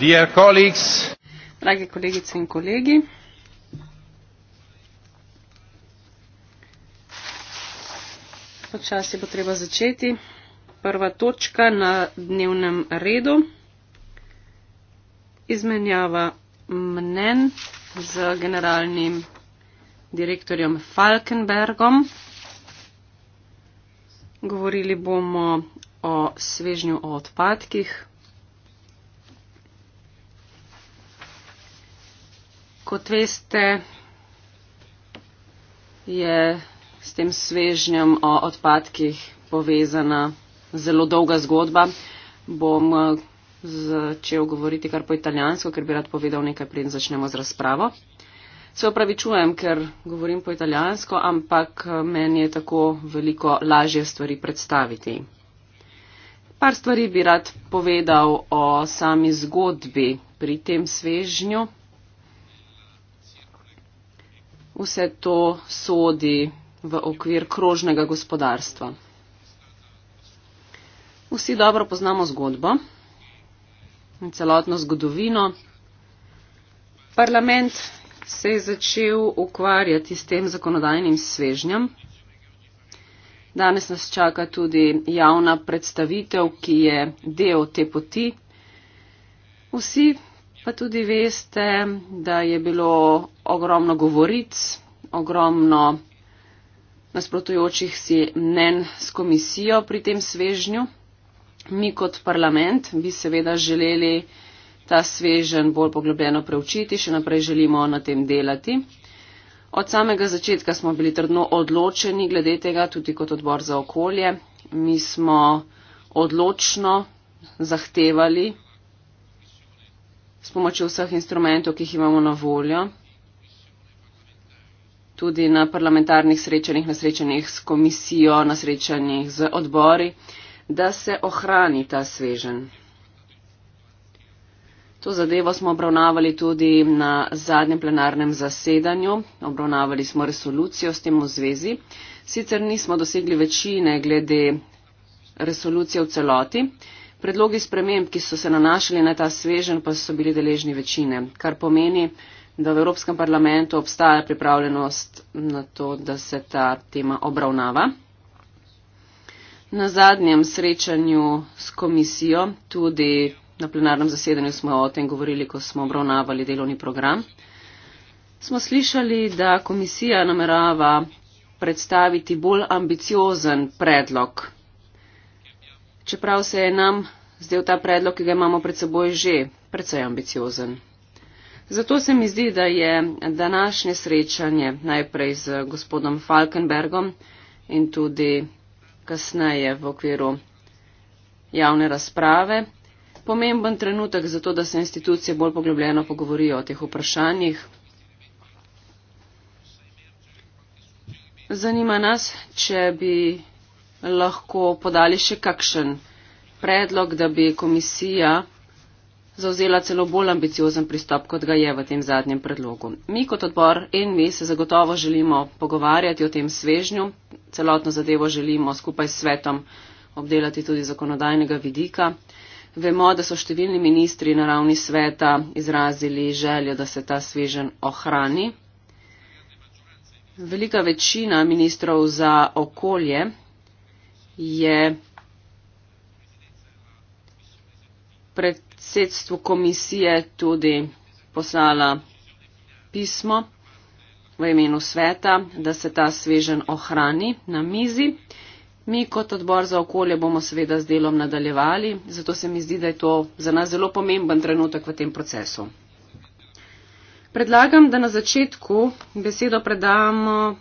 Dear colleagues, Dragi kolegice in kolegi, počasi bo treba začeti. Prva točka na dnevnem redu izmenjava mnen z generalnim direktorjem Falkenbergom. Govorili bomo o svežnju o odpadkih, kot veste, je s tem svežnjem o odpadkih povezana zelo dolga zgodba. Bom eh, začel govoriti kar po italijansko, ker bi rad povedal nekaj, preden začnemo z razpravo. Se opravičujem, ker govorim po italijansko, ampak eh, meni je tako veliko lažje stvari predstaviti. Par stvari bi rad povedal o sami zgodbi pri tem svežnju vse to sodi v okvir krožnega gospodarstva. Vsi dobro poznamo zgodbo in celotno zgodovino. Parlament se je začel ukvarjati s tem zakonodajnim svežnjem. Danes nas čaka tudi javna predstavitev, ki je del te poti. Vsi pa tudi veste, da je bilo ogromno govoric, ogromno nasprotujočih si mnen s komisijo pri tem svežnju. Mi kot parlament bi seveda želeli ta svežen bolj poglobljeno preučiti, še naprej želimo na tem delati. Od samega začetka smo bili trdno odločeni glede tega, tudi kot odbor za okolje. Mi smo odločno zahtevali s pomočjo vseh instrumentov, ki jih imamo na voljo, tudi na parlamentarnih srečanjih, na srečanjih s komisijo, na srečanjih z odbori, da se ohrani ta svežen. To zadevo smo obravnavali tudi na zadnjem plenarnem zasedanju. Obravnavali smo resolucijo s tem v zvezi. Sicer nismo dosegli večine glede resolucije v celoti, Predlogi sprememb, ki so se nanašali na ta svežen, pa so bili deležni večine, kar pomeni, da v Evropskem parlamentu obstaja pripravljenost na to, da se ta tema obravnava. Na zadnjem srečanju s komisijo, tudi na plenarnem zasedanju smo o tem govorili, ko smo obravnavali delovni program, smo slišali, da komisija namerava predstaviti bolj ambiciozen predlog čeprav se je nam zdel ta predlog, ki ga imamo pred seboj, že precej ambiciozen. Zato se mi zdi, da je današnje srečanje najprej z gospodom Falkenbergom in tudi kasneje v okviru javne razprave pomemben trenutek za to, da se institucije bolj poglobljeno pogovorijo o teh vprašanjih. Zanima nas, če bi lahko podali še kakšen predlog, da bi komisija zauzela celo bolj ambiciozen pristop, kot ga je v tem zadnjem predlogu. Mi kot odbor in mi se zagotovo želimo pogovarjati o tem svežnju, celotno zadevo želimo skupaj s svetom obdelati tudi zakonodajnega vidika. Vemo, da so številni ministri na ravni sveta izrazili željo, da se ta svežen ohrani. Velika večina ministrov za okolje je predsedstvu komisije tudi poslala pismo v imenu sveta, da se ta svežen ohrani na mizi. Mi kot odbor za okolje bomo seveda z delom nadaljevali, zato se mi zdi, da je to za nas zelo pomemben trenutek v tem procesu. Predlagam, da na začetku besedo predamo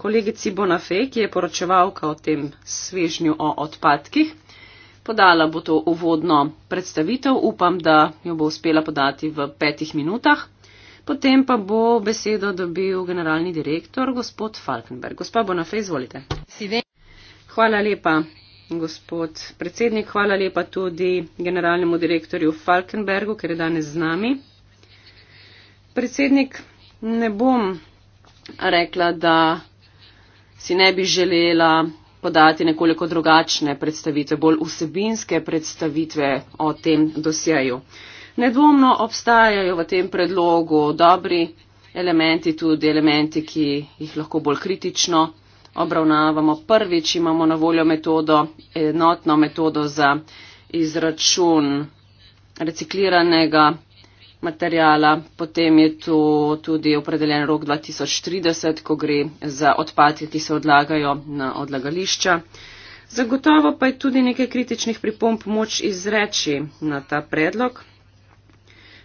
kolegici Bonafé, ki je poročevalka o tem svežnju o odpadkih. Podala bo to uvodno predstavitev, upam, da jo bo uspela podati v petih minutah. Potem pa bo besedo dobil generalni direktor, gospod Falkenberg. Gospa Bonafé, izvolite. Hvala lepa, gospod predsednik. Hvala lepa tudi generalnemu direktorju Falkenbergu, ker je danes z nami. Predsednik, ne bom rekla, da si ne bi želela podati nekoliko drugačne predstavitve, bolj vsebinske predstavitve o tem dosjeju. Nedvomno obstajajo v tem predlogu dobri elementi, tudi elementi, ki jih lahko bolj kritično obravnavamo. Prvič imamo na voljo metodo, enotno metodo za izračun recikliranega materijala. Potem je tu tudi opredeljen rok 2030, ko gre za odpadke, ki se odlagajo na odlagališča. Zagotovo pa je tudi nekaj kritičnih pripomp moč izreči na ta predlog.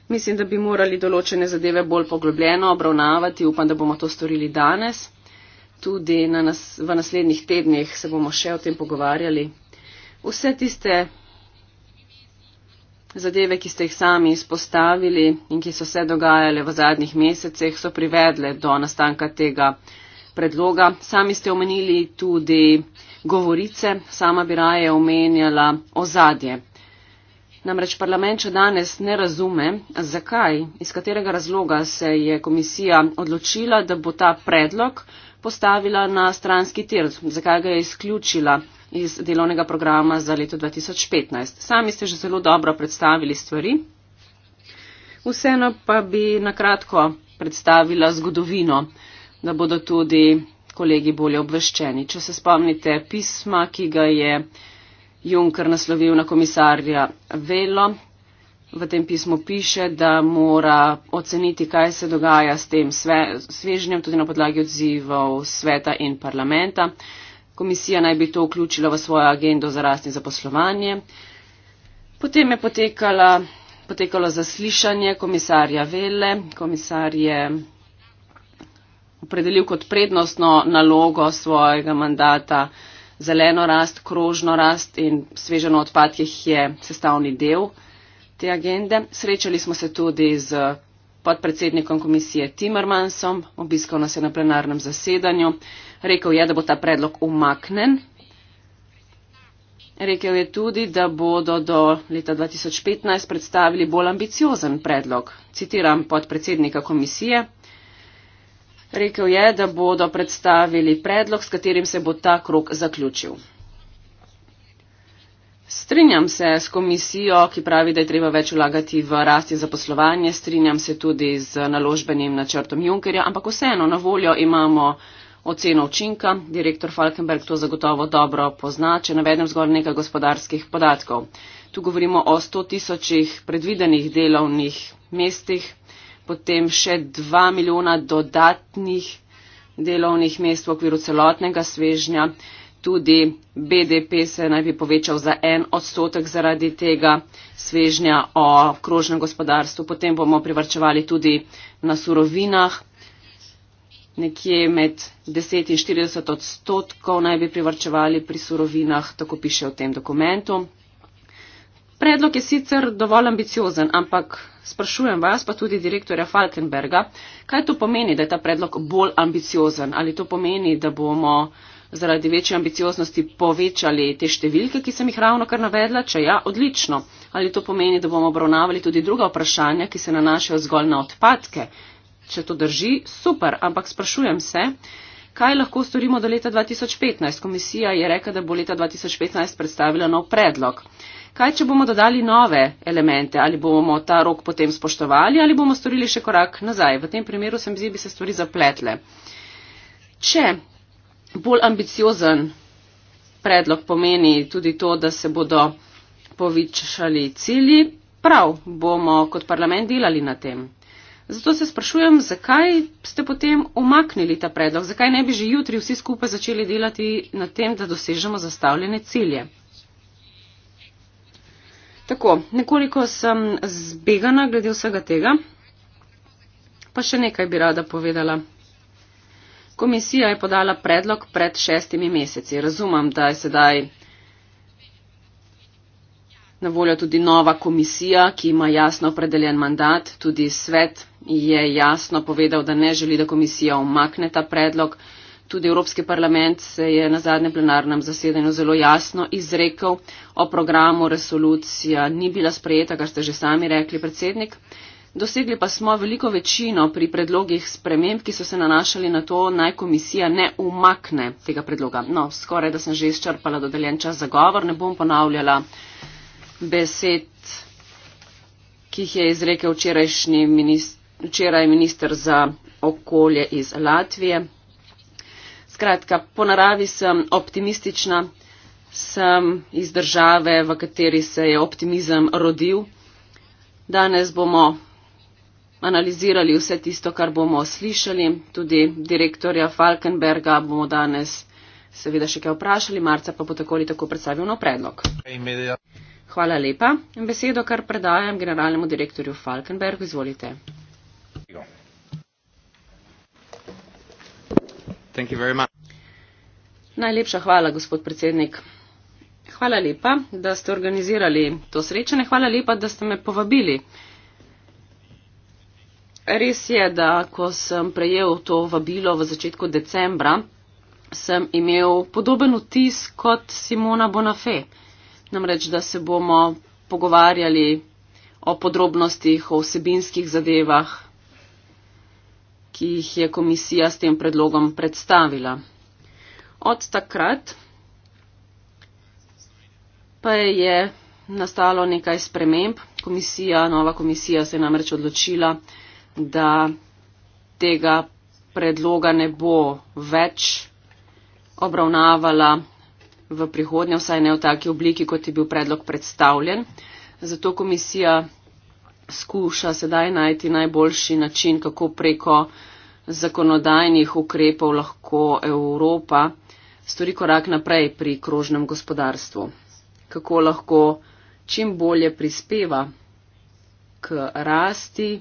Mislim, da bi morali določene zadeve bolj poglobljeno obravnavati. Upam, da bomo to storili danes. Tudi na nas, v naslednjih tednih se bomo še o tem pogovarjali. Vse tiste Zadeve, ki ste jih sami izpostavili in ki so se dogajale v zadnjih mesecih, so privedle do nastanka tega predloga. Sami ste omenili tudi govorice, sama bi raje omenjala ozadje. Namreč parlament še danes ne razume, zakaj, iz katerega razloga se je komisija odločila, da bo ta predlog postavila na stranski tir, zakaj ga je izključila iz delovnega programa za leto 2015. Sami ste že zelo dobro predstavili stvari. Vseeno pa bi nakratko predstavila zgodovino, da bodo tudi kolegi bolje obveščeni. Če se spomnite pisma, ki ga je Juncker naslovil na komisarja Velo, v tem pismu piše, da mora oceniti, kaj se dogaja s tem sve, svežnjem, tudi na podlagi odzivov sveta in parlamenta. Komisija naj bi to vključila v svojo agendo za rast in zaposlovanje. Potem je potekala, potekalo zaslišanje komisarja Vele. Komisar je opredelil kot prednostno nalogo svojega mandata zeleno rast, krožno rast in sveženo odpadkih je sestavni del te agende. Srečali smo se tudi z podpredsednikom komisije Timmermansom, obiskal nas je na plenarnem zasedanju, rekel je, da bo ta predlog umaknen. Rekel je tudi, da bodo do leta 2015 predstavili bolj ambiciozen predlog. Citiram podpredsednika komisije. Rekel je, da bodo predstavili predlog, s katerim se bo ta krok zaključil. Strinjam se s komisijo, ki pravi, da je treba več vlagati v rast in zaposlovanje, strinjam se tudi z naložbenim načrtom Junckerja, ampak vseeno na voljo imamo oceno učinka. Direktor Falkenberg to zagotovo dobro pozna, če navedem zgolj nekaj gospodarskih podatkov. Tu govorimo o 100 tisočih predvidenih delovnih mestih, potem še 2 milijona dodatnih delovnih mest v okviru celotnega svežnja tudi BDP se naj bi povečal za en odstotek zaradi tega svežnja o krožnem gospodarstvu. Potem bomo privrčevali tudi na surovinah, nekje med 10 in 40 odstotkov naj bi privrčevali pri surovinah, tako piše v tem dokumentu. Predlog je sicer dovolj ambiciozen, ampak sprašujem vas, pa tudi direktorja Falkenberga, kaj to pomeni, da je ta predlog bolj ambiciozen? Ali to pomeni, da bomo zaradi večje ambicioznosti povečali te številke, ki sem jih ravno kar navedla? Če ja, odlično. Ali to pomeni, da bomo obravnavali tudi druga vprašanja, ki se nanašajo zgolj na odpadke? Če to drži, super, ampak sprašujem se, kaj lahko storimo do leta 2015? Komisija je rekla, da bo leta 2015 predstavila nov predlog. Kaj, če bomo dodali nove elemente, ali bomo ta rok potem spoštovali, ali bomo storili še korak nazaj? V tem primeru se mi zdi, bi se stvari zapletle. Če bolj ambiciozen predlog pomeni tudi to, da se bodo povičali cilji. Prav bomo kot parlament delali na tem. Zato se sprašujem, zakaj ste potem umaknili ta predlog, zakaj ne bi že jutri vsi skupaj začeli delati na tem, da dosežemo zastavljene cilje. Tako, nekoliko sem zbegana glede vsega tega, pa še nekaj bi rada povedala. Komisija je podala predlog pred šestimi meseci. Razumem, da je sedaj na voljo tudi nova komisija, ki ima jasno opredeljen mandat. Tudi svet je jasno povedal, da ne želi, da komisija omakne ta predlog. Tudi Evropski parlament se je na zadnjem plenarnem zasedanju zelo jasno izrekel o programu. Resolucija ni bila sprejeta, kar ste že sami rekli, predsednik. Dosegli pa smo veliko večino pri predlogih sprememb, ki so se nanašali na to, naj komisija ne umakne tega predloga. No, skoraj da sem že izčrpala dodeljen čas za govor, ne bom ponavljala besed, ki jih je izrekel minister, včeraj minister za okolje iz Latvije. Skratka, po naravi sem optimistična, sem iz države, v kateri se je optimizem rodil. Danes bomo analizirali vse tisto, kar bomo slišali. Tudi direktorja Falkenberga bomo danes seveda še kaj vprašali, marca pa bo tako ali tako predstavil nov predlog. Hvala lepa. Besedo, kar predajam generalnemu direktorju Falkenbergu, izvolite. Najlepša hvala, gospod predsednik. Hvala lepa, da ste organizirali to srečanje. Hvala lepa, da ste me povabili. Res je, da ko sem prejel to vabilo v začetku decembra, sem imel podoben vtis kot Simona Bonafé. Namreč, da se bomo pogovarjali o podrobnostih, o vsebinskih zadevah, ki jih je komisija s tem predlogom predstavila. Od takrat pa je nastalo nekaj sprememb. Komisija, nova komisija se je namreč odločila, da tega predloga ne bo več obravnavala v prihodnje, vsaj ne v taki obliki, kot je bil predlog predstavljen. Zato komisija skuša sedaj najti najboljši način, kako preko zakonodajnih ukrepov lahko Evropa stori korak naprej pri krožnem gospodarstvu. Kako lahko čim bolje prispeva k rasti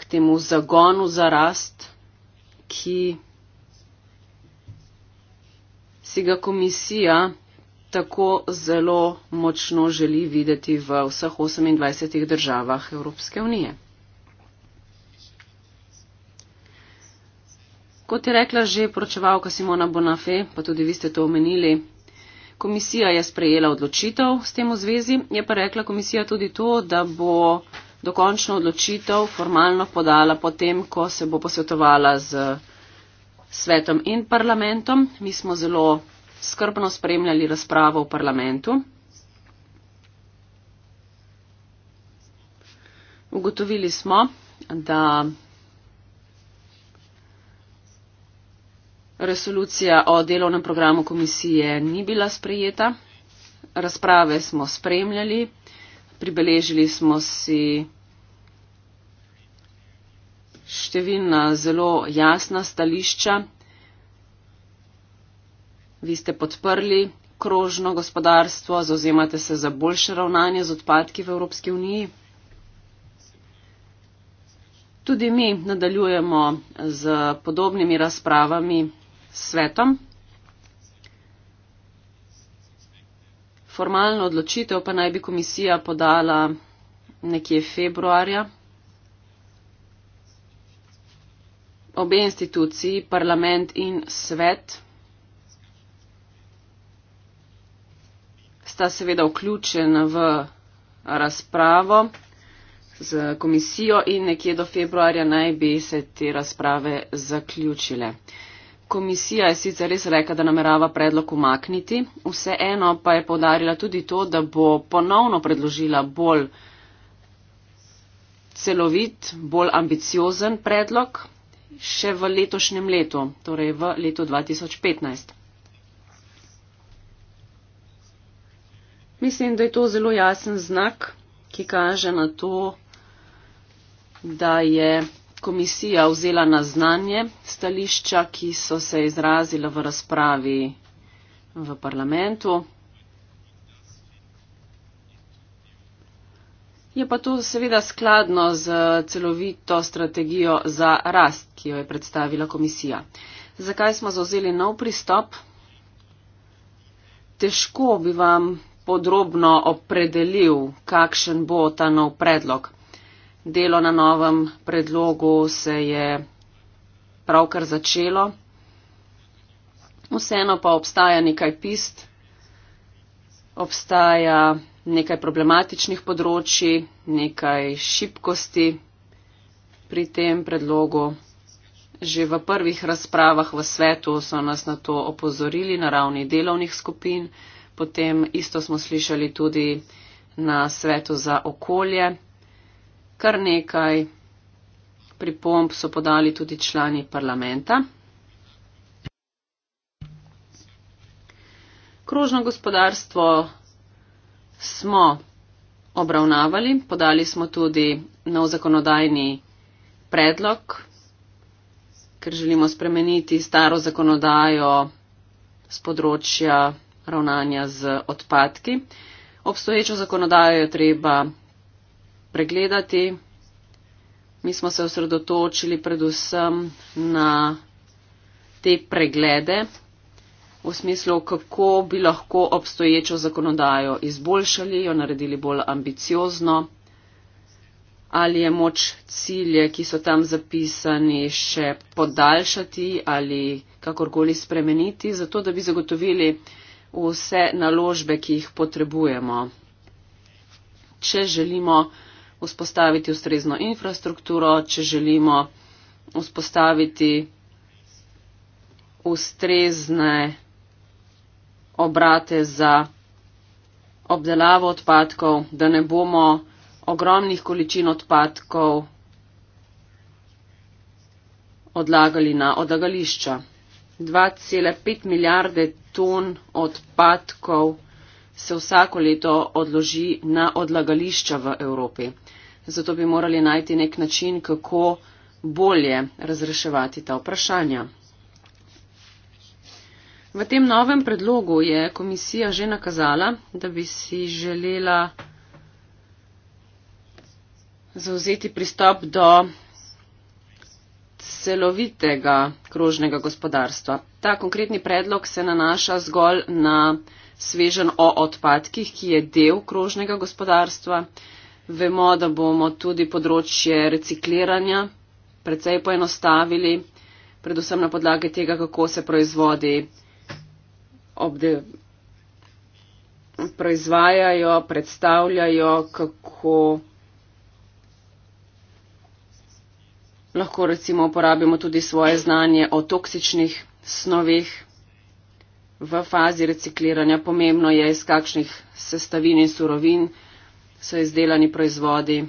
k temu zagonu za rast, ki si ga komisija tako zelo močno želi videti v vseh 28 državah Evropske unije. Kot je rekla že pročevalka Simona Bonafe, pa tudi vi ste to omenili, komisija je sprejela odločitev s tem v zvezi, je pa rekla komisija tudi to, da bo dokončno odločitev formalno podala potem, ko se bo posvetovala z svetom in parlamentom. Mi smo zelo skrbno spremljali razpravo v parlamentu. Ugotovili smo, da resolucija o delovnem programu komisije ni bila sprejeta. Razprave smo spremljali, pribeležili smo si številna zelo jasna stališča. Vi ste podprli krožno gospodarstvo, zauzemate se za boljše ravnanje z odpadki v Evropski uniji. Tudi mi nadaljujemo z podobnimi razpravami s svetom. formalno odločitev pa naj bi komisija podala nekje februarja. Obe instituciji, parlament in svet, sta seveda vključena v razpravo z komisijo in nekje do februarja naj bi se te razprave zaključile. Komisija je sicer res rekla, da namerava predlog umakniti, vseeno pa je podarila tudi to, da bo ponovno predložila bolj celovit, bolj ambiciozen predlog še v letošnjem letu, torej v letu 2015. Mislim, da je to zelo jasen znak, ki kaže na to, da je komisija vzela na znanje stališča, ki so se izrazila v razpravi v parlamentu. Je pa to seveda skladno z celovito strategijo za rast, ki jo je predstavila komisija. Zakaj smo zauzeli nov pristop? Težko bi vam podrobno opredelil, kakšen bo ta nov predlog. Delo na novem predlogu se je pravkar začelo. Vseeno pa obstaja nekaj pist, obstaja nekaj problematičnih področji, nekaj šibkosti pri tem predlogu. Že v prvih razpravah v svetu so nas na to opozorili na ravni delovnih skupin, potem isto smo slišali tudi na svetu za okolje. Kar nekaj pripomb so podali tudi člani parlamenta. Krožno gospodarstvo smo obravnavali, podali smo tudi nov zakonodajni predlog, ker želimo spremeniti staro zakonodajo z področja ravnanja z odpadki. Obstoječo zakonodajo je treba pregledati. Mi smo se osredotočili predvsem na te preglede v smislu, kako bi lahko obstoječo zakonodajo izboljšali, jo naredili bolj ambiciozno, ali je moč cilje, ki so tam zapisani, še podaljšati ali kakorkoli spremeniti, zato da bi zagotovili vse naložbe, ki jih potrebujemo. Če želimo vzpostaviti ustrezno infrastrukturo, če želimo vzpostaviti ustrezne obrate za obdelavo odpadkov, da ne bomo ogromnih količin odpadkov odlagali na odlagališča. 2,5 milijarde ton odpadkov se vsako leto odloži na odlagališča v Evropi. Zato bi morali najti nek način, kako bolje razreševati ta vprašanja. V tem novem predlogu je komisija že nakazala, da bi si želela zauzeti pristop do celovitega krožnega gospodarstva. Ta konkretni predlog se nanaša zgolj na svežen o odpadkih, ki je del krožnega gospodarstva. Vemo, da bomo tudi področje recikliranja precej poenostavili, predvsem na podlagi tega, kako se proizvodi obde, proizvajajo, predstavljajo, kako lahko recimo uporabimo tudi svoje znanje o toksičnih snovih v fazi recikliranja. Pomembno je, iz kakšnih sestavin in surovin so izdelani proizvodi.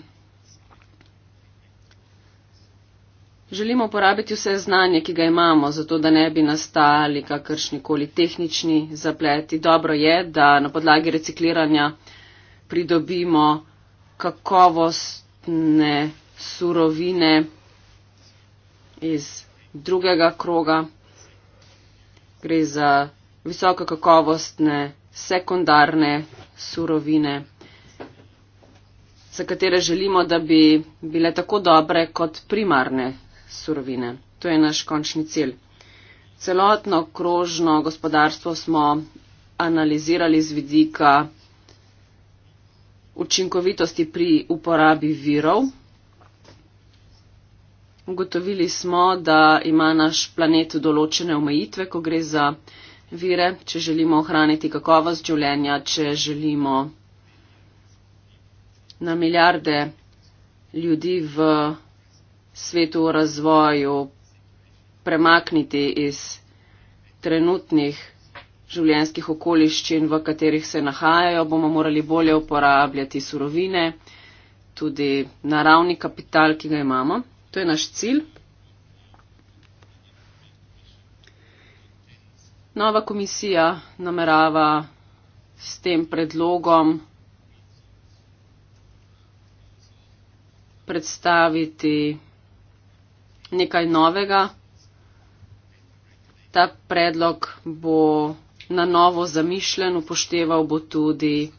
Želimo uporabiti vse znanje, ki ga imamo, zato da ne bi nastali kakršnikoli tehnični zapleti. Dobro je, da na podlagi recikliranja pridobimo kakovostne surovine iz drugega kroga. Gre za visoko kakovostne sekundarne surovine, za katere želimo, da bi bile tako dobre kot primarne surovine. To je naš končni cilj. Celotno krožno gospodarstvo smo analizirali z vidika učinkovitosti pri uporabi virov. Ugotovili smo, da ima naš planet določene omejitve, ko gre za vire, če želimo ohraniti kakovost življenja, če želimo na milijarde ljudi v svetu v razvoju premakniti iz trenutnih življenskih okoliščin, v katerih se nahajajo, bomo morali bolje uporabljati surovine, tudi naravni kapital, ki ga imamo. To je naš cilj, Nova komisija namerava s tem predlogom predstaviti nekaj novega. Ta predlog bo na novo zamišljen, upošteval bo tudi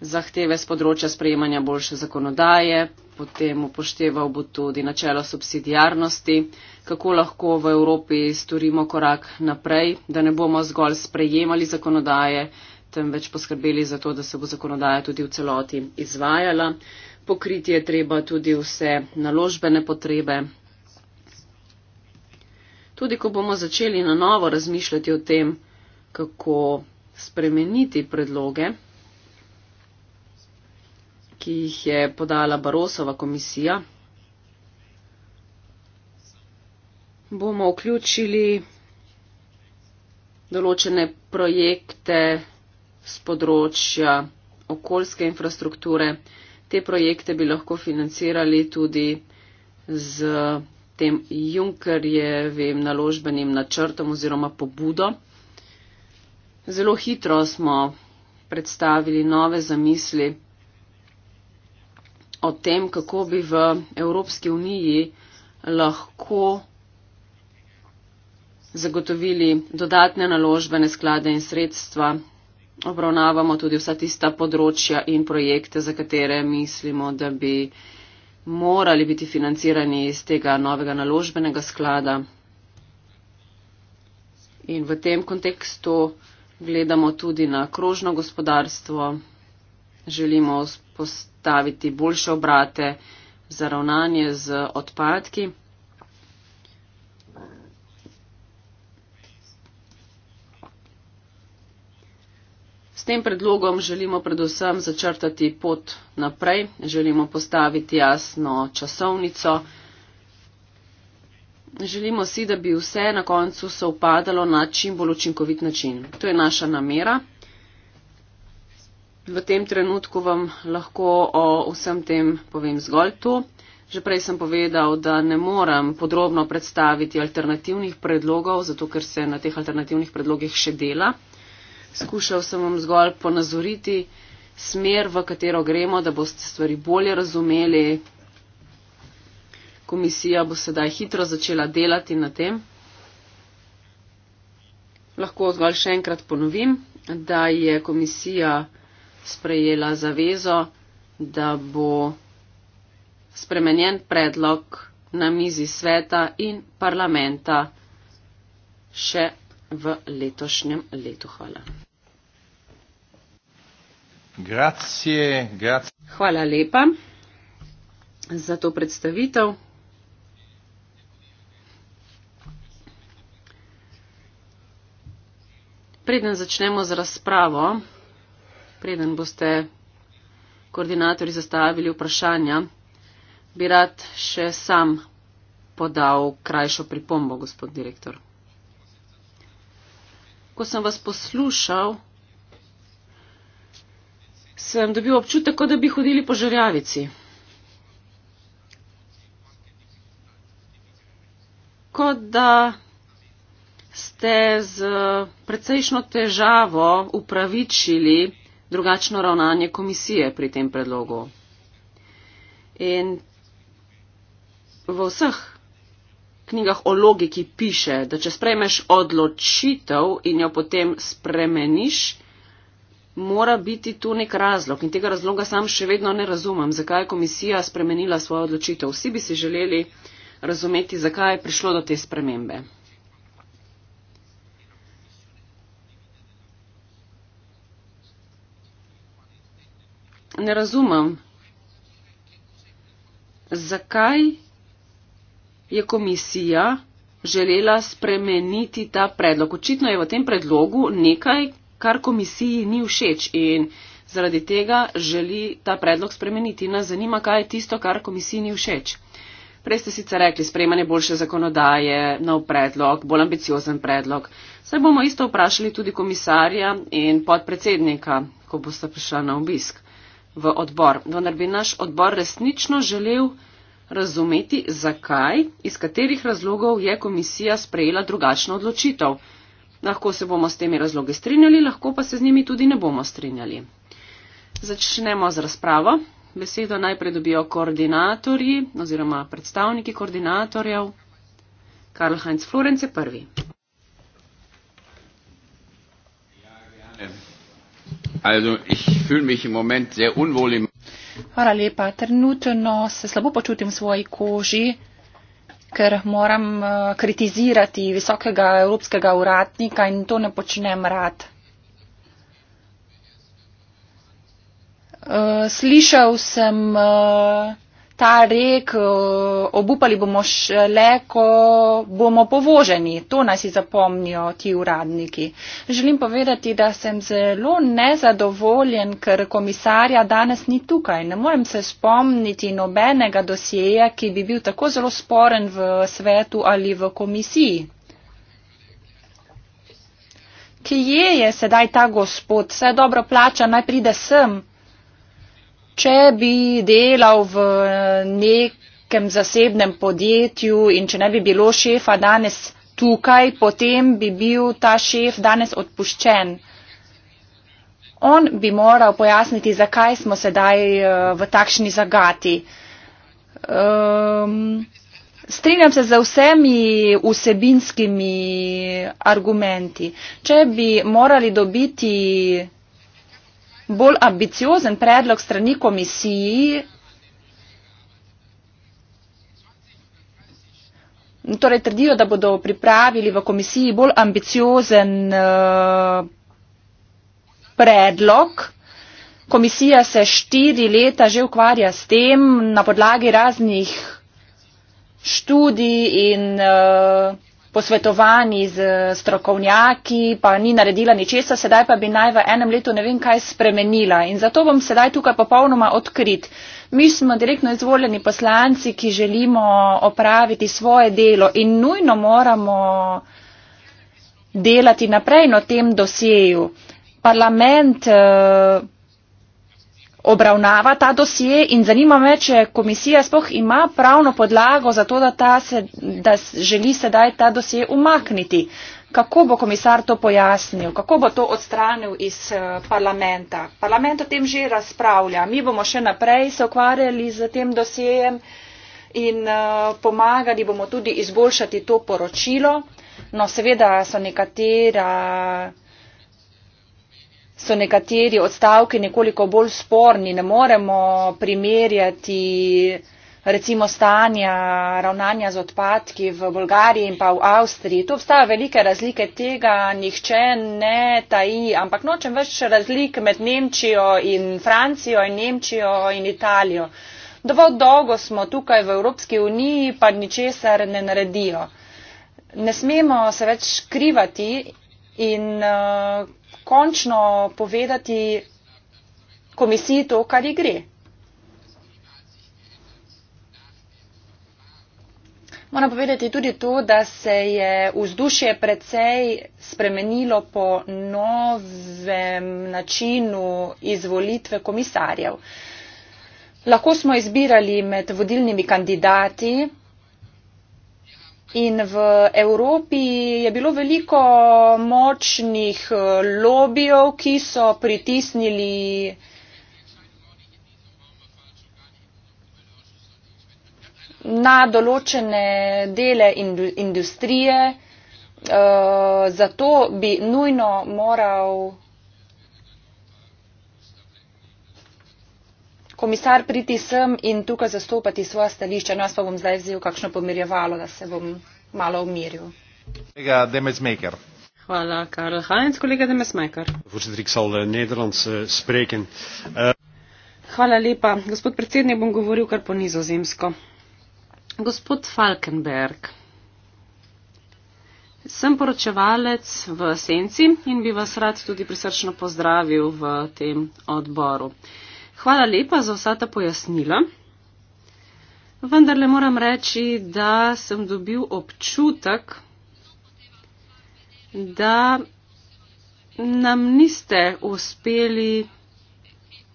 zahteve z področja sprejemanja boljše zakonodaje, potem upošteval bo tudi načelo subsidijarnosti, kako lahko v Evropi storimo korak naprej, da ne bomo zgolj sprejemali zakonodaje, temveč poskrbeli za to, da se bo zakonodaja tudi v celoti izvajala. Pokriti je treba tudi vse naložbene potrebe. Tudi ko bomo začeli na novo razmišljati o tem, kako spremeniti predloge, ki jih je podala Barosova komisija, bomo vključili določene projekte z področja okoljske infrastrukture. Te projekte bi lahko financirali tudi z tem Junkerjevim naložbenim načrtom oziroma pobudo. Zelo hitro smo predstavili nove zamisli o tem, kako bi v Evropski uniji lahko zagotovili dodatne naložbene sklade in sredstva. Obravnavamo tudi vsa tista področja in projekte, za katere mislimo, da bi morali biti financirani iz tega novega naložbenega sklada. In v tem kontekstu gledamo tudi na krožno gospodarstvo. Želimo postaviti boljše obrate za ravnanje z odpadki. S tem predlogom želimo predvsem začrtati pot naprej, želimo postaviti jasno časovnico. Želimo si, da bi vse na koncu se upadalo na čim bolj učinkovit način. To je naša namera. V tem trenutku vam lahko o vsem tem povem zgolj to. Že prej sem povedal, da ne morem podrobno predstaviti alternativnih predlogov, zato ker se na teh alternativnih predlogih še dela. Skušal sem vam zgolj ponazoriti smer, v katero gremo, da boste stvari bolje razumeli. Komisija bo sedaj hitro začela delati na tem. Lahko zgolj še enkrat ponovim, da je komisija sprejela zavezo, da bo spremenjen predlog na mizi sveta in parlamenta še v letošnjem letu. Hvala. Grazie, grazie. Hvala lepa za to predstavitev. Preden začnemo z razpravo, preden boste koordinatorji zastavili vprašanja, bi rad še sam podal krajšo pripombo, gospod direktor. Ko sem vas poslušal, sem dobil občutek, da bi hodili po žrjavici. Kot da ste z precejšno težavo upravičili drugačno ravnanje komisije pri tem predlogu. In v vseh knjigah o logiki piše, da če sprejmeš odločitev in jo potem spremeniš, mora biti tu nek razlog. In tega razloga sam še vedno ne razumem, zakaj je komisija spremenila svojo odločitev. Vsi bi si želeli razumeti, zakaj je prišlo do te spremembe. ne razumem, zakaj je komisija želela spremeniti ta predlog. Očitno je v tem predlogu nekaj, kar komisiji ni všeč in zaradi tega želi ta predlog spremeniti. Nas zanima, kaj je tisto, kar komisiji ni všeč. Prej ste sicer rekli, sprejmanje boljše zakonodaje, nov predlog, bolj ambiciozen predlog. Zdaj bomo isto vprašali tudi komisarja in podpredsednika, ko boste prišli na obisk v odbor. Vendar bi naš odbor resnično želel razumeti, zakaj, iz katerih razlogov je komisija sprejela drugačno odločitev. Lahko se bomo s temi razlogi strinjali, lahko pa se z njimi tudi ne bomo strinjali. Začnemo z razpravo. Besedo najprej dobijo koordinatorji oziroma predstavniki koordinatorjev. Karl Heinz Florence prvi. Also ich fühle mich im Moment sehr unwohl im Hvala lepa. Trenutno se slabo počutim v svoji koži, ker moram eh, kritizirati visokega evropskega uradnika in to ne počnem rad. Eh, slišal sem eh, ta rek eh, obupali bomo šele, ko bomo povoženi. To naj si zapomnijo ti uradniki. Želim povedati, da sem zelo nezadovoljen, ker komisarja danes ni tukaj. Ne morem se spomniti nobenega dosjeja, ki bi bil tako zelo sporen v svetu ali v komisiji. Kje je sedaj ta gospod? Vse dobro plača, naj pride sem. Če bi delal v eh, nekem zasebnem podjetju in če ne bi bilo šefa danes tukaj, potem bi bil ta šef danes odpuščen. On bi moral pojasniti, zakaj smo sedaj eh, v takšni zagati. Um, strinjam se za vsemi vsebinskimi argumenti. Če bi morali dobiti bolj ambiciozen predlog strani komisiji Torej trdijo, da bodo pripravili v komisiji bolj ambiciozen eh, predlog. Komisija se štiri leta že ukvarja s tem na podlagi raznih študij in predlog. Eh, posvetovanji z strokovnjaki, pa ni naredila ničesa, sedaj pa bi naj v enem letu ne vem kaj spremenila. In zato bom sedaj tukaj popolnoma odkrit. Mi smo direktno izvoljeni poslanci, ki želimo opraviti svoje delo in nujno moramo delati naprej na tem dosjeju. Parlament. Uh, obravnava ta dosje in zanima me, če komisija spoh ima pravno podlago za to, da, se, da želi sedaj ta dosje umakniti. Kako bo komisar to pojasnil, kako bo to odstranil iz eh, parlamenta? Parlament o tem že razpravlja, mi bomo še naprej se ukvarjali z tem dosjejem in eh, pomagali bomo tudi izboljšati to poročilo. No, seveda so nekatera so nekateri odstavki nekoliko bolj sporni. Ne moremo primerjati recimo stanja ravnanja z odpadki v Bolgariji in pa v Avstriji. Tu obstajajo velike razlike tega, nihče ne taji, ampak nočem več razlik med Nemčijo in Francijo in Nemčijo in Italijo. Dovolj dolgo smo tukaj v Evropski uniji, pa ničesar ne naredijo. Ne smemo se več krivati in uh, končno povedati komisiji to, kar ji gre. Moram povedati tudi to, da se je vzdušje precej spremenilo po novem načinu izvolitve komisarjev. Lahko smo izbirali med vodilnimi kandidati, In v Evropi je bilo veliko močnih eh, lobijov, ki so pritisnili na določene dele industrije. Eh, zato bi nujno moral. komisar priti sem in tukaj zastopati svoja stališča. No, jaz pa bom zdaj vzel kakšno pomirjevalo, da se bom malo umiril. Kolega Demesmaker. Hvala, Karl Heinz. Kolega Demesmaker. Voorzitter, ik zal eh, Nederlands eh, spreken. Eh, Hvala lepa. Gospod predsednik, bom govoril kar po nizozemsko. Gospod Falkenberg. Sem poročevalec v Senci in bi vas rad tudi prisrčno pozdravil v tem odboru. Uh, Hvala lepa za vsa ta pojasnila. Vendar le moram reči, da sem dobil občutek, da nam niste uspeli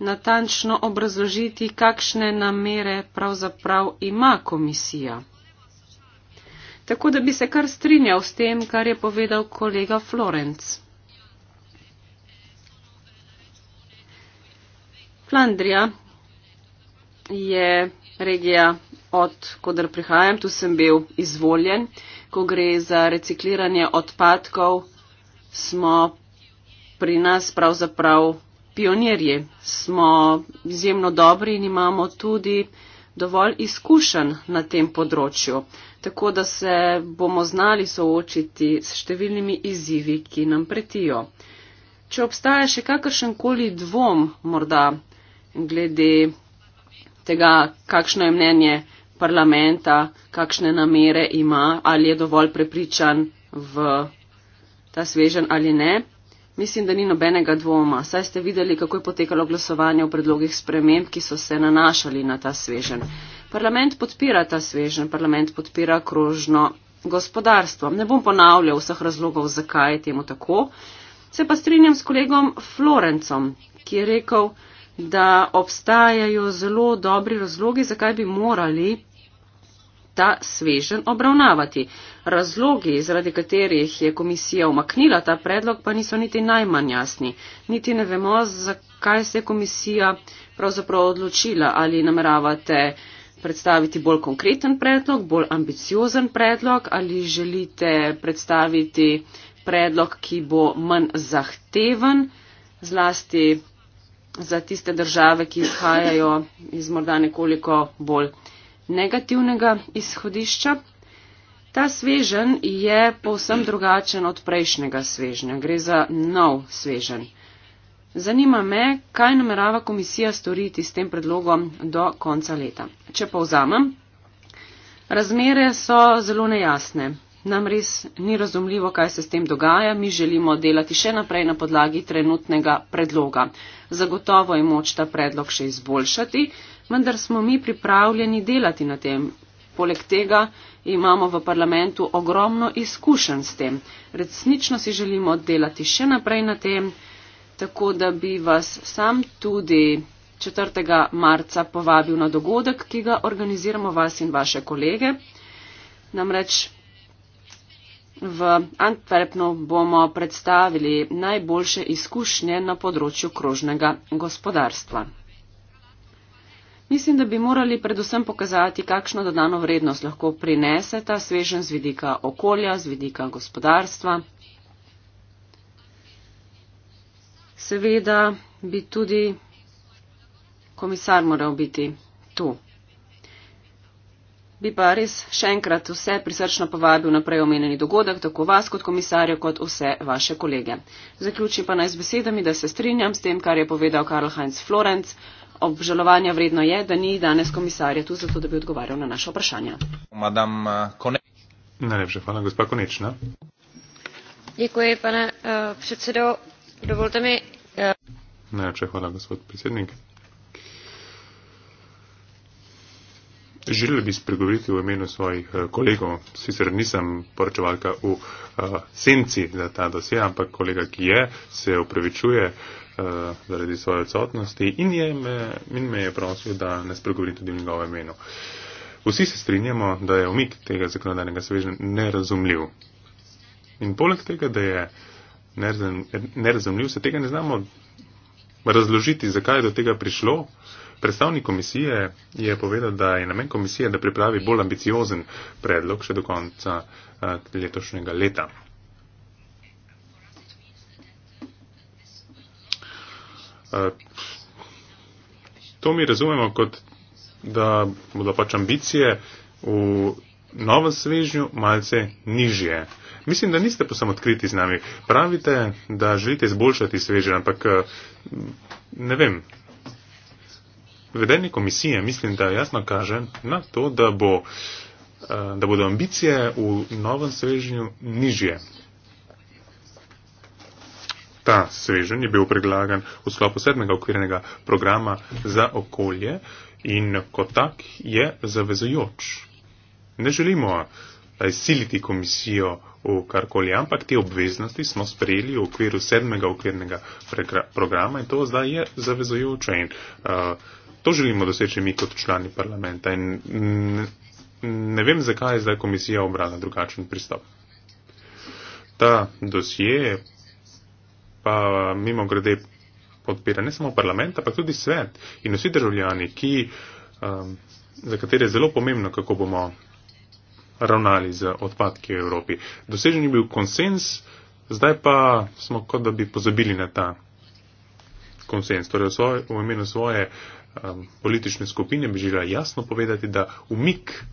natančno obrazložiti, kakšne namere pravzaprav ima komisija. Tako da bi se kar strinjal s tem, kar je povedal kolega Florence. Flandrija je regija, od kodr prihajam, tu sem bil izvoljen. Ko gre za recikliranje odpadkov, smo pri nas pravzaprav pionirji. Smo izjemno dobri in imamo tudi dovolj izkušenj na tem področju, tako da se bomo znali soočiti s številnimi izzivi, ki nam pretijo. Če obstaja še kakršen koli dvom morda glede tega, kakšno je mnenje parlamenta, kakšne namere ima, ali je dovolj prepričan v ta svežen ali ne. Mislim, da ni nobenega dvoma. Saj ste videli, kako je potekalo glasovanje o predlogih sprememb, ki so se nanašali na ta svežen. Parlament podpira ta svežen, parlament podpira krožno gospodarstvo. Ne bom ponavljal vseh razlogov, zakaj je temu tako. Se pa strinjam s kolegom Florencom, ki je rekel, da obstajajo zelo dobri razlogi, zakaj bi morali ta svežen obravnavati. Razlogi, zaradi katerih je komisija umaknila ta predlog, pa niso niti najmanj jasni. Niti ne vemo, zakaj se je komisija pravzaprav odločila, ali nameravate predstaviti bolj konkreten predlog, bolj ambiciozen predlog, ali želite predstaviti predlog, ki bo manj zahteven, zlasti za tiste države, ki izhajajo iz morda nekoliko bolj negativnega izhodišča. Ta svežen je povsem drugačen od prejšnjega svežnja. Gre za nov svežen. Zanima me, kaj namerava komisija storiti s tem predlogom do konca leta. Če povzamem, razmere so zelo nejasne. Nam res ni razumljivo, kaj se s tem dogaja. Mi želimo delati še naprej na podlagi trenutnega predloga. Zagotovo je moč ta predlog še izboljšati, vendar smo mi pripravljeni delati na tem. Poleg tega imamo v parlamentu ogromno izkušenj s tem. Resnično si želimo delati še naprej na tem, tako da bi vas sam tudi 4. marca povabil na dogodek, ki ga organiziramo vas in vaše kolege. Namreč V Antwerpnu bomo predstavili najboljše izkušnje na področju krožnega gospodarstva. Mislim, da bi morali predvsem pokazati, kakšno dodano vrednost lahko prinese ta svežen z vidika okolja, z vidika gospodarstva. Seveda bi tudi komisar moral biti tu. Bi pa res še enkrat vse prisrčno povabil na prej omenjeni dogodek, tako vas kot komisarjo, kot vse vaše kolege. Zaključim pa naj z besedami, da se strinjam s tem, kar je povedal Karl Heinz Florenc. Obžalovanja vredno je, da ni danes komisarja tu, zato da bi odgovarjal na naše vprašanja. Najlepša hvala, gospa Konečna. Dziękuję, pane uh, předsedo. Dovolte mi. Uh... Najlepša hvala, gospod predsednik. želel bi spregovoriti v imenu svojih eh, kolegov. Sicer nisem poročevalka v uh, senci za ta dosje, ampak kolega, ki je, se upravičuje uh, eh, zaradi svoje odsotnosti in, je me, in me je prosil, da ne spregovorim tudi v njegovem imenu. Vsi se strinjamo, da je omik tega zakonodajnega sveža nerazumljiv. In poleg tega, da je nerazumljiv, se tega ne znamo razložiti, zakaj je do tega prišlo. Predstavnik komisije je povedal, da je namen komisije, da pripravi bolj ambiciozen predlog še do konca eh, letošnjega leta. Eh, to mi razumemo kot, da bodo pač ambicije v novem svežnju malce nižje. Mislim, da niste pa samo odkriti z nami. Pravite, da želite izboljšati svežen, ampak eh, ne vem, vedenje komisije mislim, da jasno kaže na to, da, bo, eh, da bodo ambicije v novem svežnju nižje. Ta svežen je bil predlagan v sklopu sedmega okvirnega programa za okolje in kot tak je zavezujoč. Ne želimo eh, siliti komisijo v karkoli, ampak te obveznosti smo sprejeli v okviru sedmega okvirnega programa in to zdaj je zavezujoče. In, uh, To želimo doseči mi kot člani parlamenta in ne vem, zakaj je zdaj komisija obrala drugačen pristop. Ta dosje pa mimo grede podpira ne samo parlament, ampak tudi svet in vsi državljani, ki, um, za katere je zelo pomembno, kako bomo ravnali z odpadki v Evropi. Dosežen je bil konsens, zdaj pa smo kot da bi pozabili na ta konsens. Torej v, svoj, v imenu svoje uh, um, politične skupine bi želela jasno povedati, da umik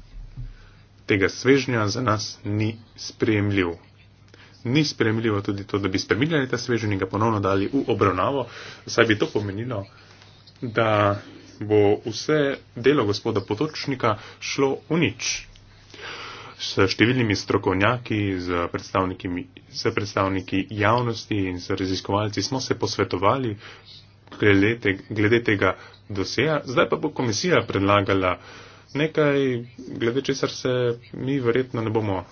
tega svežnja za nas ni sprejemljiv. Ni sprejemljivo tudi to, da bi spremiljali ta svežnja in ga ponovno dali v obravnavo, saj bi to pomenilo, da bo vse delo gospoda Potočnika šlo v nič. S številnimi strokovnjaki, z predstavniki, z predstavniki javnosti in z raziskovalci smo se posvetovali, glede, te, glede tega doseja. Zdaj pa bo komisija predlagala nekaj, glede česar se mi verjetno ne bomo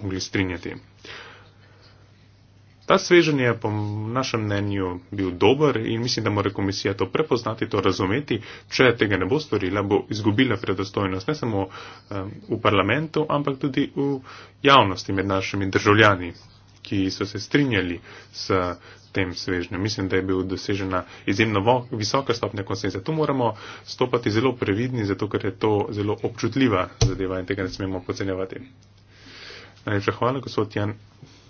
mogli strinjati. Ta svežen je po našem mnenju bil dober in mislim, da mora komisija to prepoznati, to razumeti. Če tega ne bo storila, bo izgubila predostojnost ne samo v parlamentu, ampak tudi v javnosti med našimi državljani ki so se strinjali s tem svežnjem. Mislim, da je bil dosežena izjemno visoka stopnja konsenza. Tu moramo stopati zelo previdni, zato ker je to zelo občutljiva zadeva in tega ne smemo pocenjevati. Najlepša hvala, gospod Jan.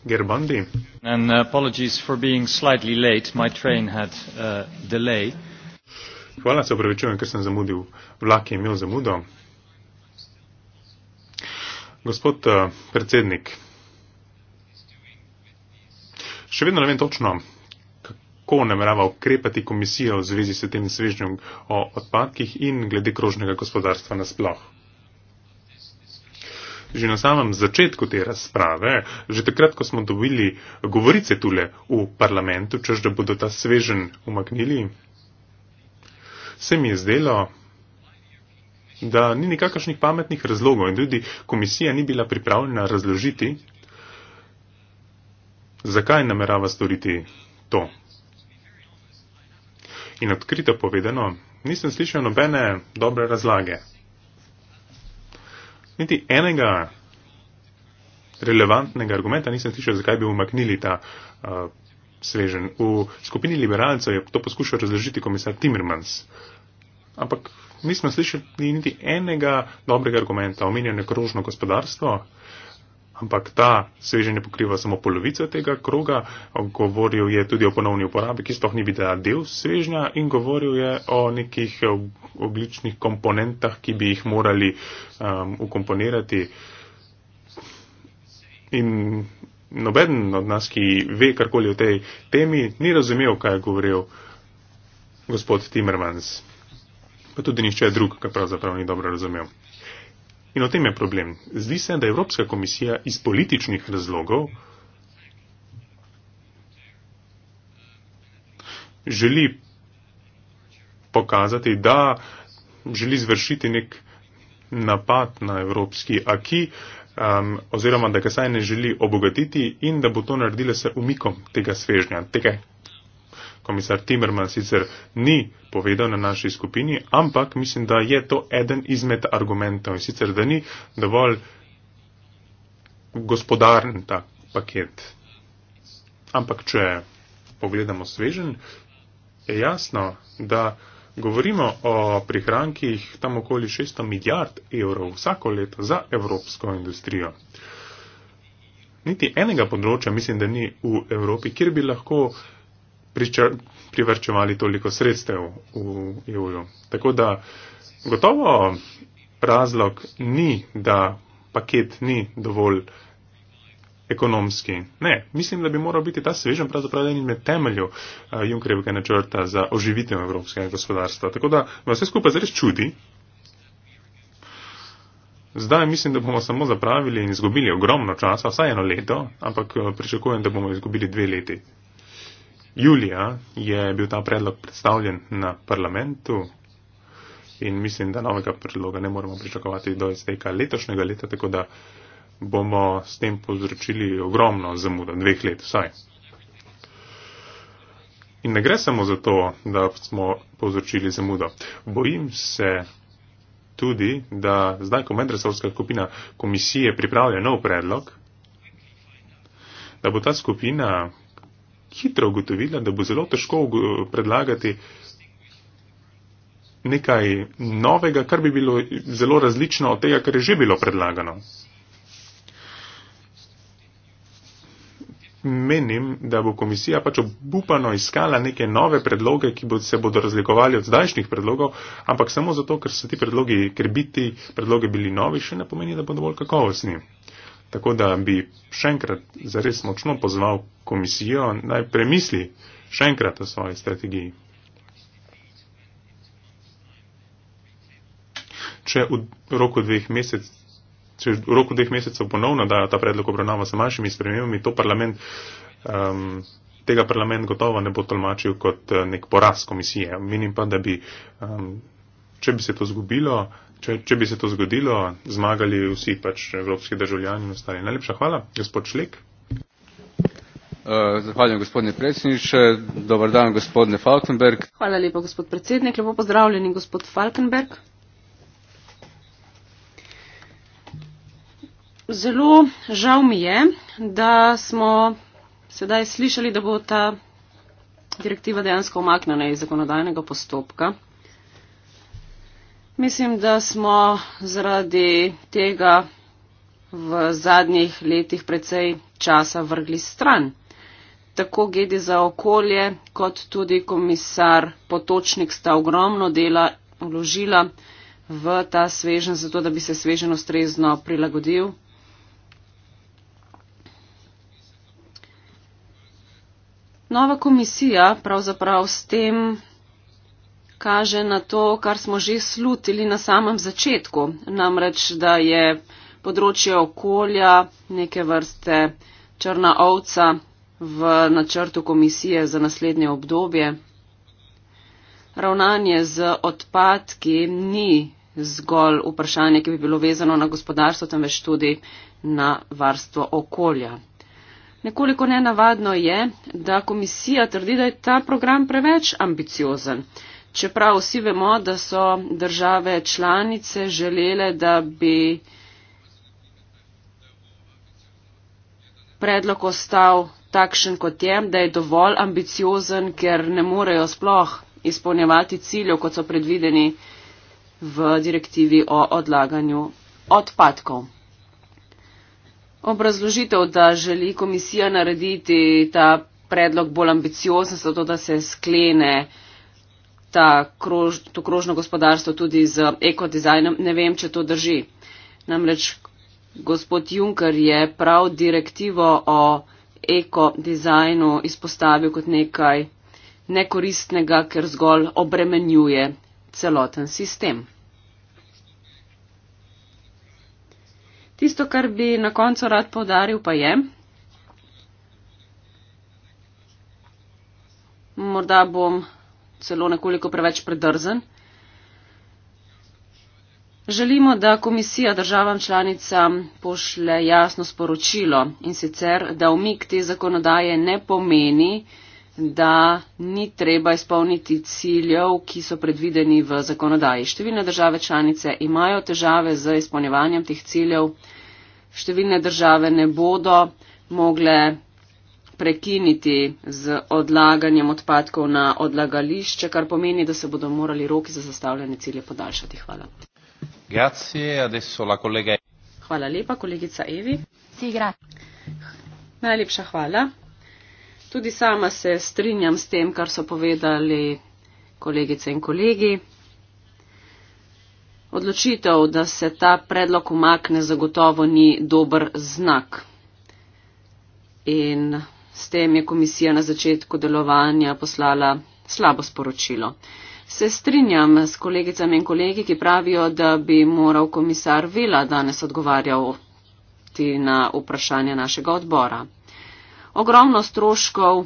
Gerbandi. And uh, apologies for being slightly late. My train had a uh, delay. Hvala, se opravičujem, ker sem zamudil. Vlak je imel zamudo. Gospod uh, predsednik, Še vedno ne vem točno, kako namerava ukrepati komisija v zvezi s tem svežnjem o odpadkih in glede krožnega gospodarstva nasploh. Že na samem začetku te razprave, že takrat, ko smo dobili govorice tule v parlamentu, čež da bodo ta svežen umaknili, se mi je zdelo, da ni nikakršnih pametnih razlogov in tudi komisija ni bila pripravljena razložiti, Zakaj namerava storiti to? In odkrito povedano, nisem slišal nobene dobre razlage. Niti enega relevantnega argumenta nisem slišal, zakaj bi umaknili ta uh, svežen. V skupini liberalcev je to poskušal razložiti komisar Timmermans. Ampak nismo slišali niti enega dobrega argumenta. Omenjeno je krožno gospodarstvo, uh, ampak ta sveženje pokriva samo polovico tega kroga. Govoril je tudi o ponovni uporabi, ki sploh ni bila del svežnja in govoril je o nekih eh, obličnih komponentah, ki bi jih morali um, ukomponirati. In noben od nas, ki ve karkoli o tej temi, ni razumel, kaj je govoril gospod Timmermans. Pa tudi nišče drug, ki pravzaprav ni dobro razumel. In o tem je problem. Zdi se, da Evropska komisija iz političnih razlogov želi pokazati, da želi zvršiti nek napad na evropski aki um, oziroma da ga saj ne želi obogatiti in da bo to naredila se umikom tega svežnja, tega komisar Timerman sicer ni povedal na naši skupini, ampak mislim, da je to eden izmed argumentov in sicer, da ni dovolj gospodaren ta paket. Ampak, če pogledamo svežen, je jasno, da govorimo o prihrankih tam okoli 600 milijard evrov vsako leto za evropsko industrijo. Niti enega področja mislim, da ni v Evropi, kjer bi lahko uh, pričr, privrčevali toliko sredstev v EU-ju. Tako da gotovo razlog ni, da paket ni dovolj ekonomski. Ne, mislim, da bi moral biti ta svežen pravzaprav en izmed temeljev uh, eh, Junkerjevega načrta za oživitev evropskega gospodarstva. Tako da vas vse skupaj zares čudi. Zdaj mislim, da bomo samo zapravili in izgubili ogromno časa, vsaj eno leto, ampak eh, pričakujem, da bomo izgubili dve leti julija je bil ta predlog predstavljen na parlamentu in mislim, da novega predloga ne moramo pričakovati do izteka letošnjega leta, tako da bomo s tem povzročili ogromno zamudo, dveh let vsaj. In ne gre samo za to, da smo povzročili zamudo. Bojim se tudi, da zdaj, ko medresorska skupina komisije pripravlja nov predlog, da bo ta skupina hitro ugotovila, da bo zelo težko predlagati nekaj novega, kar bi bilo zelo različno od tega, kar je že bilo predlagano. Menim, da bo komisija pač obupano iskala neke nove predloge, ki bo, se bodo razlikovali od zdajšnjih predlogov, ampak samo zato, ker so ti predlogi, ker biti predloge bili novi, še ne pomeni, da bodo bolj kakovostni. Tako da bi še enkrat zares močno pozval komisijo, naj premisli še enkrat o svoji strategiji. Če v roku dveh mesecev. Če v roku dveh mesecev ponovno dajo ta predlog obravnava s manjšimi spremembami, to parlament, um, tega parlament gotovo ne bo tolmačil kot uh, nek poraz komisije. Menim pa, da bi, um, če bi se to zgubilo, če, če bi se to zgodilo, zmagali vsi pač evropski državljani in ostali. Najlepša hvala, gospod Šlik. Eh, zahvaljujem gospodine predsjedniče, dobar dan gospodine Falkenberg. Hvala lepa gospod predsjednik, lepo pozdravljeni gospod Falkenberg. Zelo žal mi je, da smo sedaj slišali, da bo ta direktiva dejansko omaknjena iz zakonodajnega postopka. Mislim, da smo zaradi tega v zadnjih letih precej časa vrgli stran. Tako Gedi za okolje, kot tudi komisar Potočnik sta ogromno dela vložila v ta svežen, zato da bi se svežen ustrezno prilagodil. Nova komisija pravzaprav s tem kaže na to, kar smo že slutili na samem začetku, namreč, da je področje okolja neke vrste črna ovca v načrtu komisije za naslednje obdobje. Ravnanje z odpadki ni zgolj vprašanje, ki bi bilo vezano na gospodarstvo, temveč tudi na varstvo okolja. Nekoliko nenavadno je, da komisija trdi, da je ta program preveč ambiciozen čeprav vsi vemo, da so države članice želele, da bi predlog ostal takšen kot je, da je dovolj ambiciozen, ker ne morejo sploh izpolnjevati ciljev, kot so predvideni v direktivi o odlaganju odpadkov. Obrazložitev, da želi komisija narediti ta predlog bolj ambiciozen, zato da se sklene uh, ta krož, to krožno gospodarstvo tudi z ekodizajnom. Ne vem, če to drži. Namreč gospod Juncker je prav direktivo o ekodizajnu izpostavil kot nekaj nekoristnega, ker zgolj obremenjuje celoten sistem. Tisto, kar bi na koncu rad povdaril, pa je, morda bom celo nekoliko preveč predrzen. Želimo, da komisija državam članicam pošle jasno sporočilo in sicer, da umik te zakonodaje ne pomeni, da ni treba izpolniti ciljev, ki so predvideni v zakonodaji. Številne države članice imajo težave z izpolnjevanjem teh ciljev, številne države ne bodo mogle prekiniti z odlaganjem odpadkov na odlagališče, kar pomeni, da se bodo morali roki za zastavljene cilje podaljšati. Hvala. Grazie, la hvala lepa, kolegica Evi. Najlepša hvala. Tudi sama se strinjam s tem, kar so povedali kolegice in kolegi. Odločitev, da se ta predlog umakne, zagotovo ni dober znak. In S tem je komisija na začetku delovanja poslala slabo sporočilo. Se strinjam s kolegicami in kolegi, ki pravijo, da bi moral komisar Vila danes odgovarjati na vprašanje našega odbora. Ogromno stroškov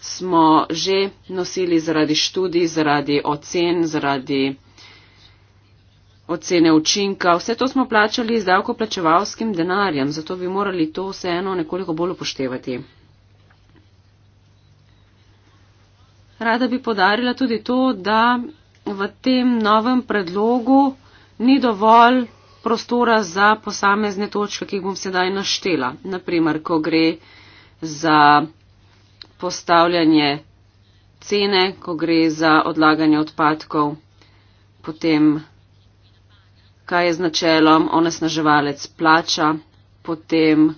smo že nosili zaradi študij, zaradi ocen, zaradi ocene učinka. Vse to smo plačali z davkoplačevalskim denarjem, zato bi morali to vseeno nekoliko bolj upoštevati. Rada bi podarila tudi to, da v tem novem predlogu ni dovolj prostora za posamezne točke, ki jih bom sedaj naštela. Naprimer, ko gre za postavljanje cene, ko gre za odlaganje odpadkov, potem kaj je z načelom, onesnaževalec plača, potem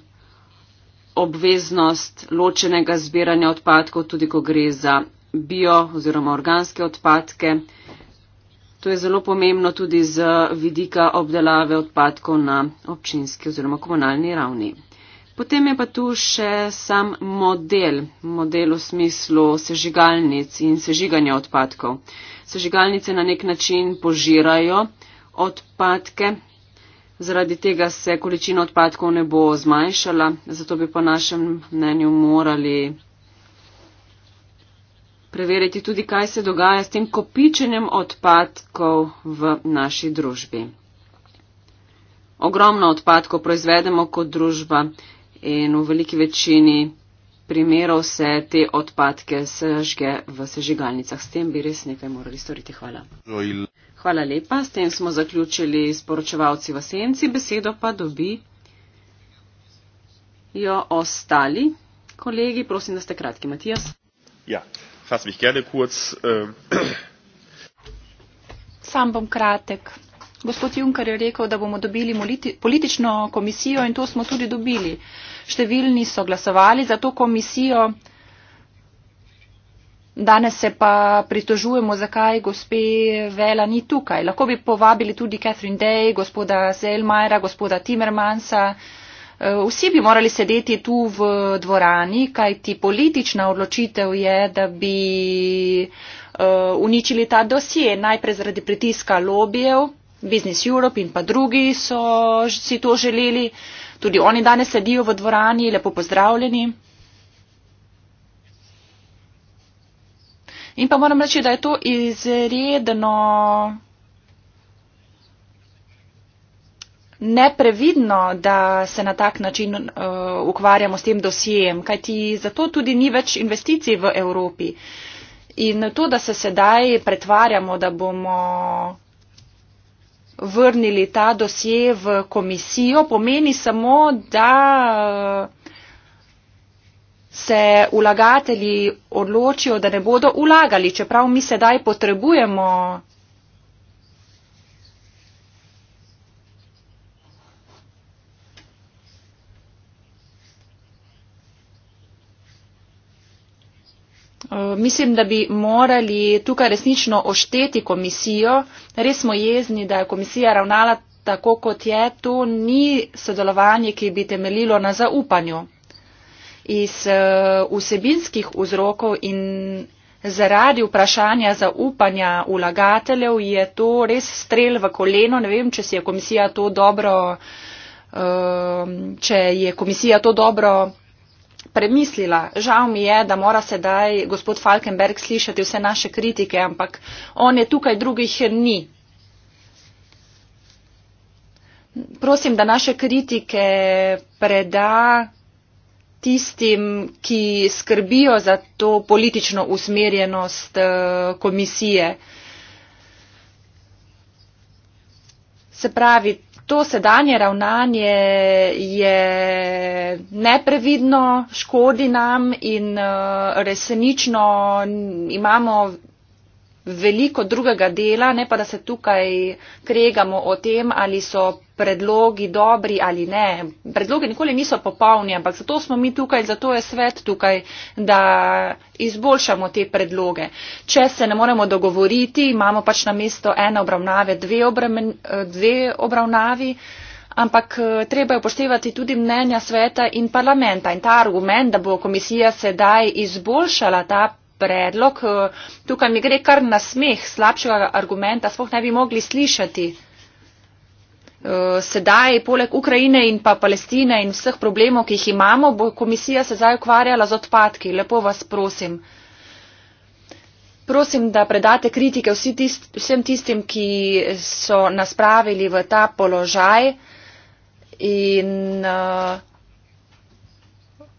obveznost ločenega zbiranja odpadkov, tudi ko gre za bio oziroma organske odpadke. To je zelo pomembno tudi z vidika obdelave odpadkov na občinski oziroma komunalni ravni. Potem je pa tu še sam model, model v smislu sežigalnic in sežiganja odpadkov. Sežigalnice na nek način požirajo odpadke, zaradi tega se količina odpadkov ne bo zmanjšala, zato bi po našem mnenju morali preveriti tudi, kaj se dogaja s tem kopičenjem odpadkov v naši družbi. Ogromno odpadkov proizvedemo kot družba in v veliki večini primerov se te odpadke sežge v sežigalnicah. S tem bi res nekaj morali storiti. Hvala. Hvala lepa. S tem smo zaključili s poročevalci v senci. Besedo pa dobi jo ostali kolegi. Prosim, da ste kratki, Matijas. Ja fasse mich gerne kurz. Ähm, Sam bom kratek. Gospod Juncker je rekel, da bomo dobili politično komisijo in to smo tudi dobili. Številni so glasovali za to komisijo. Danes se pa pritožujemo, zakaj gospe Vela ni tukaj. Lahko bi povabili tudi Catherine Day, gospoda Zelmajra, gospoda Timmermansa. Eh, vsi bi morali sedeti tu v dvorani, kajti politična odločitev je, da bi eh, uničili ta dosje. Najprej zaradi pritiska lobijev, Business Europe in pa drugi so si to želeli. Tudi oni danes sedijo v dvorani, lepo pozdravljeni. In pa moram reči, da je to izredno neprevidno, da se na tak način uh, ukvarjamo s tem dosijem, kajti zato tudi ni več investicij v Evropi. In to, da se sedaj pretvarjamo, da bomo vrnili ta dosje v komisijo, pomeni samo, da uh, se vlagatelji odločijo, da ne bodo vlagali, čeprav mi sedaj potrebujemo Eh, mislim, da bi morali tukaj resnično ošteti komisijo. Res smo jezni, da je komisija ravnala tako, kot je. To ni sodelovanje, ki bi temeljilo na zaupanju. Iz eh, vsebinskih vzrokov in zaradi vprašanja zaupanja vlagateljev je to res strel v koleno. Ne vem, če si je komisija to dobro, eh, če je komisija to dobro premislila. Žal mi je, da mora sedaj gospod Falkenberg slišati vse naše kritike, ampak on je tukaj, drugih ni. Prosim, da naše kritike preda tistim, ki skrbijo za to politično usmerjenost eh, komisije. Se pravi, to sedanje ravnanje je neprevidno, škodi nam in uh, resnično imamo veliko drugega dela, ne pa da se tukaj kregamo o tem, ali so predlogi dobri ali ne. Predloge nikoli niso popolni, ampak zato smo mi tukaj, zato je svet tukaj, da izboljšamo te predloge. Če se ne moremo dogovoriti, imamo pač na mesto ena obravnave, dve, obramen, dve obravnavi. Ampak treba je upoštevati tudi mnenja sveta in parlamenta in ta argument, da bo komisija sedaj izboljšala ta predlog, tukaj mi gre kar na smeh, slabšega argumenta, spoh ne bi mogli slišati. Eh, sedaj poleg Ukrajine in pa Palestine in vseh problemov, ki jih imamo, bo komisija se zdaj ukvarjala z odpadki. Lepo vas prosim. Prosim, da predate kritike vsi tist, vsem tistim, ki so nas pravili v ta položaj. In uh,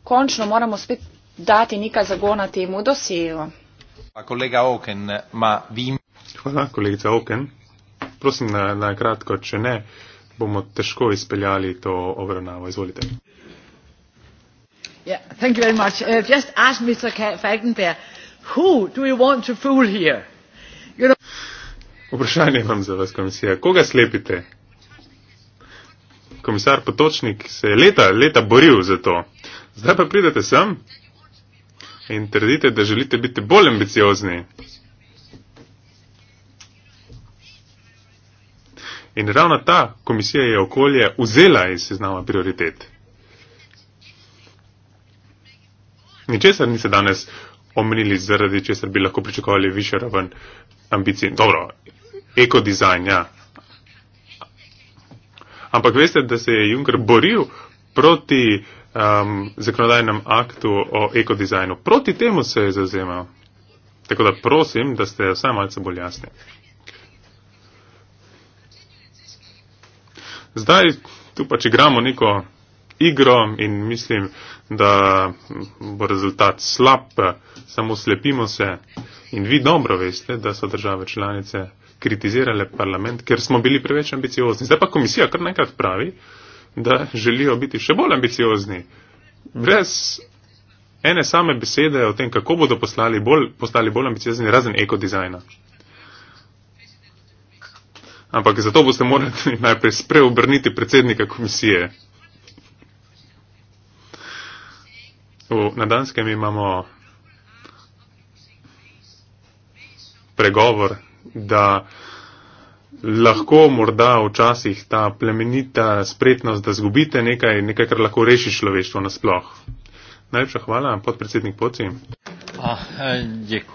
končno moramo spet dati nekaj zagona temu dosijo. Kolega Oken, ma vi. Hvala, kolegica Oken. Prosim, na, na kratko, če ne. Uh, bomo težko izpeljali to obravnavo. Izvolite. Yeah, uh, Vprašanje imam za vas, komisija. Koga slepite? Komisar Potočnik se je leta, leta boril za to. Zdaj pa pridete sem in trdite, da želite biti bolj ambiciozni. In ravno ta komisija je okolje vzela iz seznama prioritet. Ničesar niste danes omenili, zaradi česar bi lahko pričakovali više raven ambicij. Dobro, ekodizajn, ja. Ampak veste, da se je Juncker boril proti um, zakonodajnem aktu o ekodizajnu. Proti temu se je zazemal. Tako da prosim, da ste vsaj malce bolj jasni. Zdaj tu pač igramo neko igro in mislim, da bo rezultat slab, samo slepimo se. In vi dobro veste, da so države članice kritizirale parlament, ker smo bili preveč ambiciozni. Zdaj pa komisija kar nekrat pravi, da želijo biti še bolj ambiciozni. Brez ene same besede o tem, kako bodo bolj, postali bolj ambiciozni, razen ekodizajna ampak zato boste morali najprej spreobrniti predsednika komisije. V, na danskem imamo pregovor, da lahko morda včasih ta plemenita spretnost, da zgubite nekaj, nekaj, kar lahko reši človeštvo nasploh. Najlepša hvala, podpredsednik Poci.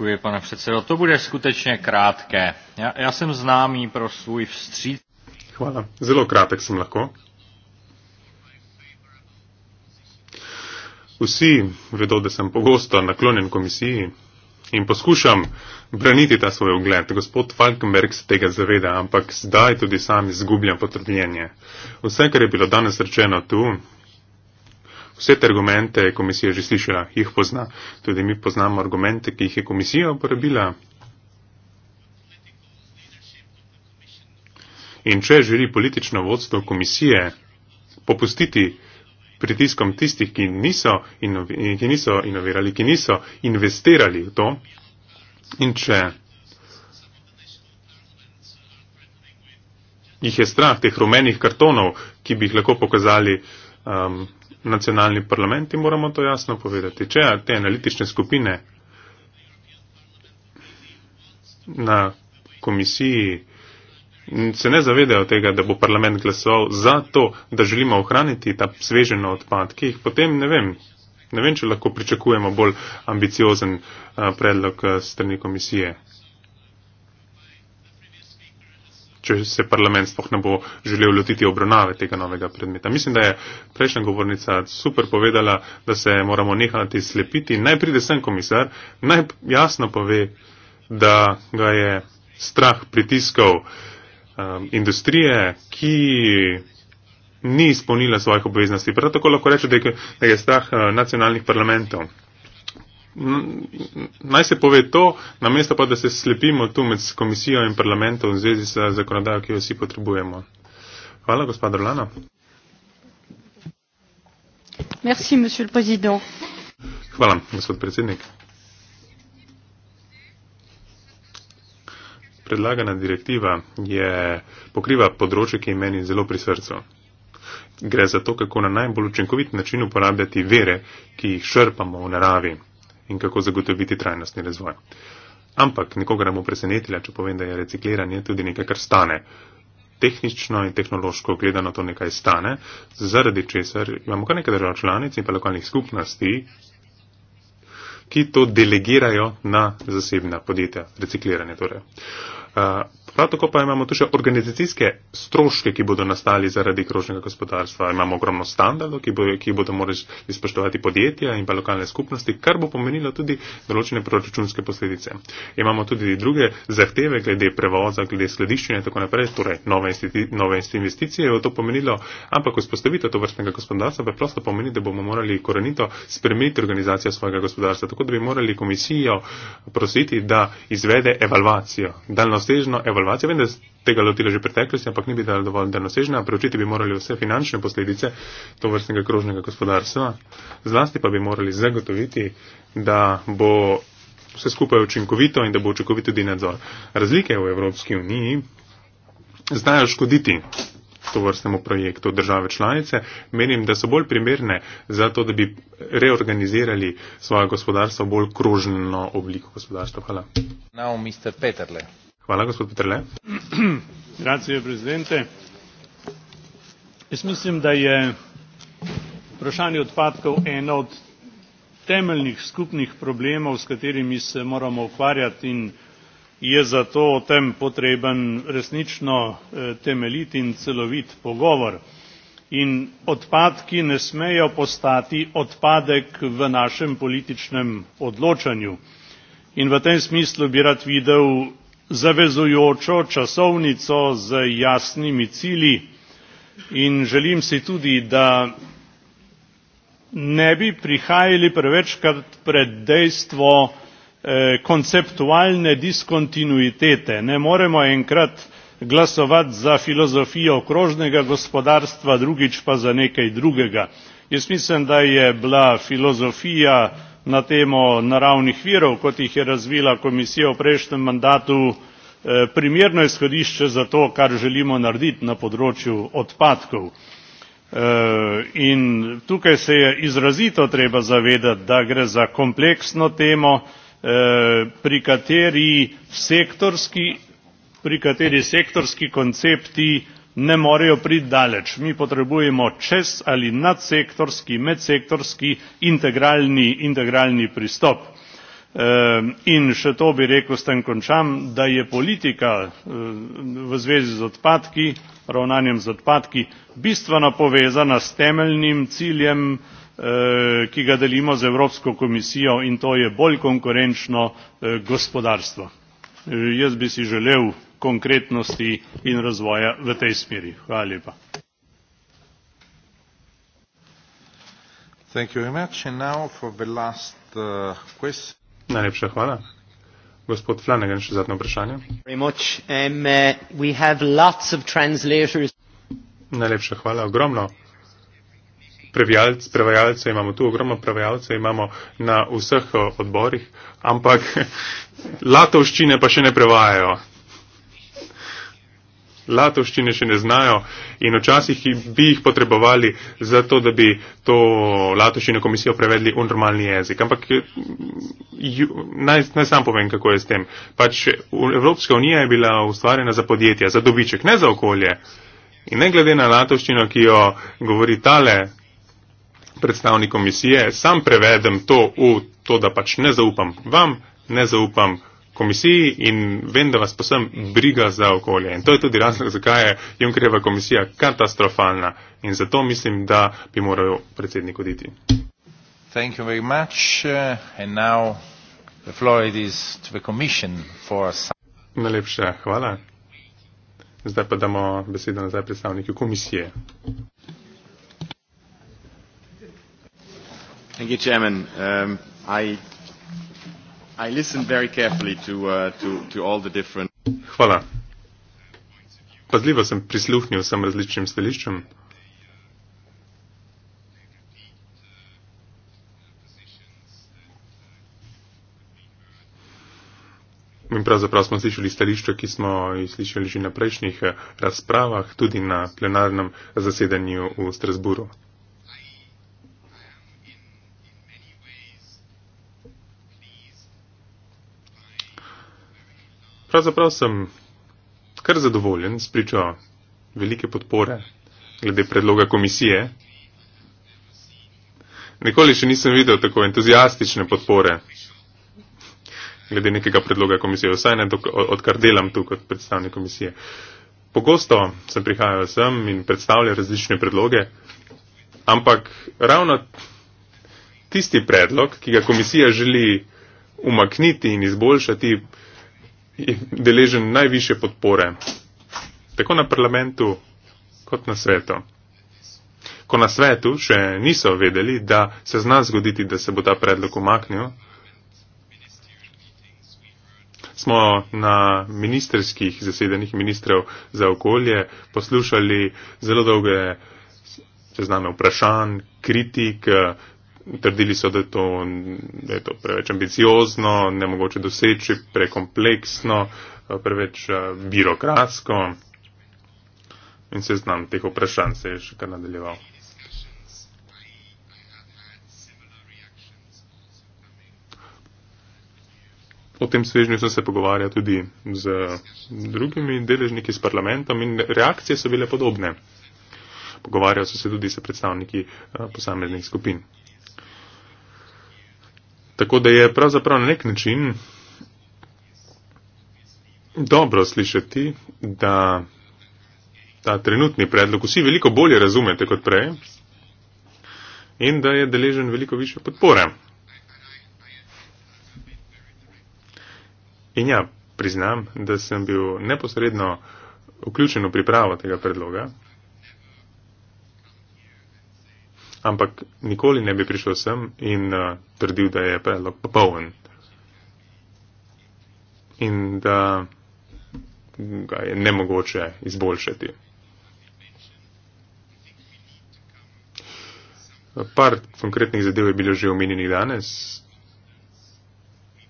E, pane předsedo to bude skutečně krátké já, já jsem známý pro svůj vstříc Hvala. Zelo krátek sem lahko. Vsi vedo, da sem pogosto naklonjen komisiji in poskušam braniti ta svoj ogled. Gospod Falkenberg se tega zaveda, ampak zdaj tudi sam izgubljam potrpljenje. Vse, kar je bilo danes rečeno tu, vse te argumente komisija že slišala, jih pozna. Tudi mi poznamo argumente, ki jih je komisija uporabila. In če želi politično vodstvo komisije popustiti pritiskom tistih, ki niso, ki niso inovirali, ki niso investirali v to, in če jih je strah teh rumenih kartonov, ki bi jih lahko pokazali um, nacionalni parlamenti moramo to jasno povedati. Če te analitične skupine na komisiji se ne zavedajo tega, da bo parlament glasoval za to, da želimo ohraniti ta sveženo odpadki, potem ne vem, ne vem, če lahko pričakujemo bolj ambiciozen predlog strani komisije. če se parlament spoh ne bo želel lotiti obravnave tega novega predmeta. Mislim, da je prejšnja govornica super povedala, da se moramo nehati slepiti. Naj pride sem komisar, naj jasno pove, da ga je strah pritiskov um, industrije, ki ni izpolnila svojih obveznosti. Prav tako lahko reče, da je, da je strah uh, nacionalnih parlamentov naj se pove to, namesto pa, da se slepimo tu med komisijo in parlamentom v zvezi z zakonodajo, ki jo vsi potrebujemo. Hvala, gospod Rolano. Merci, monsieur le président. Hvala, gospod predsednik. Predlagana direktiva je pokriva področje, ki je meni zelo pri srcu. Gre za to, kako na najbolj učinkovit način uporabljati vere, ki jih črpamo v naravi in kako zagotoviti trajnostni razvoj. Ampak nikoga ne bo presenetila, če povem, da je recikliranje tudi nekaj, kar stane. Tehnično in tehnološko gledano to nekaj stane, zaradi česar imamo kar nekaj držav članic in pa lokalnih skupnosti, ki to delegirajo na zasebna podjetja, recikliranje torej. Uh, Prav tako pa imamo tu še organizacijske stroške, ki bodo nastali zaradi krožnega gospodarstva. Imamo ogromno standardov, ki, bo, ki bodo morali spoštovati podjetja in pa lokalne skupnosti, kar bo pomenilo tudi določene proračunske posledice. Imamo tudi druge zahteve glede prevoza, glede skladiščenja in tako naprej, torej nove, nove investicije bo to pomenilo, ampak vzpostavitev to vrstnega gospodarstva preprosto pomeni, da bomo morali korenito spremeniti organizacijo svojega gospodarstva, tako da bi morali komisijo prositi, da izvede evalvacijo, daljnosežno evalvacijo inovacije. Vem, da ste tega lotili že v preteklosti, ampak ni bi dala dovolj daljnosežna. Preučiti bi morali vse finančne posledice to vrstnega krožnega gospodarstva. Zlasti pa bi morali zagotoviti, da bo vse skupaj učinkovito in da bo učinkovit tudi nadzor. Razlike v Evropski uniji znajo škoditi to vrstnemu projektu države članice. Menim, da so bolj primerne za to, da bi reorganizirali svoje gospodarstvo v bolj krožno obliko gospodarstva. Hvala. Now, jaz mislim da je vprašanje odpadkov en od temeljnih skupnih problemov s katerimi se moramo ukvarjati in je zato o tem potreben resnično eh, temeljit in celovit pogovor. in odpadki ne smejo postati odpadek v našem političnem odločanju in v tem smislu bi rad videl zavezujočo časovnico z jasnimi cilji in želim si tudi da ne bi prihajali prevečkrat pred dejstvo eh, konceptualne diskontinuitete ne moremo enkrat glasovati za filozofijo krožnega gospodarstva drugič pa za nekaj drugega. jaz mislim da je bila filozofija na temo naravnih virov kot jih je razvila komisija v prejšnjem mandatu eh, primerno izhodišče za to kar želimo narediti na področju odpadkov eh, in tukaj se je izrazito treba zavedati da gre za kompleksno temo eh, pri kateri sektorski pri kateri sektorski koncepti ne morejo priti daleč. mi potrebujemo čez ali nadsektorski medsektorski integralni, integralni pristop. Ehm, in še to bi rekel s tem končam da je politika ehm, v zvezi z odpadki ravnanjem z odpadki bistveno povezana s temeljnim ciljem ehm, ki ga delimo z evropsko komisijo in to je bolj konkurenčno gospodarstvo. jaz bi si želel konkretnosti in razvoja v tej smeri. Hvala lepa. Uh, Najlepša hvala. Gospod Flanagan, še zadnje vprašanje. Um, uh, Najlepša hvala, ogromno. Prevajalce imamo tu, ogromno prevajalce imamo na vseh uh, odborih, ampak latovščine pa še ne prevajajo latovščine še ne znajo in včasih bi jih potrebovali za to, da bi to latovščino komisijo prevedli v normalni jezik. Ampak eh, ju, naj, naj sam povem, kako je s tem. Pač Evropska unija je bila ustvarjena za podjetja, za dobiček, ne za okolje. In ne glede na latovščino, ki jo govori tale predstavnik komisije, sam prevedem to v to, da pač ne zaupam vam, ne zaupam komisiji in vem, da vas posem briga za okolje. In to je tudi razlog, zakaj je Junkerjeva komisija katastrofalna. In zato mislim, da bi moral predsednik oditi. Uh, Najlepša hvala. Zdaj pa damo besedo nazaj predstavniku komisije. Thank you, Chairman. Um, I... Uh, Hvala. Pazljivo sem prisluhnil vsem različnim stališčem. In pravzaprav smo slišali stališče, ki smo jih slišali že na prejšnjih eh, razpravah, tudi na plenarnem zasedanju v Strasburu. pravzaprav sem kar zadovoljen s pričo velike podpore glede predloga komisije. Nikoli še nisem videl tako entuzijastične podpore glede nekega predloga komisije, vsaj ne odkar delam tu kot predstavnik komisije. Pogosto sem prihajal sem in predstavljal različne predloge, ampak ravno tisti predlog, ki ga komisija želi umakniti in izboljšati, deležen najviše podpore, tako na parlamentu kot na svetu. Ko na svetu še niso vedeli, da se zna zgoditi, da se bo ta predlog umaknil, smo na ministerskih zasedanjih ministrov za okolje poslušali zelo dolge seznamne vprašanj, kritik, trdili so, da, to, da je to preveč ambiciozno, ne mogoče doseči, prekompleksno, preveč eh, birokratsko. In se znam teh vprašanj, se je še kar nadaljeval. O tem svežnju sem se pogovarjal tudi z drugimi deležniki s parlamentom in reakcije so bile podobne. Pogovarjal so se tudi s predstavniki eh, posameznih skupin. Tako da je pravzaprav na nek način dobro slišati, da ta trenutni predlog vsi veliko bolje razumete kot prej in da je deležen veliko više podpore. In ja, priznam, da sem bil neposredno vključen v pripravo tega predloga. ampak nikoli ne bi prišel sem in uh, trdil, da je predlog popoln. In da ga je nemogoče izboljšati. Par konkretnih zadev je bilo že omenjenih danes.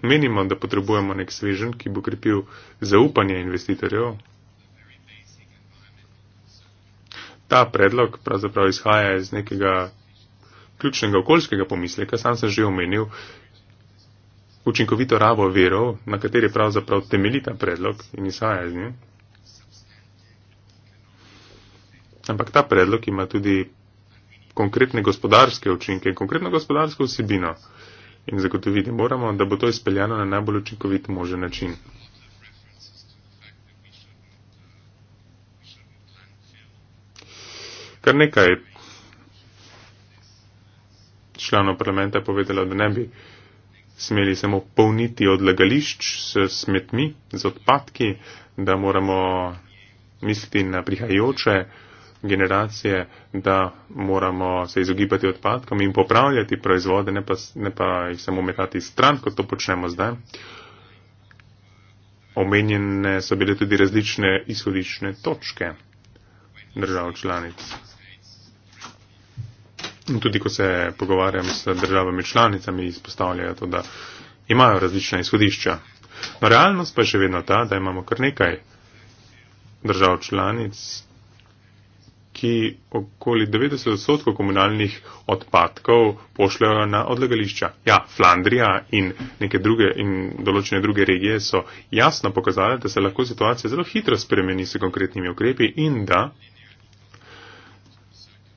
Menimo, da potrebujemo nek svežen, ki bo krepil zaupanje investitorjev, ta predlog pravzaprav izhaja iz nekega ključnega okoljskega pomisleka, sam sem že omenil, učinkovito rabo verov, na kateri pravzaprav temeli ta predlog in izhaja iz nje. Ampak ta predlog ima tudi konkretne gospodarske učinke in konkretno gospodarsko vsebino. In zagotoviti moramo, da bo to izpeljano na najbolj učinkovit možen način. kar nekaj članov parlamenta povedalo, da ne bi smeli samo polniti odlagališč s smetmi, z odpadki, da moramo misliti na prihajajoče generacije, da moramo se izogibati odpadkom in popravljati proizvode, ne pa, ne pa jih samo metati stran, kot to počnemo zdaj. Omenjene so bile tudi različne izhodišne točke držav članic tudi ko se pogovarjam s državami članicami, izpostavljajo to, da imajo različna izhodišča. No, realnost pa je še vedno ta, da imamo kar nekaj držav članic, ki okoli 90 odstotkov komunalnih odpadkov pošljajo na odlagališča. Ja, Flandrija in, druge, in določene druge regije so jasno pokazali, da se lahko situacija zelo hitro spremeni s konkretnimi ukrepi in da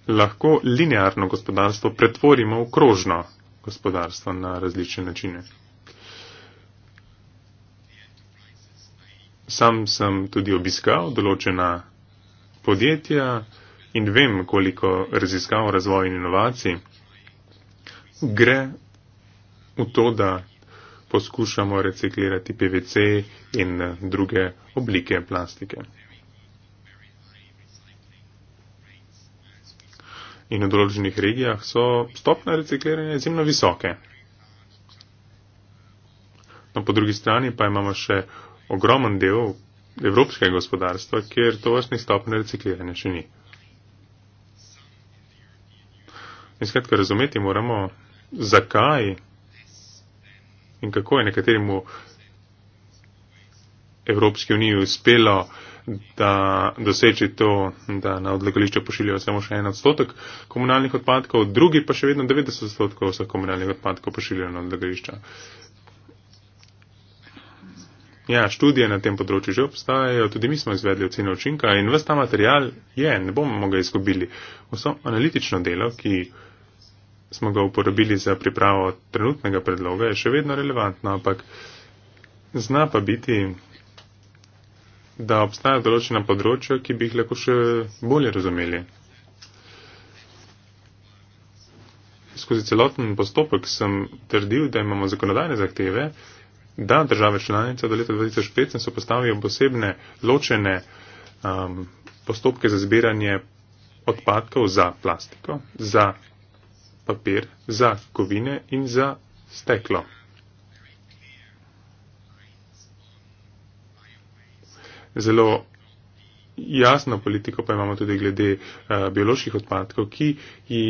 lahko linearno gospodarstvo pretvorimo v krožno gospodarstvo na različne načine. Sam sem tudi obiskal določena podjetja in vem, koliko raziskav, razvoj in inovacij gre v to, da poskušamo reciklirati PVC in druge oblike plastike. in v določenih regijah so stopne recikliranja izjemno visoke. No, po drugi strani pa imamo še ogromen del evropskega gospodarstva, kjer to vrstni stopne recikliranja še ni. In skratka, razumeti moramo, zakaj in kako je nekaterim v Evropski uniji uspelo uh, da doseči to, da na odlagališče pošiljajo samo še en odstotek komunalnih odpadkov, drugi pa še vedno 90 odstotkov vseh komunalnih odpadkov pošiljajo na odlagališča. Ja, študije na tem področju že obstajajo, tudi mi smo izvedli oceno učinka in vse ta material je, ne bomo ga izgubili. Vso analitično delo, ki smo ga uporabili za pripravo trenutnega predloga, je še vedno relevantno, ampak zna pa biti da obstaja določena področja, ki bi jih lahko še bolje razumeli. Skozi celoten postopek sem trdil, da imamo zakonodajne zahteve, da države članice do leta 2015 so postavili posebne ločene um, postopke za zbiranje odpadkov za plastiko, za papir, za kovine in za steklo. zelo jasno politiko pa imamo tudi glede uh, bioloških odpadkov, ki, ki,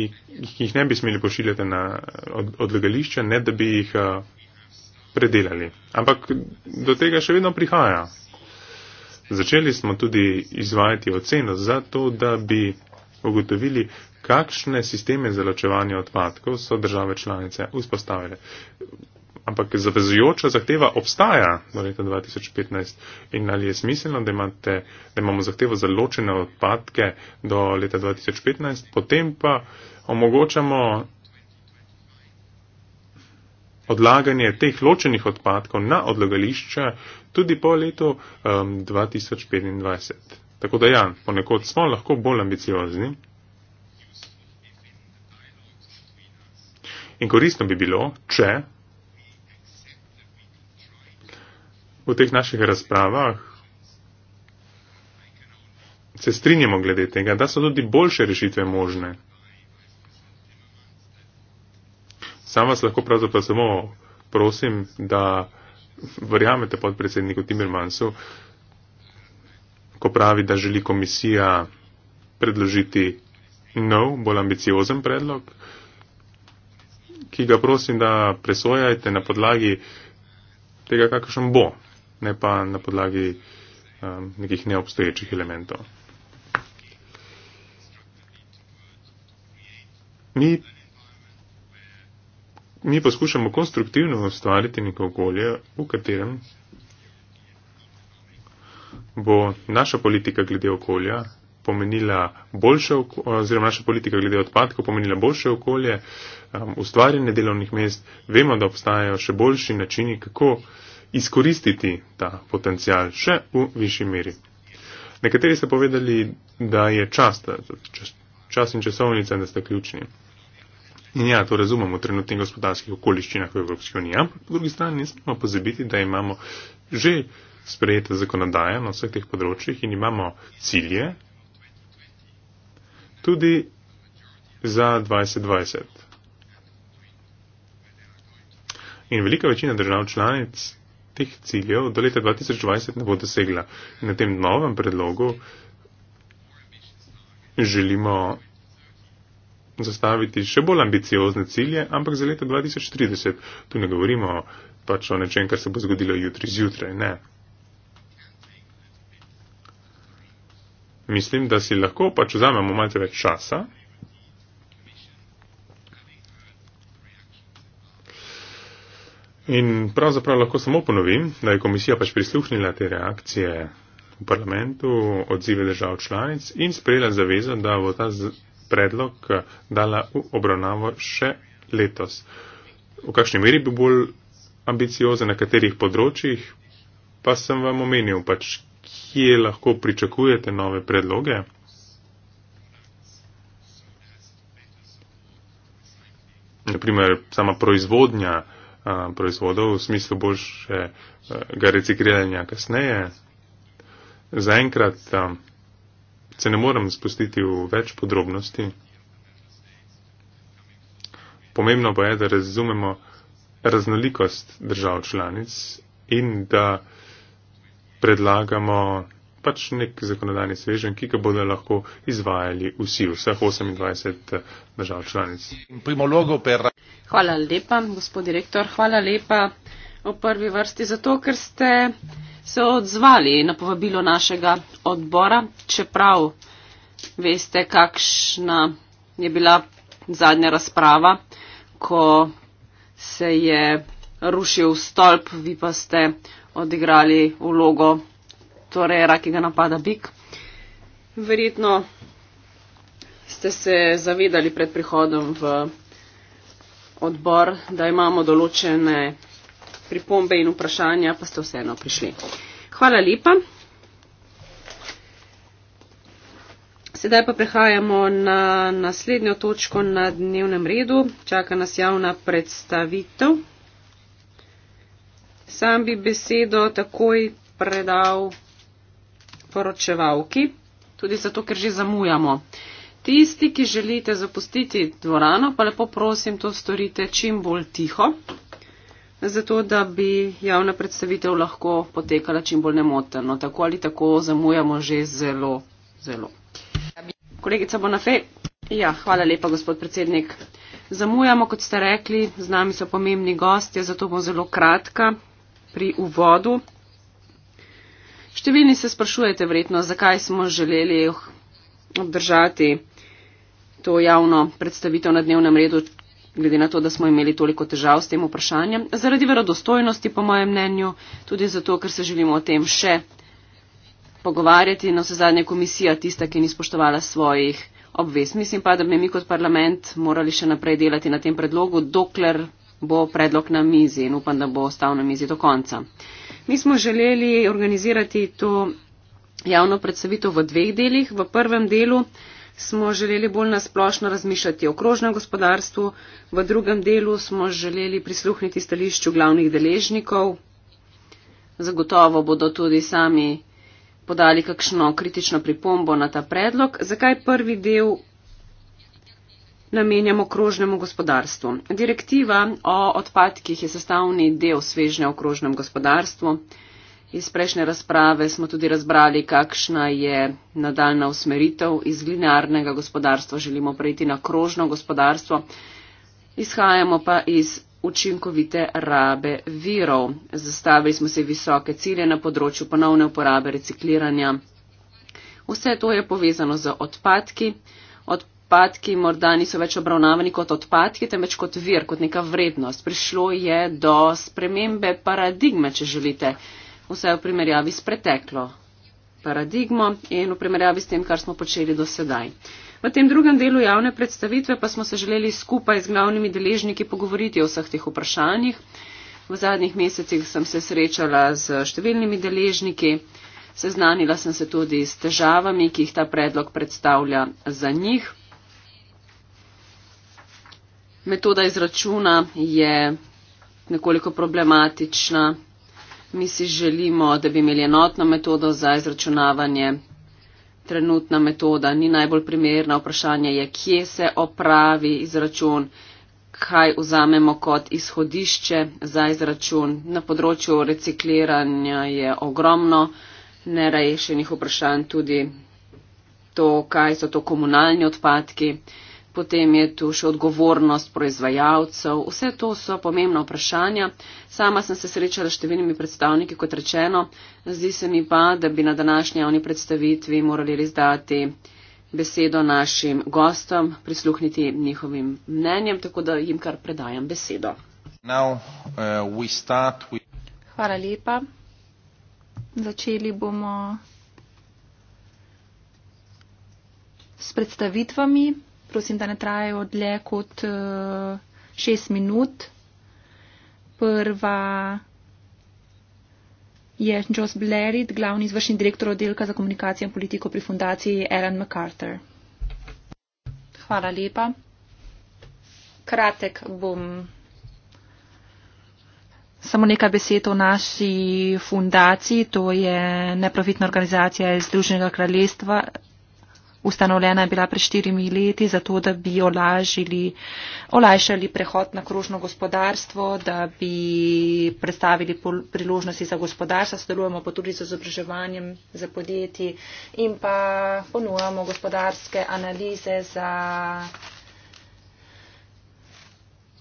ki jih ne bi smeli pošiljati na od, odlagališče, ne da bi jih uh, predelali. Ampak do tega še vedno prihaja. Začeli smo tudi izvajati oceno za to, da bi ugotovili, kakšne sisteme za ločevanje odpadkov so države članice vzpostavile ampak zavezujoča zahteva obstaja do leta 2015 in ali je smiselno, da, imate, da imamo zahtevo za ločene odpadke do leta 2015, potem pa omogočamo odlaganje teh ločenih odpadkov na odlagališča tudi po letu um, 2025. Tako da ja, ponekod smo lahko bolj ambiciozni. In koristno bi bilo, če v teh naših razpravah se strinjamo glede tega, da so tudi boljše rešitve možne. Sam vas lahko pravzaprav samo prosim, da verjamete podpredsedniku Timmermansu, ko pravi, da želi komisija predložiti nov, bolj ambiciozen predlog, ki ga prosim, da presojajte na podlagi tega, kakšen bo ne pa na podlagi um, nekih neobstoječih elementov. Mi, mi poskušamo konstruktivno ustvariti neko okolje, v katerem bo naša politika glede okolja pomenila boljše okolje, oziroma naša politika glede odpadkov pomenila boljše okolje, um, ustvarjanje delovnih mest. Vemo, da obstajajo še boljši načini, kako uh, izkoristiti ta potencial še v višji meri. Nekateri ste povedali, da je čas, da čas, čas in časovnica, da ste ključni. In ja, to razumemo v trenutnih gospodarskih okoliščinah v Evropski uniji, ampak po drugi strani ne smemo pozabiti, da imamo že sprejete zakonodaje na vseh teh področjih in imamo cilje tudi za 2020. In velika večina držav članic teh ciljev do leta 2020 ne bo dosegla. Na tem novem predlogu želimo zastaviti še bolj ambiciozne cilje, ampak za leto 2030. Tu ne govorimo pač o nečem, kar se bo zgodilo jutri zjutraj, ne. Mislim, da si lahko pač vzamemo malce več časa In pravzaprav lahko samo ponovim, da je komisija pač prisluhnila te reakcije v parlamentu, odzive držav članic in sprejela zavezo, da bo ta predlog eh, dala v obravnavo še letos. V kakšni meri bi bolj ambicioza, na katerih področjih, pa sem vam omenil, pač kje lahko pričakujete nove predloge. Naprimer, sama proizvodnja, proizvodov v smislu boljšega recikliranja kasneje. Zaenkrat se ne morem spustiti v več podrobnosti. Pomembno pa je, da razumemo raznolikost držav članic in da predlagamo pač nek zakonodajni svežen, ki ga bodo lahko izvajali vsi, vseh 28 eh, držav članic. Hvala lepa, gospod direktor. Hvala lepa v prvi vrsti za to, ker ste se odzvali na povabilo našega odbora, čeprav veste, kakšna je bila zadnja razprava, ko se je rušil stolp, vi pa ste odigrali vlogo torej raki ga napada bik. Verjetno ste se zavedali pred prihodom v odbor, da imamo določene pripombe in vprašanja, pa ste vseeno prišli. Hvala lepa. Sedaj pa prehajamo na naslednjo točko na dnevnem redu. Čaka nas javna predstavitev. Sam bi besedo takoj predal poročevalki, tudi zato, ker že zamujamo. Tisti, ki želite zapustiti dvorano, pa lepo prosim, to storite čim bolj tiho, zato da bi javna predstavitev lahko potekala čim bolj nemoteno. Tako ali tako zamujamo že zelo, zelo. Kolegica Bonafe. Ja, hvala lepa, gospod predsednik. Zamujamo, kot ste rekli, z nami so pomembni gostje, zato bom zelo kratka pri uvodu. Številni se sprašujete vredno, zakaj smo želeli obdržati to javno predstavitev na dnevnem redu, glede na to, da smo imeli toliko težav s tem vprašanjem. Zaradi verodostojnosti, po mojem mnenju, tudi zato, ker se želimo o tem še pogovarjati, no se zadnja komisija tista, ki ni spoštovala svojih obvez. Mislim pa, da bi mi kot parlament morali še naprej delati na tem predlogu, dokler bo predlog na mizi in upam, da bo ostal na mizi do konca. Mi smo želeli organizirati to javno predstavitev v dveh delih. V prvem delu smo želeli bolj nasplošno razmišljati o krožnem gospodarstvu, v drugem delu smo želeli prisluhniti stališču glavnih deležnikov. Zagotovo bodo tudi sami podali kakšno kritično pripombo na ta predlog. Zakaj prvi del namenjamo krožnemu gospodarstvu. Direktiva o odpadkih je sestavni del svežnja v krožnem gospodarstvu. Iz prejšnje razprave smo tudi razbrali, kakšna je nadaljna usmeritev. Iz linearnega gospodarstva želimo preiti na krožno gospodarstvo. Izhajamo pa iz učinkovite rabe virov. Zastavili smo se visoke cilje na področju ponovne uporabe recikliranja. Vse to je povezano z odpadki. Odp odpadki morda niso več obravnavani kot odpadki, temveč kot vir, kot neka vrednost. Prišlo je do spremembe paradigme, če želite, vse v primerjavi s preteklo paradigmo in v primerjavi s tem, kar smo počeli do sedaj. V tem drugem delu javne predstavitve pa smo se želeli skupaj z glavnimi deležniki pogovoriti o vseh teh vprašanjih. V zadnjih mesecih sem se srečala z številnimi deležniki, seznanila sem se tudi s težavami, ki jih ta predlog predstavlja za njih metoda izračuna je nekoliko problematična. Mi si želimo, da bi imeli enotno metodo za izračunavanje. Trenutna metoda ni najbolj primerna. Vprašanje je, kje se opravi izračun, kaj vzamemo kot izhodišče za izračun. Na področju recikliranja je ogromno nerešenih vprašanj, tudi to, kaj so to komunalni odpadki potem je tu še odgovornost proizvajalcev. Vse to so pomembna vprašanja. Sama sem se srečala s številnimi predstavniki, kot rečeno, zdi se mi pa, da bi na današnji javni predstavitvi morali izdati besedo našim gostom, prisluhniti njihovim mnenjem, tako da jim kar predajam besedo. Now, uh, with... Hvala lepa. Začeli bomo s predstavitvami prosim, da ne trajajo dlje kot uh, šest minut. Prva je Joss Blerit, glavni izvršni direktor oddelka za komunikacijo in politiko pri fundaciji Alan MacArthur. Hvala lepa. Kratek bom. Samo nekaj besed o naši fundaciji, to je neprofitna organizacija iz Združenega kraljestva, Ustanovljena je bila pred štirimi leti, zato da bi olažili, olajšali prehod na krožno gospodarstvo, da bi predstavili pol, priložnosti za gospodarstvo, sodelujemo pa tudi z obraževanjem za podjetji in pa ponujamo gospodarske analize, za,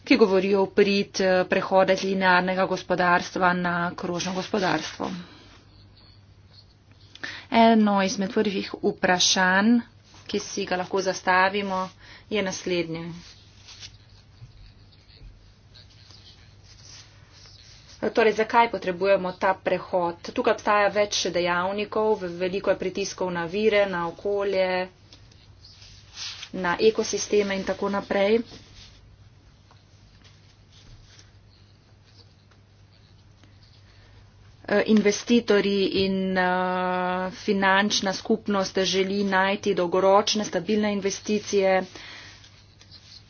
ki govorijo o prid eh, prehoda linearnega gospodarstva na krožno gospodarstvo. Eno izmed prvih vprašanj, ki si ga lahko zastavimo, je naslednje. Torej, zakaj potrebujemo ta prehod? Tukaj obstaja več dejavnikov, veliko je pritiskov na vire, na okolje, na ekosisteme in tako naprej. Eh, investitorji in eh, finančna skupnost želi najti dolgoročne stabilne investicije.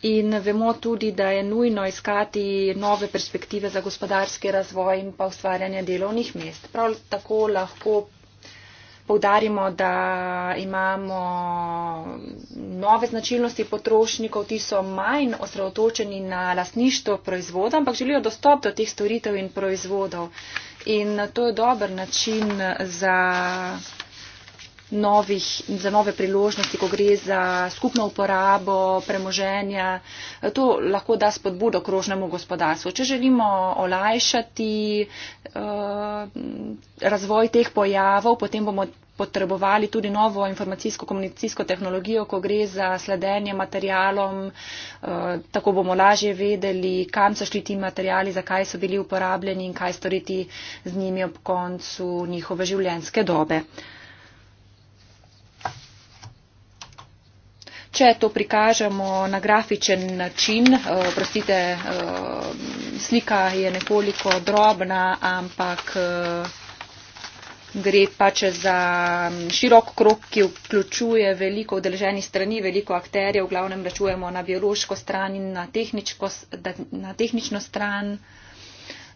In vemo tudi, da je nujno iskati nove perspektive za gospodarski razvoj in pa ustvarjanje delovnih mest. Prav tako lahko povdarimo, da imamo nove značilnosti potrošnikov, ti so manj osredotočeni na lasništvo proizvoda, ampak želijo dostop do teh storitev in proizvodov. In to je dober način za, novih, za nove priložnosti, ko gre za skupno uporabo premoženja. To lahko da spodbudo krožnemu gospodarstvu. Če želimo olajšati uh, razvoj teh pojavov, potem bomo potrebovali tudi novo informacijsko-komunicijsko tehnologijo, ko gre za sledenje materialom, eh, tako bomo lažje vedeli, kam so šli ti materiali, zakaj so bili uporabljeni in kaj storiti z njimi ob koncu njihove življenjske dobe. Če to prikažemo na grafičen način, eh, prostite, eh, slika je nekoliko drobna, ampak gre pač za širok krok, ki vključuje veliko udeleženih strani, veliko akterjev, v glavnem računamo na biološko stran in na, na tehnično stran.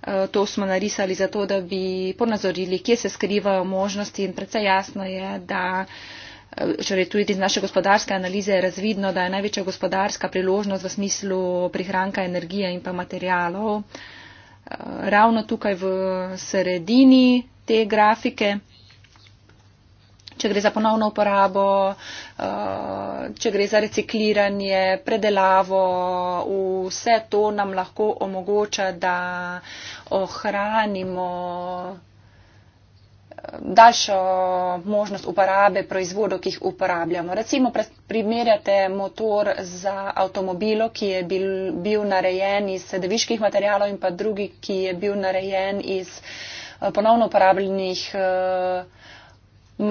E, to smo narisali zato, da bi ponazorili, kje se skrivajo možnosti in predvsej jasno je, da e, Torej, tudi iz naše gospodarske analize je razvidno, da je največja gospodarska priložnost v smislu prihranka energije in pa materialov e, ravno tukaj v sredini, te grafike, če gre za ponovno uporabo, eh, če gre za recikliranje, predelavo, vse to nam lahko omogoča, da ohranimo eh, daljšo možnost uporabe proizvodov, ki jih uporabljamo. Recimo, primerjate motor za avtomobilo, ki je bil, bil narejen iz sedeviških materijalov in pa drugi, ki je bil narejen iz uh, Eh, ponovno uporabljenih eh,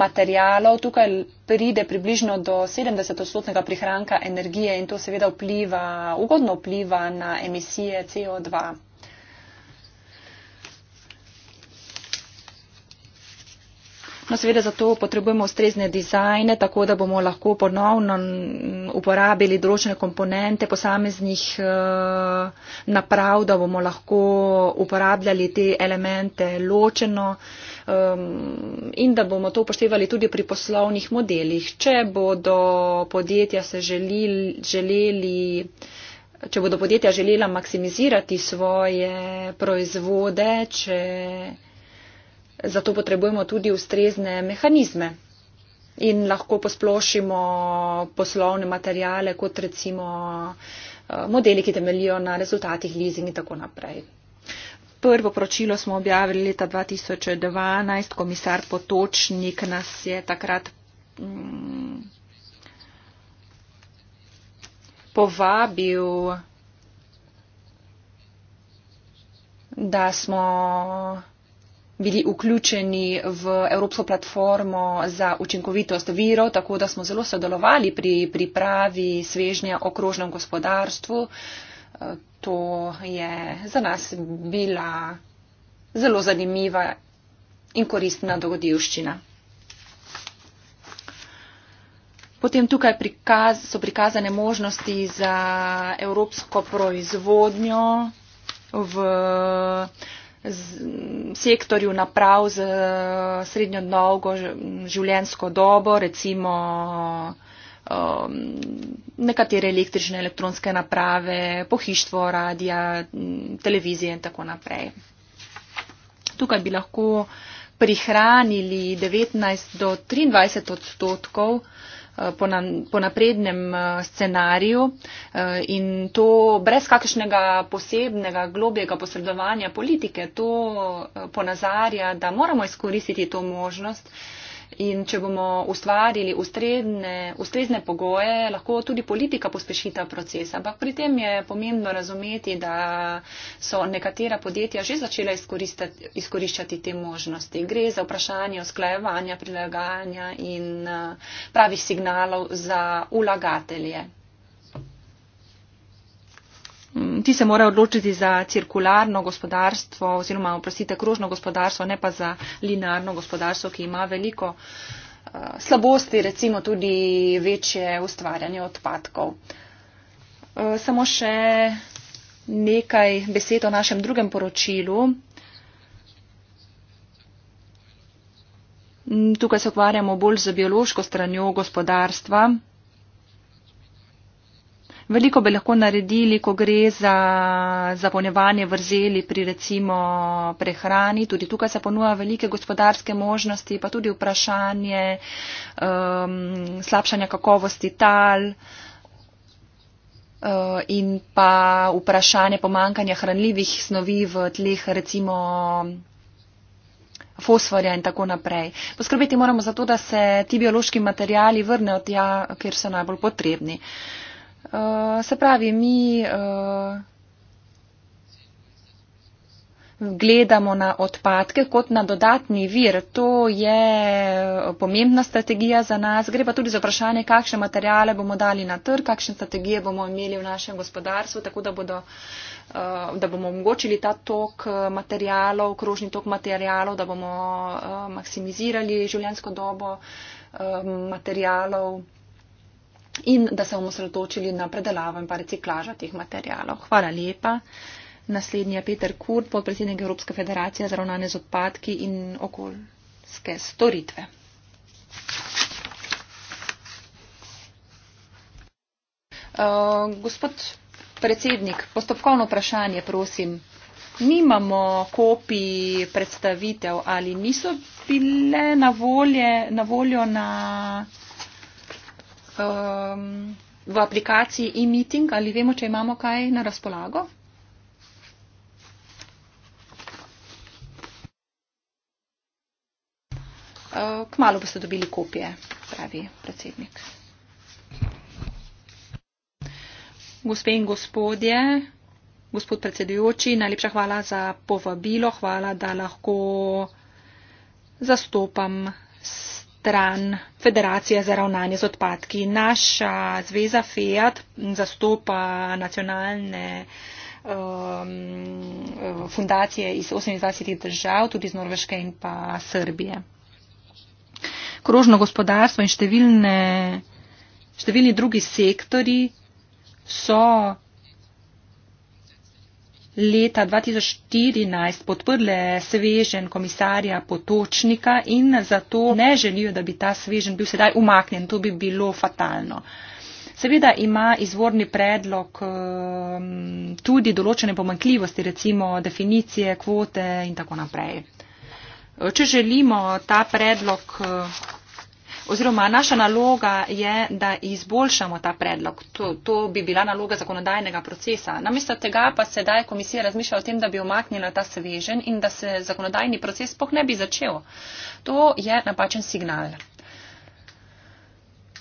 materijalov. Tukaj pride približno do 70 odstotnega prihranka energije in to seveda vpliva, ugodno vpliva na emisije CO2. No, seveda zato potrebujemo ustrezne dizajne, tako da bomo lahko ponovno uporabili določene komponente posameznih eh, naprav, da bomo lahko uporabljali te elemente ločeno in da bomo to upoštevali tudi pri poslovnih modelih. Če bodo podjetja se želi, želeli. Če bodo podjetja želela maksimizirati svoje proizvode, če zato potrebujemo tudi ustrezne mehanizme in lahko posplošimo poslovne materijale, kot recimo eh, modeli, ki temelijo na rezultatih leasing in tako naprej. Prvo poročilo smo objavili leta 2012, komisar Potočnik nas je takrat mm, povabil, da smo bili vključeni v Evropsko platformo za učinkovitost virov, tako da smo zelo sodelovali pri pripravi svežnja o krožnem gospodarstvu. Eh, to je za nas bila zelo zanimiva in koristna dogodivščina. Potem tukaj prikaz, so prikazane možnosti za evropsko proizvodnjo v sektorju naprav z srednjo dolgo življenjsko dobo, recimo um, nekatere električne elektronske naprave, pohištvo, radija, televizije in tako naprej. Tukaj bi lahko prihranili 19 do 23 odstotkov uh, Eh, po, na, po naprednem eh, scenariju eh, in to brez kakšnega posebnega globjega posredovanja politike. To ponazarja, da moramo izkoristiti to možnost In če bomo ustvarili ustredne, ustrezne pogoje, lahko tudi politika pospeši ta proces. Ampak pri tem je pomembno razumeti, da so nekatera podjetja že začela izkoriščati te možnosti. Gre za vprašanje usklajevanja, prilagajanja in eh, pravih signalov za ulagatelje. Mm, ti se morajo odločiti za cirkularno gospodarstvo oziroma, oprostite, krožno gospodarstvo, ne pa za linearno gospodarstvo, ki ima veliko eh, slabosti, recimo tudi večje ustvarjanje odpadkov. Eh, samo še nekaj besed o našem drugem poročilu. Mm, tukaj se ukvarjamo bolj z biološko stranjo gospodarstva. Veliko bi lahko naredili, ko gre za zaponevanje vrzeli pri recimo prehrani. Tudi tukaj se ponuja velike gospodarske možnosti, pa tudi vprašanje um, slabšanja kakovosti tal uh, in pa vprašanje pomankanja hranljivih snovi v tleh, recimo fosforja in tako naprej. Poskrbeti moramo za to, da se ti biološki materijali vrnejo tja, kjer so najbolj potrebni. Uh, Eh, se pravi, mi uh, gledamo na odpadke kot na dodatni vir. To je eh, pomembna strategija za nas. Gre pa tudi za vprašanje, kakšne materijale bomo dali na trg, kakšne strategije bomo imeli v našem gospodarstvu, tako da, bodo, uh, da bomo omogočili ta tok materijalov, krožni tok materijalov, da bomo uh, maksimizirali življensko dobo materijalov in da se bomo sredotočili na predelavo in pa reciklažo teh materijalov. Hvala lepa. Naslednji je Peter Kurt, podpredsednik Evropske federacije za ravnanje z odpadki in okoljske storitve. Uh, gospod predsednik, postopkovno vprašanje, prosim. Nimamo kopij predstavitev ali niso bile na, volje, na voljo na um, v aplikaciji e-meeting ali vemo, če imamo kaj na razpolago. Uh, kmalo boste dobili kopije, pravi predsednik. Gospe in gospodje, gospod predsedujoči, najlepša hvala za povabilo, hvala, da lahko zastopam stran Federacije za ravnanje z odpadki. Naša zveza FEAT zastopa nacionalne um, fundacije iz 28 držav, tudi iz Norveške in pa Srbije. Krožno gospodarstvo in številne, številni drugi sektori so leta 2014 podprle svežen komisarja Potočnika in zato ne želijo, da bi ta svežen bil sedaj umaknjen. To bi bilo fatalno. Seveda ima izvorni predlog ehm, tudi določene pomankljivosti, recimo definicije, kvote in tako naprej. Če želimo ta predlog oziroma naša naloga je, da izboljšamo ta predlog. To, to bi bila naloga zakonodajnega procesa. Namesto tega pa sedaj komisija razmišlja o tem, da bi omaknila ta svežen in da se zakonodajni proces spoh ne bi začel. To je napačen signal.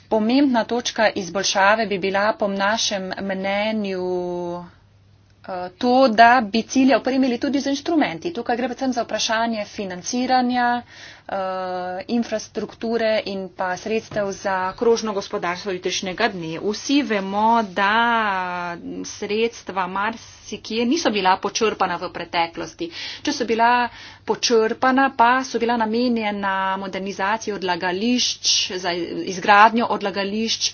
Pomembna točka izboljšave bi bila po našem mnenju eh, to, da bi cilje opremili tudi z inštrumenti. Tukaj gre predvsem za vprašanje financiranja, uh, Eh, infrastrukture in pa sredstev za krožno gospodarstvo jutrišnjega dne. Vsi vemo, da sredstva marsikje niso bila počrpana v preteklosti. Če so bila počrpana, pa so bila namenjena modernizaciji odlagališč, za izgradnjo odlagališč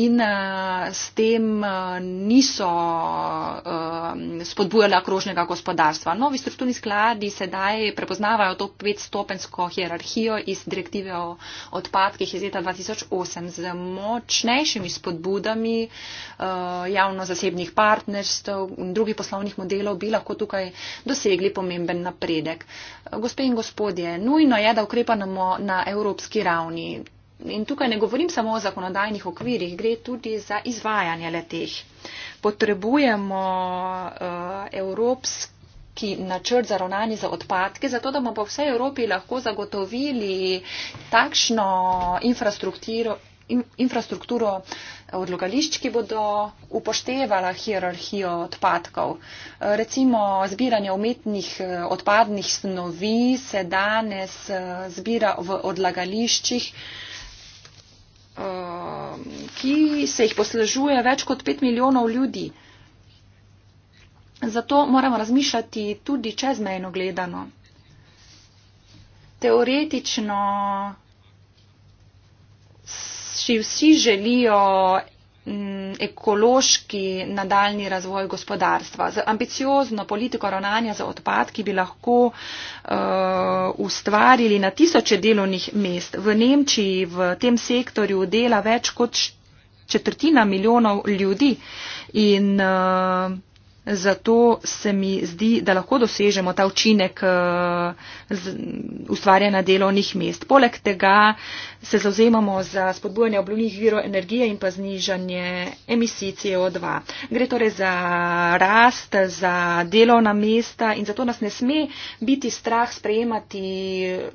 in eh, s tem eh, niso spodbujala krožnega gospodarstva. Novi strukturni skladi sedaj prepoznavajo to petstopensko hierarhijo hierarhijo iz direktive o odpadkih iz leta 2008 z močnejšimi spodbudami eh, javno-zasebnih partnerstv in drugih poslovnih modelov bi lahko tukaj dosegli pomemben napredek. Gospe in gospodje, nujno je, da ukrepanemo na evropski ravni. In tukaj ne govorim samo o zakonodajnih okvirih, gre tudi za izvajanje leteh. Potrebujemo uh, eh, evropske ki načrt za ravnanje za odpadke, zato da bomo po vsej Evropi lahko zagotovili takšno infrastrukturo infrastrukturo eh, odlogališč, ki bodo upoštevala hierarhijo odpadkov. Eh, recimo zbiranje umetnih eh, odpadnih snovi se danes zbira v odlagališčih, ki se jih poslužuje več kot 5 milijonov ljudi. Zato moramo razmišljati tudi čezmejno gledano. Teoretično si vsi želijo mm, ekološki nadaljni razvoj gospodarstva. Z ambiciozno politiko ravnanja za odpadki bi lahko uh, ustvarili na tisoče delovnih mest. V Nemčiji v tem sektorju dela več kot četrtina milijonov ljudi in uh, zato se mi zdi, da lahko dosežemo ta učinek eh, ustvarjanja delovnih mest. Poleg tega se zauzemamo za spodbujanje obnovljivih virov energije in pa znižanje emisij CO2. Gre torej za rast, za delovna mesta in zato nas ne sme biti strah sprejemati eh,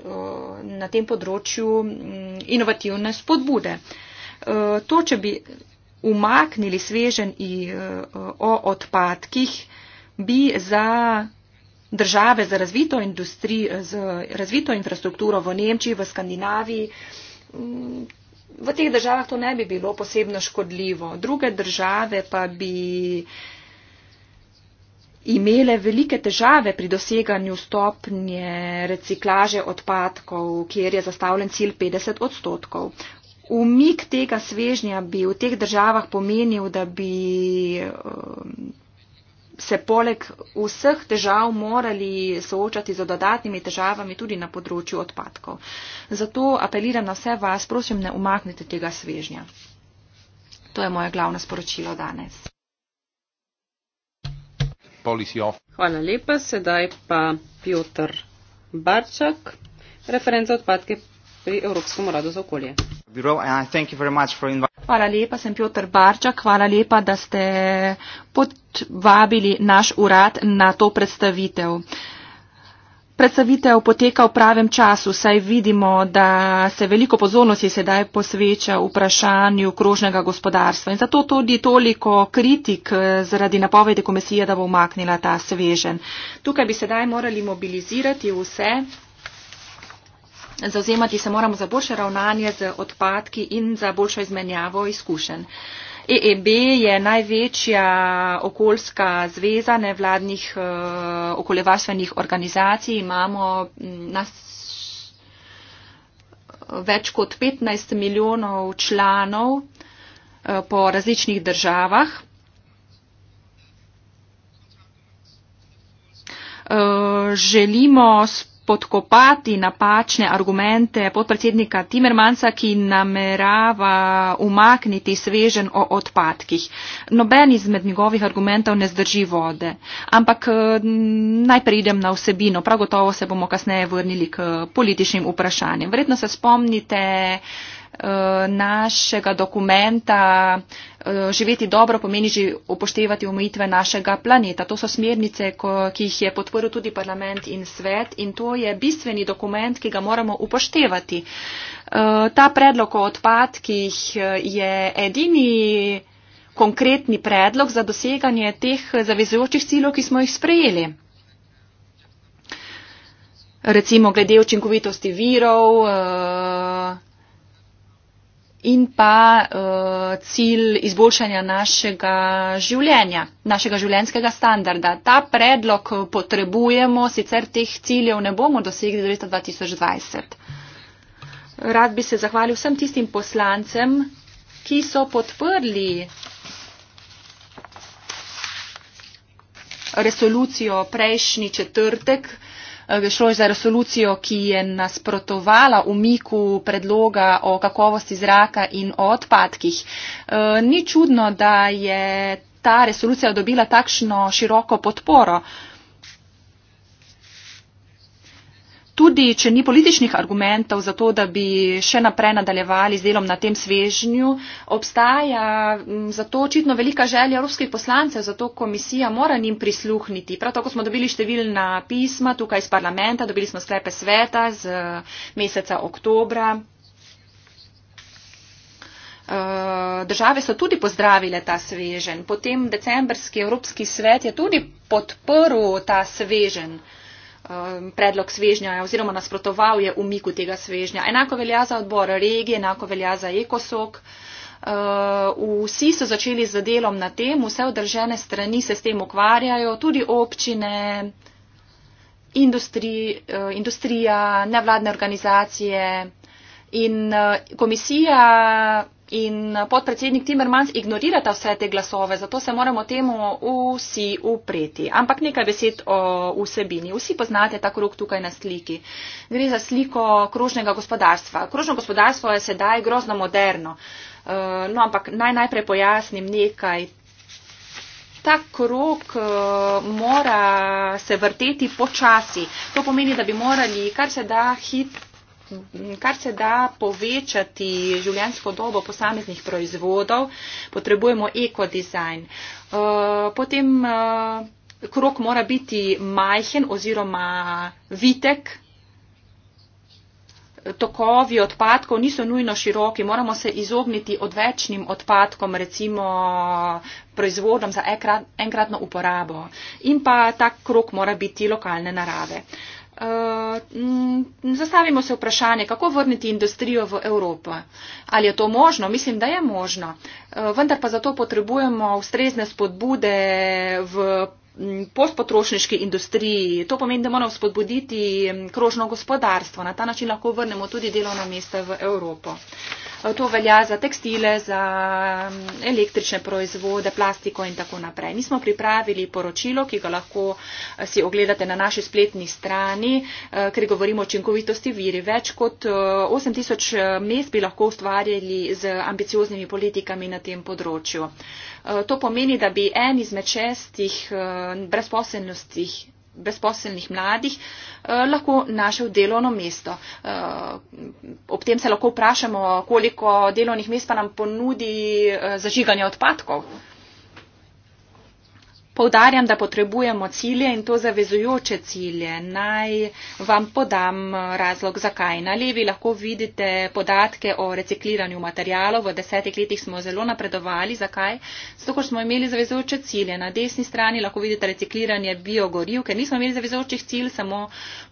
na tem področju mm, inovativne spodbude. Eh, to, če bi umaknili svežen i, eh, o odpadkih, bi za države za razvito, z razvito infrastrukturo v Nemčiji, v Skandinaviji, v teh državah to ne bi bilo posebno škodljivo. Druge države pa bi imele velike težave pri doseganju stopnje reciklaže odpadkov, kjer je zastavljen cilj 50 odstotkov umik tega svežnja bi v teh državah pomenil, da bi um, se poleg vseh težav morali soočati z dodatnimi težavami tudi na področju odpadkov. Zato apeliram na vse vas, prosim, ne umaknite tega svežnja. To je moje glavno sporočilo danes. Hvala lepa, sedaj pa Piotr Barčak, referent za odpadke pri Evropskem uradu za okolje. Hvala lepa, sem Piotr Barčak. Hvala lepa, da ste podvabili naš urad na to predstavitev. Predstavitev poteka v pravem času, saj vidimo, da se veliko pozornosti sedaj posveča vprašanju krožnega gospodarstva in zato tudi toliko kritik eh, zaradi napovedi komisije, da bo umaknila ta svežen. Tukaj bi sedaj morali mobilizirati vse zauzemati se moramo za boljše ravnanje z odpadki in za boljšo izmenjavo izkušenj. EEB je največja okoljska zveza nevladnih eh, okoljevarstvenih organizacij. Imamo mm, nas več kot 15 milijonov članov eh, po različnih državah. Eh, želimo podkopati napačne argumente podpredsednika Timermansa, ki namerava umakniti svežen o odpadkih. Noben izmed njegovih argumentov ne zdrži vode. Ampak eh, najprej idem na vsebino. Prav gotovo se bomo kasneje vrnili k političnim vprašanjem. Verjetno se spomnite, Eh, našega dokumenta. Eh, živeti dobro pomeni že upoštevati omejitve našega planeta. To so smernice, ki jih je podporil tudi parlament in svet in to je bistveni dokument, ki ga moramo upoštevati. Eh, ta predlog o odpadkih je edini konkretni predlog za doseganje teh zavezujočih ciljev, ki smo jih sprejeli. Recimo glede učinkovitosti virov, in pa uh, cilj izboljšanja našega življenja, našega življenjskega standarda. Ta predlog potrebujemo, sicer teh ciljev ne bomo dosegli do leta 2020. Rad bi se zahvalil vsem tistim poslancem, ki so podprli resolucijo prejšnji četrtek Eh, šlo je za resolucijo, ki je nasprotovala umiku predloga o kakovosti zraka in o odpadkih. Eh, ni čudno, da je ta resolucija dobila takšno široko podporo. Tudi, če ni političnih argumentov za to, da bi še naprej nadaljevali z delom na tem svežnju, obstaja zato očitno velika želja evropskih poslancev, zato komisija mora njim prisluhniti. Prav tako smo dobili številna pisma tukaj iz parlamenta, dobili smo sklepe sveta z eh, meseca oktobra. Eh, države so tudi pozdravile ta svežen. Potem decembrski Evropski svet je tudi podprl ta svežen. Um, predlog svežnja oziroma nasprotoval je umiku tega svežnja. Enako velja za odbor regije, enako velja za ekosok. Uh, vsi so začeli z delom na tem, vse održene strani se s tem ukvarjajo, tudi občine, industri, uh, industrija, nevladne organizacije in uh, komisija in eh, podpredsednik Timmermans ignorirata vse te glasove, zato se moramo temu vsi upreti. Ampak nekaj besed o vsebini. Vsi poznate ta krug tukaj na sliki. Gre za sliko krožnega gospodarstva. Krožno gospodarstvo je sedaj grozno moderno. Eh, no, ampak naj najprej pojasnim nekaj. Ta krok uh, eh, mora se vrteti počasi. To pomeni, da bi morali kar se da hit, kar se da povečati življensko dobo posameznih proizvodov, potrebujemo ekodizajn. Eh, potem eh, krok mora biti majhen oziroma vitek. Tokovi odpadkov niso nujno široki, moramo se izogniti odvečnim odpadkom, recimo proizvodom za enkratno uporabo. In pa tak krok mora biti lokalne narave. Uh, Eh, zastavimo se vprašanje, kako vrniti industrijo v Evropo. Ali je to možno? Mislim, da je možno. Eh, vendar pa zato potrebujemo ustrezne spodbude v postpotrošniški industriji. To pomeni, da moramo spodbuditi krožno gospodarstvo. Na ta način lahko vrnemo tudi delovna mesta v Evropo. Uh, To velja za tekstile, za mm, električne proizvode, plastiko in tako naprej. Mi smo pripravili poročilo, ki ga lahko eh, si ogledate na naši spletni strani, eh, ker govorimo o činkovitosti viri. Več kot 8000 eh, mest bi lahko ustvarjali z ambicioznimi politikami na tem področju. To pomeni, da bi en izmed šestih brezposelnostih brezposelnih mladih eh, lahko našel delovno mesto. Eh, ob tem se lahko vprašamo, koliko delovnih mest pa nam ponudi eh, zažiganje odpadkov. Poudarjam, da potrebujemo cilje in to zavezujoče cilje. Naj vam podam eh, razlog, zakaj. Na levi lahko vidite podatke o recikliranju materijalov. V desetih letih smo zelo napredovali. Zakaj? Zato, ker smo imeli zavezujoče cilje. Na desni strani lahko vidite recikliranje biogoriv, ker nismo imeli zavezujočih cilj, samo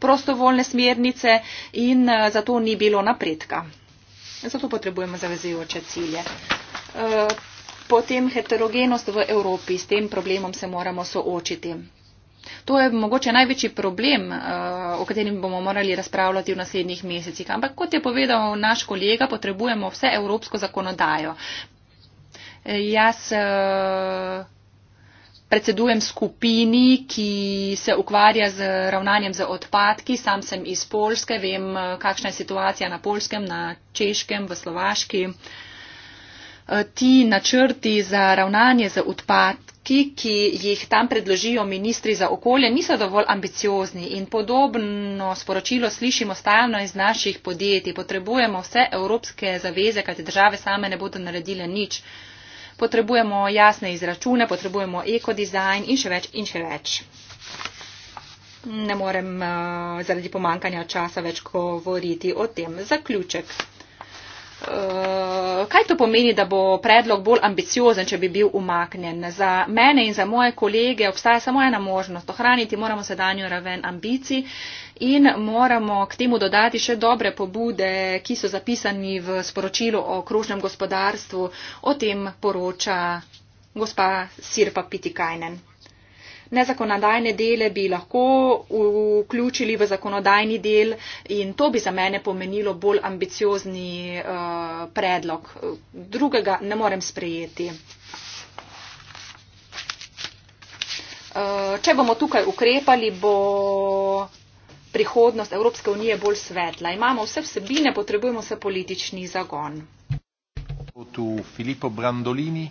prostovoljne smernice in eh, zato ni bilo napredka. Zato potrebujemo zavezujoče cilje. Uh, potem heterogenost v Evropi. S tem problemom se moramo soočiti. To je mogoče največji problem, eh, o katerem bomo morali razpravljati v naslednjih mesecih. Ampak kot je povedal naš kolega, potrebujemo vse evropsko zakonodajo. Eh, jaz eh, predsedujem skupini, ki se ukvarja z ravnanjem z odpadki. Sam sem iz Polske, vem, kakšna je situacija na Polskem, na Češkem, v Slovaški. Uh, Eh, ti načrti za ravnanje z odpadki, ki jih tam predložijo ministri za okolje, niso dovolj ambiciozni in podobno sporočilo slišimo stalno iz naših podjetij. Potrebujemo vse evropske zaveze, kajti države same ne bodo naredile nič. Potrebujemo jasne izračune, potrebujemo ekodizajn in še več in še več. Ne morem uh, zaradi pomankanja časa več govoriti o tem. Zaključek. Eh, kaj to pomeni, da bo predlog bolj ambiciozen, če bi bil umaknjen? Za mene in za moje kolege obstaja samo ena možnost. Ohraniti moramo sedanjo raven ambicij in moramo k temu dodati še dobre pobude, ki so zapisani v sporočilu o krožnem gospodarstvu. O tem poroča gospa Sirpa Pitikajnen nezakonodajne dele bi lahko vključili v zakonodajni del in to bi za mene pomenilo bolj ambiciozni eh, predlog. Drugega ne morem sprejeti. Eh, če bomo tukaj ukrepali, bo prihodnost Evropske unije bolj svetla. Imamo vse vsebine, potrebujemo se politični zagon. Tu Filippo Brandolini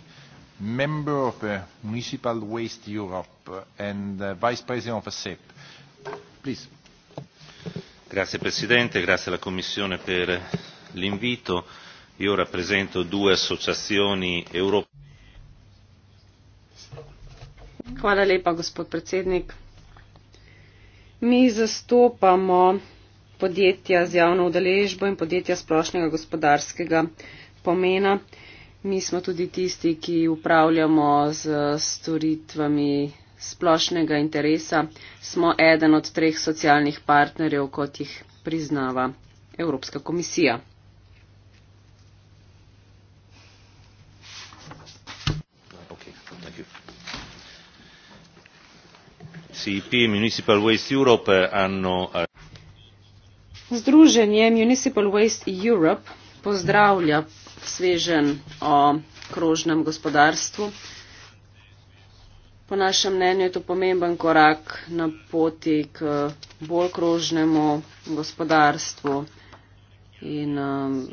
member of uh, Municipal Waste Europe and uh, Vice President of SEP. Please. Grazie Presidente, grazie alla Commissione per l'invito. Io rappresento due associazioni europee. Hvala lepa, gospod predsednik. Mi zastopamo podjetja z javno udeležbo in podjetja splošnega gospodarskega pomena mi smo tudi tisti, ki upravljamo z storitvami splošnega interesa, smo eden od treh socialnih partnerjev, kot jih priznava Evropska komisija. E eh, Združenje Municipal Waste Europe pozdravlja svežen o krožnem gospodarstvu. Po našem mnenju je to pomemben korak na poti k bolj krožnemu gospodarstvu in um,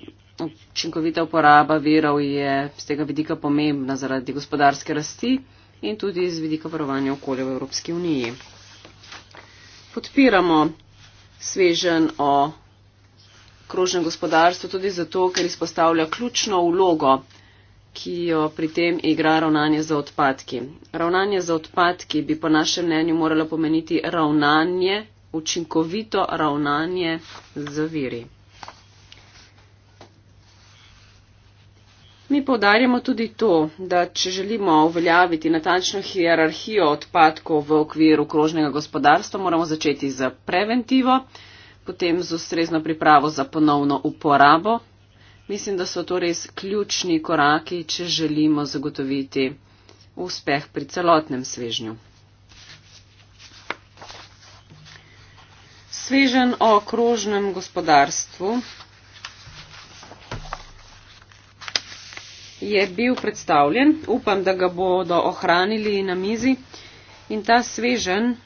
učinkovita uporaba virov je z tega vidika pomembna zaradi gospodarske rasti in tudi z vidika varovanja okolja v Evropski uniji. Podpiramo svežen o krožnem gospodarstvu tudi zato, ker izpostavlja ključno vlogo, ki jo pri tem igra ravnanje za odpadki. Ravnanje za odpadki bi po našem mnenju moralo pomeniti ravnanje, učinkovito ravnanje z viri. Mi povdarjamo tudi to, da če želimo uveljaviti natančno hierarhijo odpadkov v okviru krožnega gospodarstva, moramo začeti z preventivo potem z ustrezno pripravo za ponovno uporabo. Mislim, da so to res ključni koraki, če želimo zagotoviti uspeh pri celotnem svežnju. Svežen o krožnem gospodarstvu je bil predstavljen. Upam, da ga bodo ohranili na mizi. In ta svežen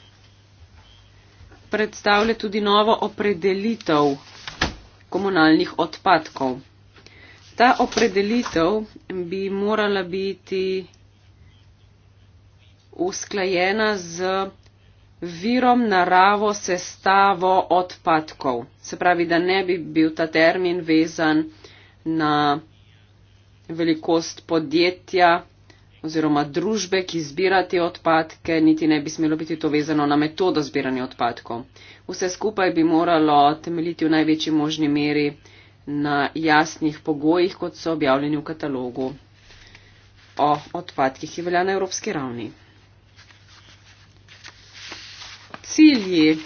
predstavlja tudi novo opredelitev komunalnih odpadkov. Ta opredelitev bi morala biti usklajena z virom naravo sestavo odpadkov. Se pravi, da ne bi bil ta termin vezan na velikost podjetja oziroma družbe, ki zbira te odpadke, niti ne bi smelo biti to vezano na metodo zbiranja odpadkov. Vse skupaj bi moralo temeljiti v največji možni meri na jasnih pogojih, kot so objavljeni v katalogu o odpadkih, ki velja na evropski ravni. Cilji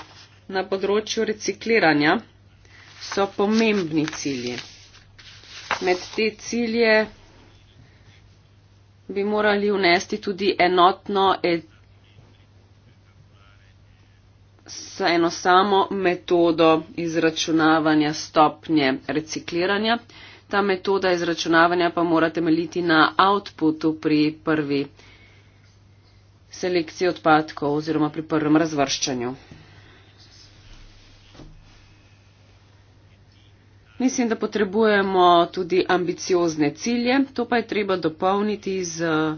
na področju recikliranja so pomembni cilji. Med te cilje bi morali vnesti tudi enotno eno samo metodo izračunavanja stopnje recikliranja. Ta metoda izračunavanja pa mora temeljiti na outputu pri prvi selekciji odpadkov oziroma pri prvem razvrščanju. Mislim, da potrebujemo tudi ambiciozne cilje, to pa je treba dopolniti z eh,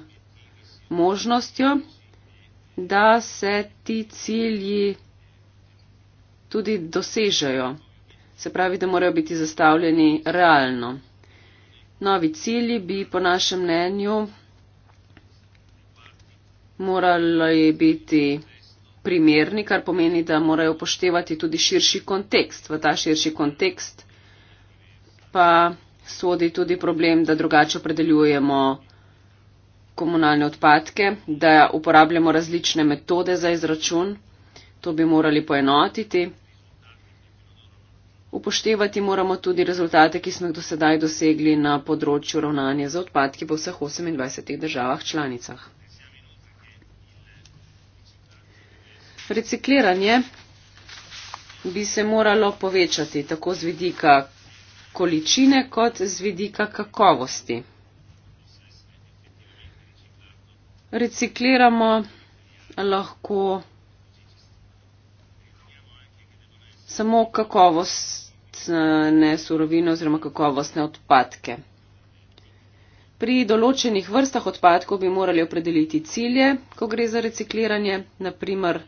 možnostjo, da se ti cilji tudi dosežejo. Se pravi, da morajo biti zastavljeni realno. Novi cilji bi po našem mnenju morali biti primerni, kar pomeni, da morajo upoštevati tudi širši kontekst. V ta širši kontekst pa sodi tudi problem, da drugače predeljujemo komunalne odpadke, da uporabljamo različne metode za izračun. To bi morali poenotiti. Upoštevati moramo tudi rezultate, ki smo jih do sedaj dosegli na področju ravnanja za odpadke v vseh 28 državah članicah. Recikliranje bi se moralo povečati tako z vidika količine kot z vidika kakovosti. Recikliramo lahko samo kakovostne surovine oziroma kakovostne odpadke. Pri določenih vrstah odpadkov bi morali opredeliti cilje, ko gre za recikliranje. Naprimer,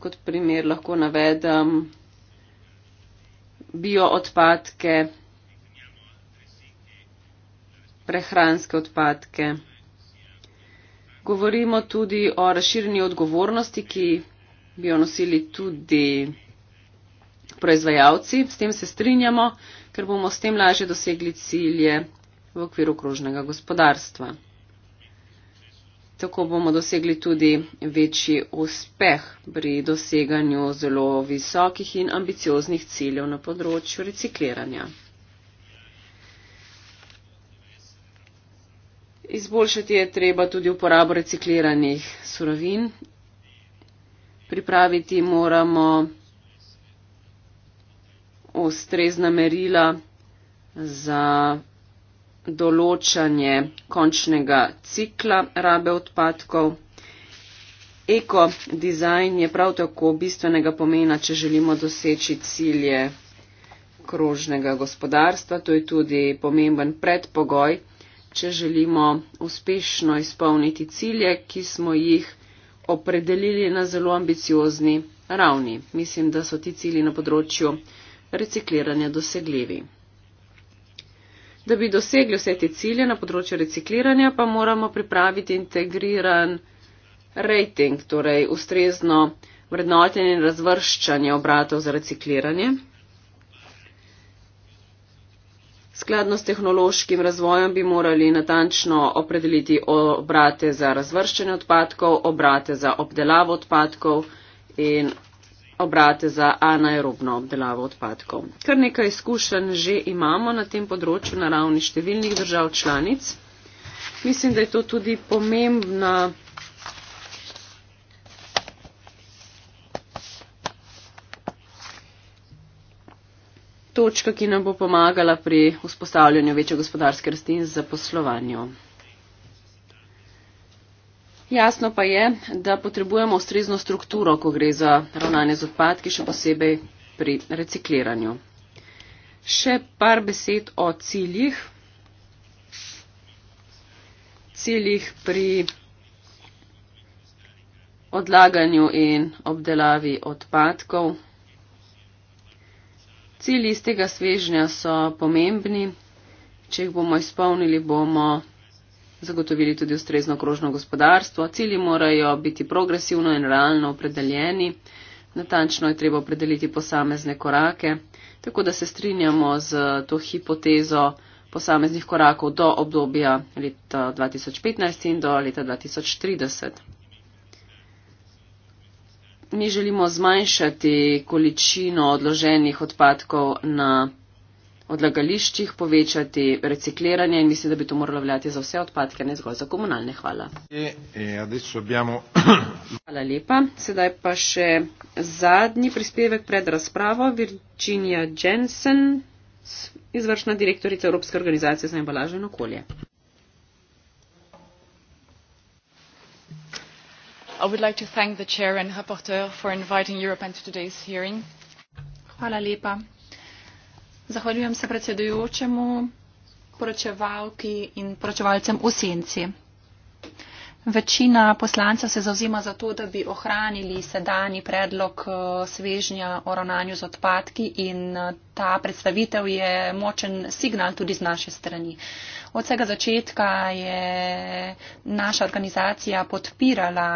kot primer lahko navedem bioodpadke, prehranske odpadke. Govorimo tudi o razširjeni odgovornosti, ki bi jo nosili tudi proizvajalci. S tem se strinjamo, ker bomo s tem lažje dosegli cilje v okviru kružnega gospodarstva. Tako bomo dosegli tudi večji uspeh pri doseganju zelo visokih in ambicioznih ciljev na področju recikliranja. Izboljšati je treba tudi uporabo recikliranih surovin. Pripraviti moramo ustrezna merila za določanje končnega cikla rabe odpadkov. Eko dizajn je prav tako bistvenega pomena, če želimo doseči cilje krožnega gospodarstva. To je tudi pomemben predpogoj, če želimo uspešno izpolniti cilje, ki smo jih opredelili na zelo ambiciozni ravni. Mislim, da so ti cilji na področju recikliranja dosegljivi. Da bi dosegli vse te cilje na področju recikliranja, pa moramo pripraviti integriran rating, torej ustrezno vrednotenje in razvrščanje obratov za recikliranje. Skladno s tehnološkim razvojem bi morali natančno opredeliti obrate za razvrščanje odpadkov, obrate za obdelavo odpadkov in obrate za anaerobno obdelavo odpadkov. Kar nekaj izkušenj že imamo na tem področju na ravni številnih držav članic. Mislim, da je to tudi pomembna. točka, ki nam bo pomagala pri vzpostavljanju večje gospodarske rasti in zaposlovanju. Jasno pa je, da potrebujemo ustrezno strukturo, ko gre za ravnanje z odpadki, še posebej pri recikliranju. Še par besed o ciljih. Ciljih pri odlaganju in obdelavi odpadkov. Cilji iz tega svežnja so pomembni. Če jih bomo izpolnili, bomo zagotovili tudi ustrezno okrožno gospodarstvo. Cilji morajo biti progresivno in realno opredeljeni. Natančno je treba opredeliti posamezne korake, tako da se strinjamo z to hipotezo posameznih korakov do obdobja leta 2015 in do leta 2030. Mi želimo zmanjšati količino odloženih odpadkov na odlagališčih povečati recikliranje in mislim, da bi to moralo vljati za vse odpadke, ne zgolj za komunalne. Hvala. E, e, Hvala lepa. Sedaj pa še zadnji prispevek pred razpravo. Virginia Jensen, izvršna direktorica Evropske organizacije za embalažo in okolje. Hvala lepa Zahvaljujem se predsedujočemu, poročevalki in poročevalcem v senci. Večina poslancev se zauzima za to, da bi ohranili sedani predlog eh, svežnja o ravnanju z odpadki in eh, ta predstavitev je močen signal tudi z naše strani. Od vsega začetka je naša organizacija podpirala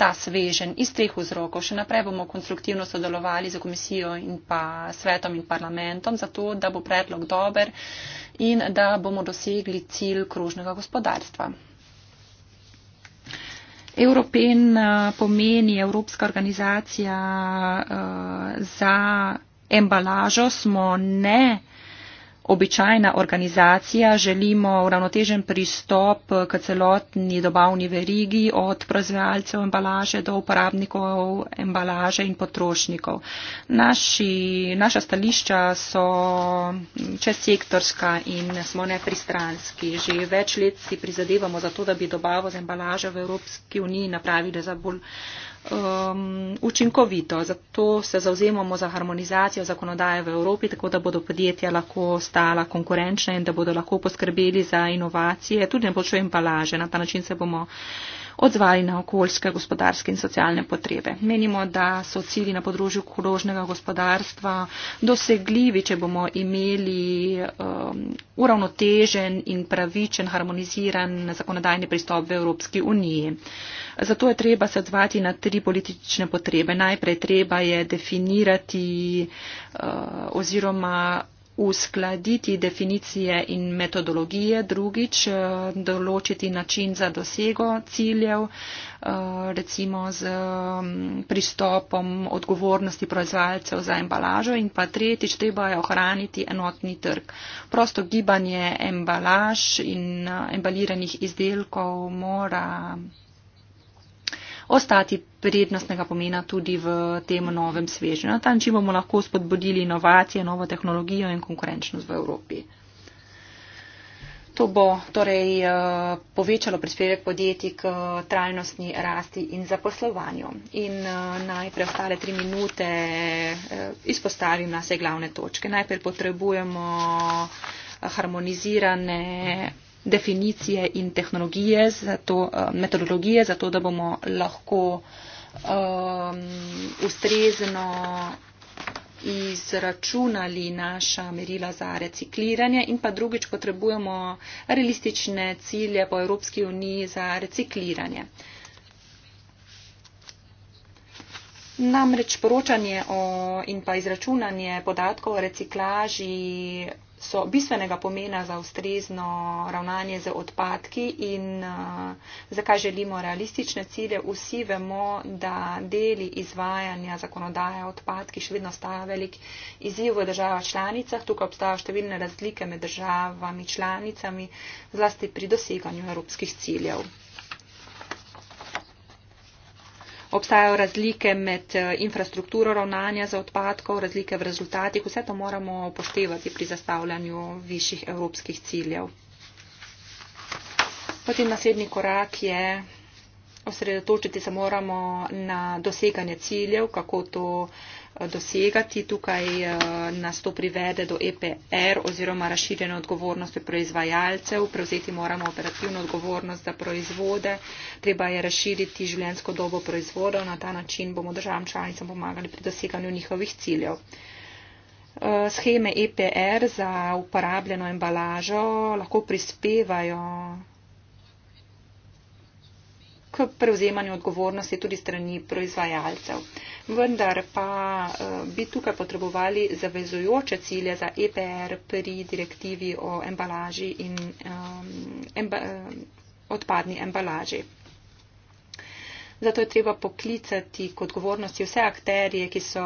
ta sveženj iz treh vzrokov. Še naprej bomo konstruktivno sodelovali z komisijo in pa svetom in parlamentom, zato da bo predlog dober in da bomo dosegli cilj krožnega gospodarstva. Evropen eh, pomeni Evropska organizacija eh, za embalažo. Smo ne običajna organizacija želimo uravnotežen pristop k celotni dobavni verigi od proizvajalcev embalaže do uporabnikov embalaže in potrošnikov. Naši, naša stališča so česektorska in smo nepristranski. Že več let si prizadevamo za to, da bi dobavo z embalaže v Evropski uniji napravili za bolj um, učinkovito. Zato se zauzemamo za harmonizacijo zakonodaje v Evropi, tako da bodo podjetja lahko stala konkurenčna in da bodo lahko poskrbeli za inovacije, tudi ne bo šlo jim pa laže. Na ta način se bomo uh, odzvali na okoljske, gospodarske in socialne potrebe. Menimo, da so cilji na področju okoljnega gospodarstva dosegljivi, če bomo imeli um, uravnotežen in pravičen, harmoniziran zakonodajni pristop v Evropski uniji. Zato je treba se odzvati na tri politične potrebe. Najprej treba je definirati uh, oziroma uskladiti definicije in metodologije, drugič eh, določiti način za dosego ciljev, eh, recimo z mm, pristopom odgovornosti proizvajalcev za embalažo in pa tretjič treba je ohraniti enotni trg. Prosto gibanje embalaž in eh, embaliranih izdelkov mora ostati prednostnega pomena tudi v tem novem svežnju. Na ta način bomo lahko spodbudili inovacije, novo tehnologijo in konkurenčnost v Evropi. To bo torej eh, povečalo prispevek podjetij k eh, trajnostni rasti in zaposlovanju. In eh, najprej ostale tri minute izpostavim na vse glavne točke. Najprej potrebujemo harmonizirane definicije in tehnologije, zato, eh, metodologije, zato da bomo lahko um, ustrezno izračunali naša merila za recikliranje in pa drugič potrebujemo realistične cilje po Evropski uniji za recikliranje. Namreč poročanje o, in pa izračunanje podatkov o reciklaži so bistvenega pomena za ustrezno ravnanje z odpadki in eh, zakaj želimo realistične cilje. Vsi vemo, da deli izvajanja zakonodaje odpadki še vedno staja velik izziv v državah članicah. Tukaj obstajajo številne razlike med državami članicami, zlasti pri doseganju evropskih ciljev. obstajajo razlike med eh, infrastrukturo ravnanja za odpadkov, razlike v rezultatih. Vse to moramo upoštevati pri zastavljanju višjih evropskih ciljev. Potem naslednji korak je osredotočiti se moramo na doseganje ciljev, kako to eh, dosegati. Tukaj eh, nas to privede do EPR oziroma razširjene odgovornosti proizvajalcev. Prevzeti moramo operativno odgovornost za proizvode. Treba je razširiti življensko dobo proizvodov. Na ta način bomo državam članicam pomagali pri doseganju njihovih ciljev. Eh, scheme EPR za uporabljeno embalažo lahko prispevajo prevzemanju odgovornosti tudi strani proizvajalcev. Vendar pa eh, bi tukaj potrebovali zavezujoče cilje za EPR pri direktivi o embalaži in um, emba, eh, odpadni embalaži. Zato je treba poklicati k odgovornosti vse akterije, ki so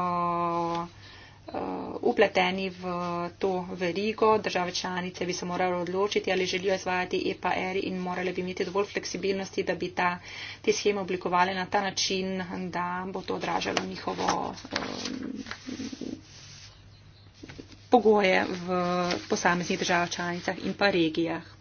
Uh, upleteni v to verigo. Države članice bi se morale odločiti, ali želijo izvajati EPA-R in morale bi imeti dovolj fleksibilnosti, da bi ta, te scheme oblikovali na ta način, da bo to odražalo njihovo um, pogoje v posameznih državah članicah in pa regijah.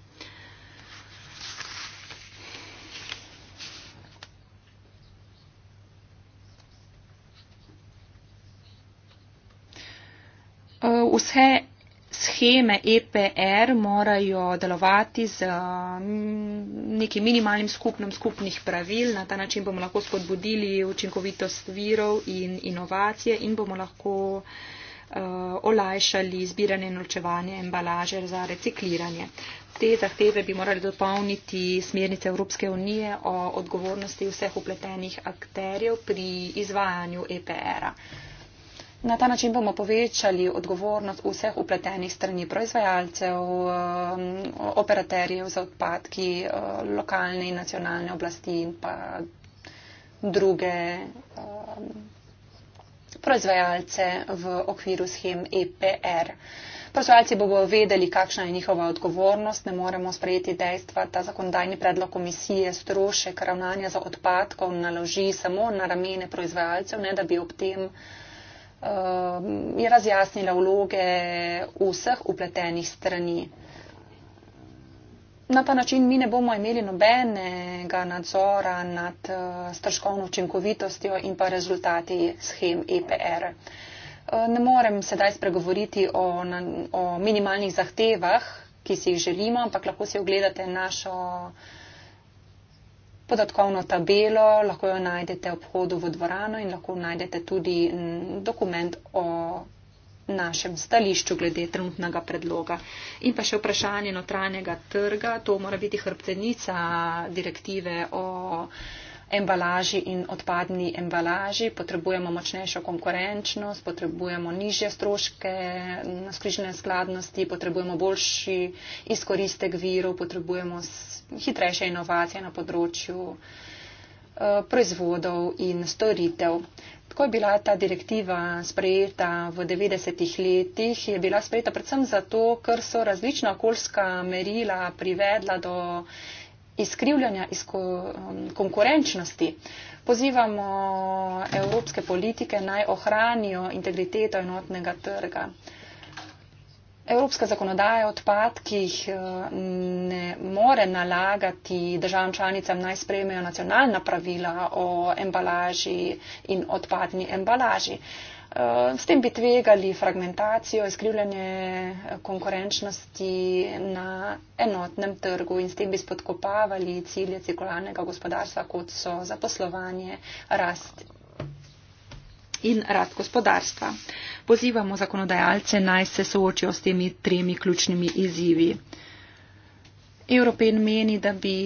vse scheme EPR morajo delovati z mm, nekim minimalnim skupnom skupnih pravil. Na ta način bomo lahko spodbudili učinkovitost virov in inovacije in bomo lahko eh, olajšali zbiranje in ločevanje embalaže za recikliranje. Te zahteve bi morali dopolniti smernice Evropske unije o odgovornosti vseh upletenih akterjev pri izvajanju EPR-a. Na ta način bomo povečali odgovornost vseh upletenih strani proizvajalcev, um, operaterjev za odpadki, uh, lokalne in nacionalne oblasti in pa druge um, proizvajalce v okviru schem EPR. Proizvajalci bodo vedeli, kakšna je njihova odgovornost. Ne moremo sprejeti dejstva, da zakonodajni predlog komisije strošek ravnanja za odpadkov naloži samo na ramene proizvajalcev, ne da bi ob tem uh, Um, je razjasnila vloge vseh upletenih strani. Na ta način mi ne bomo imeli nobenega nadzora nad uh, stroškovno učinkovitostjo in pa rezultati schem EPR. Uh, ne morem sedaj spregovoriti o, o minimalnih zahtevah, ki si jih želimo, ampak lahko si ogledate našo podatkovno tabelo, lahko jo najdete ob hodu v dvorano in lahko najdete tudi mm, dokument o našem stališču glede trenutnega predloga. In pa še vprašanje notranjega trga, to mora biti hrbtenica direktive o embalaži in odpadni embalaži, potrebujemo močnejšo konkurenčnost, potrebujemo nižje stroške skrižne skladnosti, potrebujemo boljši izkoristek virov, potrebujemo hitrejše inovacije na področju eh, proizvodov in storitev. Tako je bila ta direktiva sprejeta v 90-ih letih. Je bila sprejeta predvsem zato, ker so različna okoljska merila privedla do izkrivljanja, iz um, konkurenčnosti. Pozivamo evropske politike naj ohranijo integriteto enotnega trga. Evropska zakonodaja odpadkih eh, ne more nalagati državam članicam naj sprejmejo nacionalna pravila o embalaži in odpadni embalaži. Eh, s tem bi tvegali fragmentacijo, skrivljanje eh, konkurenčnosti na enotnem trgu in s tem bi spodkopavali cilje cirkularnega gospodarstva, kot so zaposlovanje, rast in rast gospodarstva. Pozivamo zakonodajalce naj se soočijo s temi tremi ključnimi izzivi. Evropen meni, da bi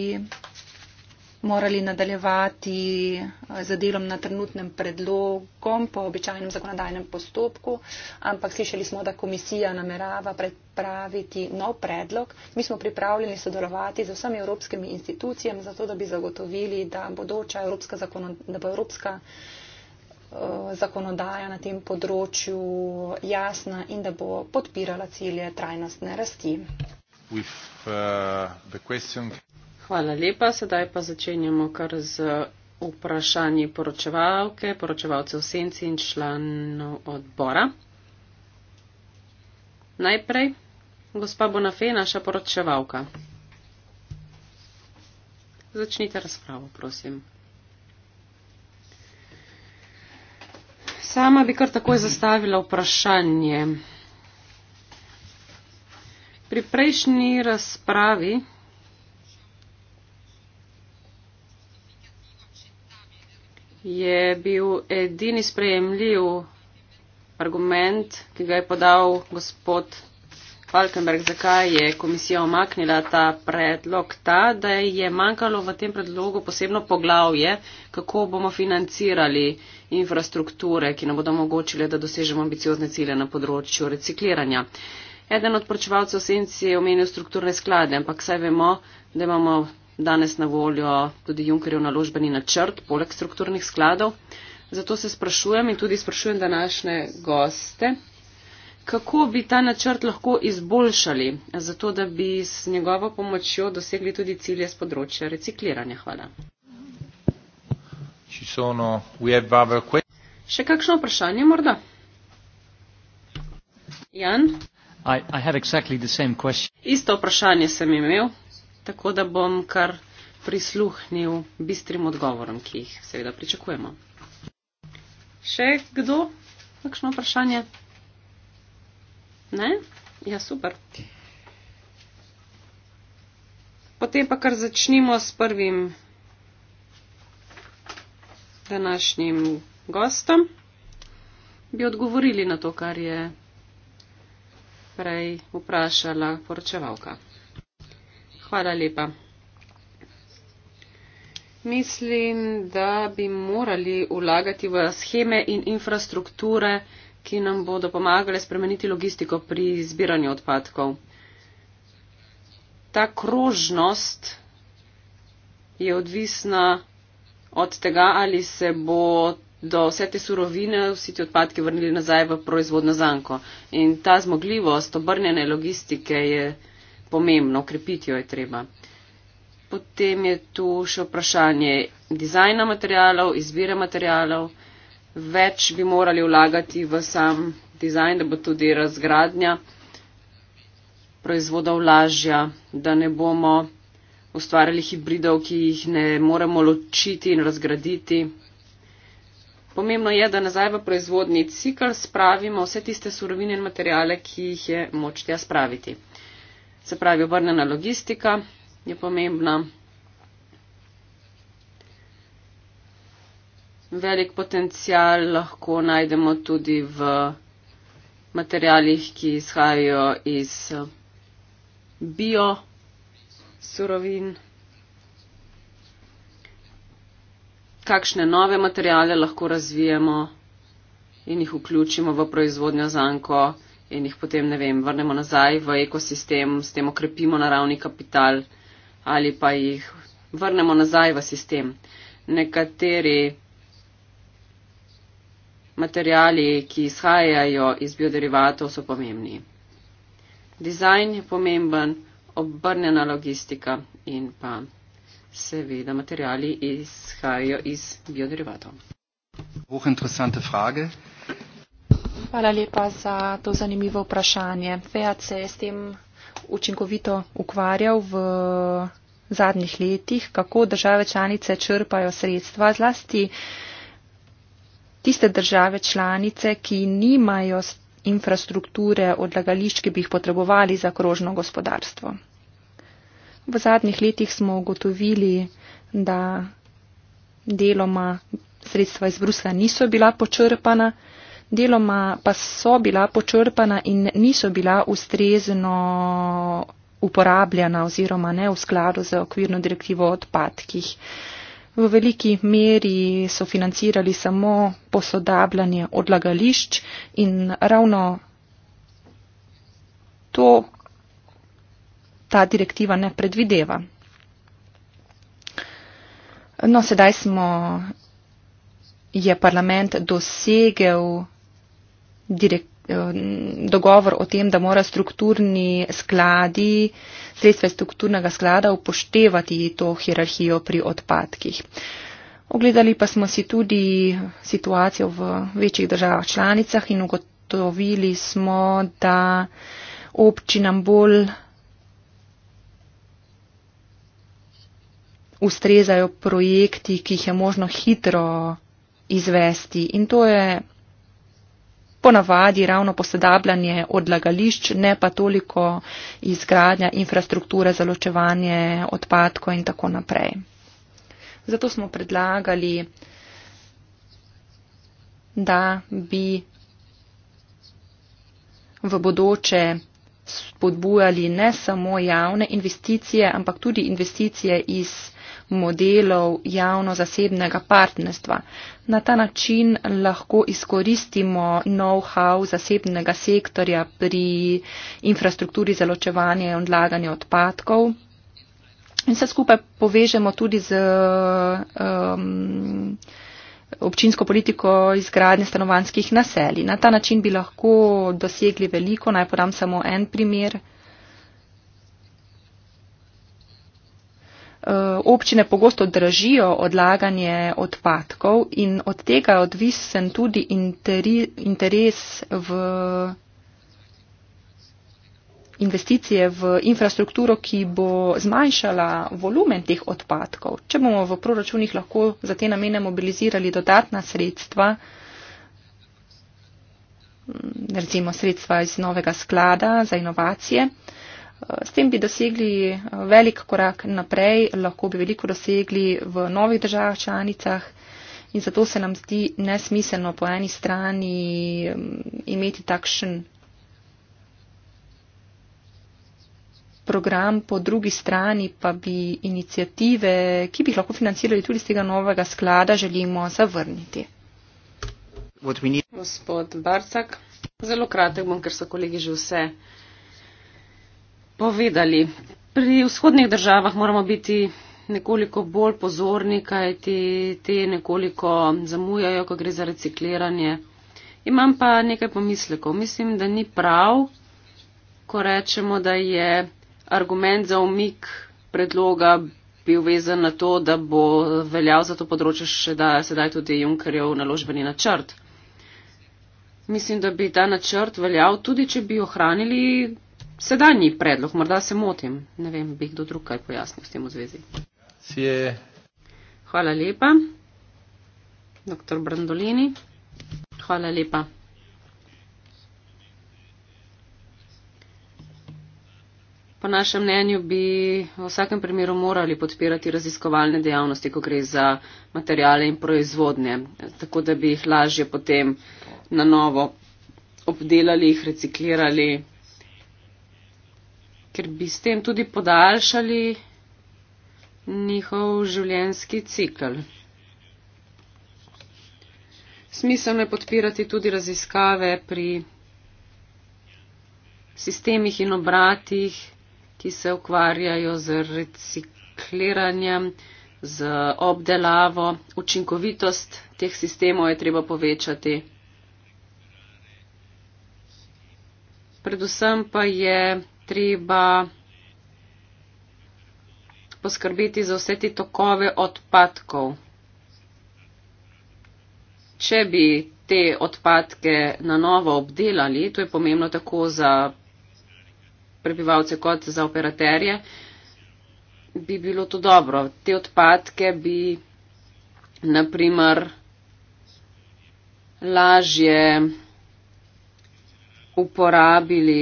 morali nadaljevati eh, z delom na trenutnem predlogom po običajnem zakonodajnem postopku, ampak slišali smo, da komisija namerava pripraviti nov predlog. Mi smo pripravljeni sodelovati z vsemi evropskimi institucijami, zato da bi zagotovili, da, bodoča, evropska da bo evropska eh, zakonodaja na tem področju jasna in da bo podpirala cilje trajnostne rasti. With, uh, Hvala lepa. Sedaj pa začenjamo kar z vprašanji poročevalke, poročevalcev senci in članov odbora. Najprej, gospa Bonafej, naša poročevalka. Začnite razpravo, prosim. Sama bi kar takoj zastavila vprašanje. Pri prejšnji razpravi je bil edini sprejemljiv argument, ki ga je podal gospod Falkenberg, zakaj je komisija omaknila ta predlog, ta, da je manjkalo v tem predlogu posebno poglavje, kako bomo financirali infrastrukture, ki nam bodo omogočile, da dosežemo ambiciozne cilje na področju recikliranja. Eden od pročevalcev senci je omenil strukturne sklade, ampak saj vemo, da imamo danes na voljo tudi Junkerjev naložbeni načrt, poleg strukturnih skladov. Zato se sprašujem in tudi sprašujem današnje goste, kako bi ta načrt lahko izboljšali, zato da bi s njegovo pomočjo dosegli tudi cilje z področja recikliranja. Hvala. Sono, Še kakšno vprašanje morda? Jan? I, I had exactly the same question. Isto vprašanje sem imel tako da bom kar prisluhnil bistrim odgovorom, ki jih seveda pričakujemo. Še kdo? Kakšno vprašanje? Ne? Ja, super. Potem pa kar začnimo s prvim današnjim gostom. Bi odgovorili na to, kar je prej vprašala poročevalka. Hvala lepa. Mislim, da bi morali vlagati v scheme in infrastrukture, ki nam bodo pomagale spremeniti logistiko pri zbiranju odpadkov. Ta krožnost je odvisna od tega, ali se bo do vse te surovine vsi ti odpadki vrnili nazaj v proizvodno zanko. In ta zmogljivost obrnjene logistike je pomembno, krepiti jo je treba. Potem je tu še vprašanje dizajna materialov, izbire materialov. Več bi morali vlagati v sam dizajn, da bo tudi razgradnja proizvodov lažja, da ne bomo ustvarjali hibridov, ki jih ne moremo ločiti in razgraditi. Pomembno je, da nazaj v proizvodni cikl spravimo vse tiste surovine in materijale, ki jih je moč tja spraviti se pravi obrnjena logistika je pomembna. Velik potencial lahko najdemo tudi v materialih, ki izhajajo iz bio surovin. Kakšne nove materijale lahko razvijemo in jih vključimo v proizvodnjo zanko in jih potem, ne vem, vrnemo nazaj v ekosistem, s tem okrepimo naravni kapital ali pa jih vrnemo nazaj v sistem. Nekateri materijali, ki izhajajo iz bioderivatov, so pomembni. Dizajn je pomemben, obrnjena logistika in pa seveda materijali izhajajo iz bioderivatov. Hoch interessante Frage. Hvala lepa za to zanimivo vprašanje. FEAT se je s tem učinkovito ukvarjal v zadnjih letih, kako države članice črpajo sredstva, zlasti tiste države članice, ki nimajo infrastrukture odlagališč, ki bi jih potrebovali za krožno gospodarstvo. V zadnjih letih smo ugotovili, da deloma sredstva iz Brusla niso bila počrpana, deloma pa so bila počrpana in niso bila ustrezno uporabljena oziroma ne v skladu z okvirno direktivo o odpadkih. V veliki meri so financirali samo posodabljanje odlagališč in ravno to ta direktiva ne predvideva. No, sedaj smo, je parlament dosegel direkt, eh, dogovor o tem, da mora strukturni skladi, sredstva strukturnega sklada upoštevati to hierarhijo pri odpadkih. Ogledali pa smo si tudi situacijo v večjih državah članicah in ugotovili smo, da občinam bolj ustrezajo projekti, ki jih je možno hitro izvesti. In to je ponavadi ravno posedabljanje odlagališč, ne pa toliko izgradnja infrastrukture za ločevanje odpadkov in tako naprej. Zato smo predlagali, da bi v bodoče spodbujali ne samo javne investicije, ampak tudi investicije iz modelov javno-zasebnega partnerstva. Na ta način lahko izkoristimo know-how zasebnega sektorja pri infrastrukturi za ločevanje in odlaganje odpadkov. In se skupaj povežemo tudi z um, občinsko politiko izgradnje stanovanskih naselij. Na ta način bi lahko dosegli veliko, naj podam samo en primer. Eh, občine pogosto držijo odlaganje odpadkov in od tega je odvisen tudi interi, interes v investicije v infrastrukturo, ki bo zmanjšala volumen teh odpadkov. Če bomo v proračunih lahko za te namene mobilizirali dodatna sredstva, mm, recimo sredstva iz novega sklada za inovacije, S tem bi dosegli eh, velik korak naprej, lahko bi veliko dosegli v novih državah članicah in zato se nam zdi nesmiselno po eni strani mm, imeti takšen program, po drugi strani pa bi inicijative, ki bi jih lahko financirali tudi z tega novega sklada, želimo zavrniti. Gospod Barcak, zelo kratek bom, ker so kolegi že vse povedali. Pri vzhodnih državah moramo biti nekoliko bolj pozorni, kaj ti te nekoliko zamujajo, ko gre za recikliranje. Imam pa nekaj pomislekov. Mislim, da ni prav, ko rečemo, da je argument za umik predloga bil vezan na to, da bo veljal za to področje še da sedaj tudi Junkerjev naložbeni načrt. Mislim, da bi ta načrt veljal tudi, če bi ohranili sedanji predlog, morda se motim, ne vem, bi kdo drug kaj pojasnil s tem v zvezi. Sije. Hvala lepa, dr. Brandolini. Hvala lepa. Po našem mnenju bi v vsakem primeru morali podpirati raziskovalne dejavnosti, ko gre za materijale in proizvodnje, tako da bi jih lažje potem na novo obdelali, jih reciklirali, ker bi s tem tudi podaljšali njihov življenjski cikl. Smiselno je podpirati tudi raziskave pri sistemih in obratih, ki se ukvarjajo z recikliranjem, z obdelavo. Učinkovitost teh sistemov je treba povečati. Predvsem pa je treba poskrbeti za vse te tokove odpadkov. Če bi te odpadke na novo obdelali, to je pomembno tako za prebivalce kot za operaterje, bi bilo to dobro. Te odpadke bi, naprimer, lažje uporabili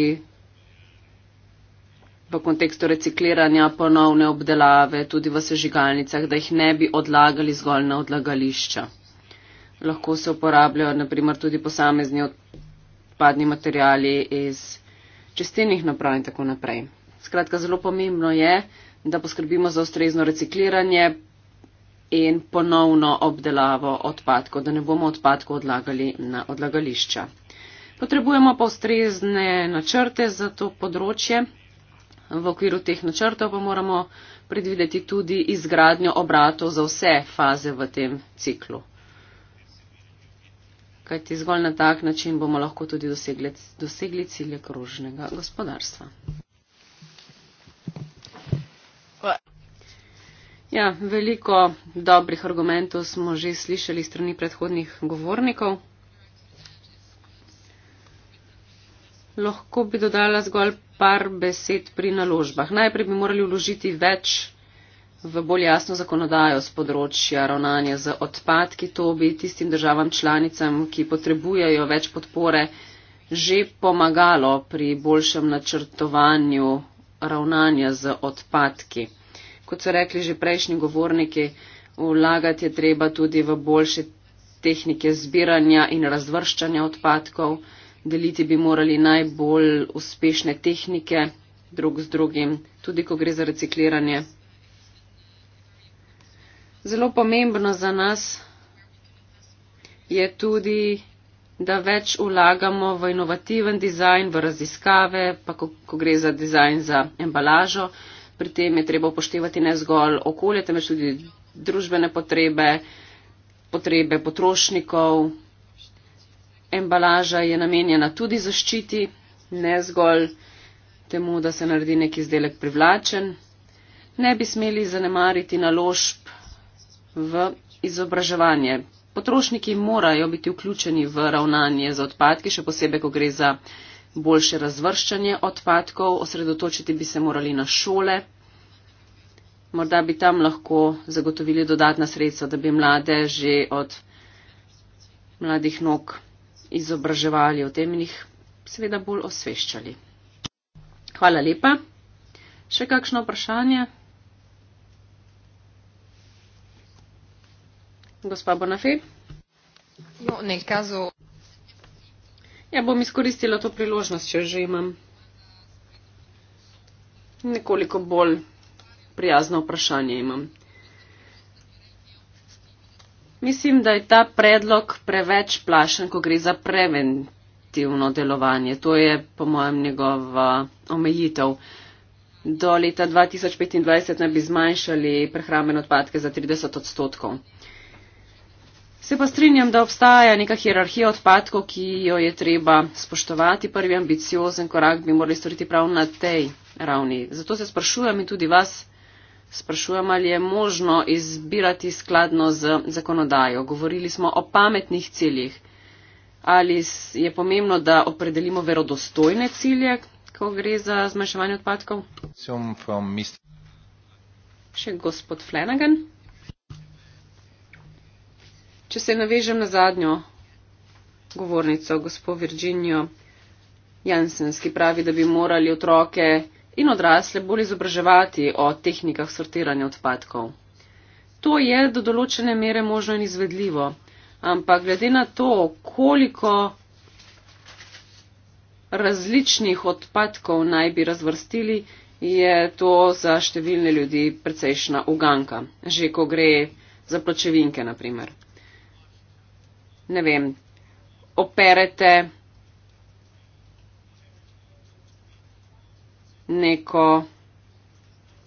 v kontekstu recikliranja, ponovne obdelave, tudi v sežigalnicah, da jih ne bi odlagali zgolj na odlagališča. Lahko se uporabljajo naprimer tudi posamezni odpadni materijali iz čestinih naprav in tako naprej. Skratka, zelo pomembno je, da poskrbimo za ustrezno recikliranje in ponovno obdelavo odpadkov, da ne bomo odpadkov odlagali na odlagališča. Potrebujemo pa ustrezne načrte za to področje. V okviru teh načrtov pa moramo predvideti tudi izgradnjo obratov za vse faze v tem ciklu. Kajti zgolj na tak način bomo lahko tudi dosegli, dosegli cilje kružnega gospodarstva. Ja, veliko dobrih argumentov smo že slišali strani predhodnih govornikov. Lahko bi dodala zgolj par besed pri naložbah. Najprej bi morali vložiti več v bolj jasno zakonodajo z področja ravnanja z odpadki. To bi tistim državam članicam, ki potrebujejo več podpore, že pomagalo pri boljšem načrtovanju ravnanja z odpadki. Kot so rekli že prejšnji govorniki, vlagati je treba tudi v boljše tehnike zbiranja in razvrščanja odpadkov deliti bi morali najbolj uspešne tehnike drug z drugim, tudi ko gre za recikliranje. Zelo pomembno za nas je tudi, da več ulagamo v inovativen dizajn, v raziskave, pa ko, ko gre za dizajn za embalažo. Pri tem je treba upoštevati ne zgolj okolje, temveč tudi družbene potrebe, potrebe potrošnikov, embalaža je namenjena tudi zaščiti, ne zgolj temu, da se naredi neki izdelek privlačen. Ne bi smeli zanemariti naložb v izobraževanje. Potrošniki morajo biti vključeni v ravnanje za odpadke, še posebej, ko gre za boljše razvrščanje odpadkov. Osredotočiti bi se morali na šole. Morda bi tam lahko zagotovili dodatna sredstva, da bi mlade že od mladih nog izobraževali o tem in jih seveda bolj osveščali. Hvala lepa. Še kakšno vprašanje? Gospa Bonafe? No, nekazo. Ja, bom izkoristila to priložnost, če že imam nekoliko bolj prijazno vprašanje imam. Mislim, da je ta predlog preveč plašen, ko gre za preventivno delovanje. To je, po mojem, njegova omejitev. Do leta 2025 naj bi zmanjšali prehrambene odpadke za 30 odstotkov. Se pa strinjam, da obstaja neka hierarhija odpadkov, ki jo je treba spoštovati. Prvi ambiciozen korak bi morali storiti prav na tej ravni. Zato se sprašujem in tudi vas. Sprašujem, ali je možno izbirati skladno z zakonodajo. Govorili smo o pametnih ciljih. Ali je pomembno, da opredelimo verodostojne cilje, ko gre za zmanjševanje odpadkov? Še gospod Flanagan. Če se navežem na zadnjo govornico, gospod Virginijo Jansenski pravi, da bi morali otroke in odrasle bolj izobraževati o tehnikah sortiranja odpadkov. To je do določene mere možno in izvedljivo, ampak glede na to, koliko različnih odpadkov naj bi razvrstili, je to za številne ljudi precejšna uganka, že ko gre za pločevinke, naprimer. Ne vem, operete neko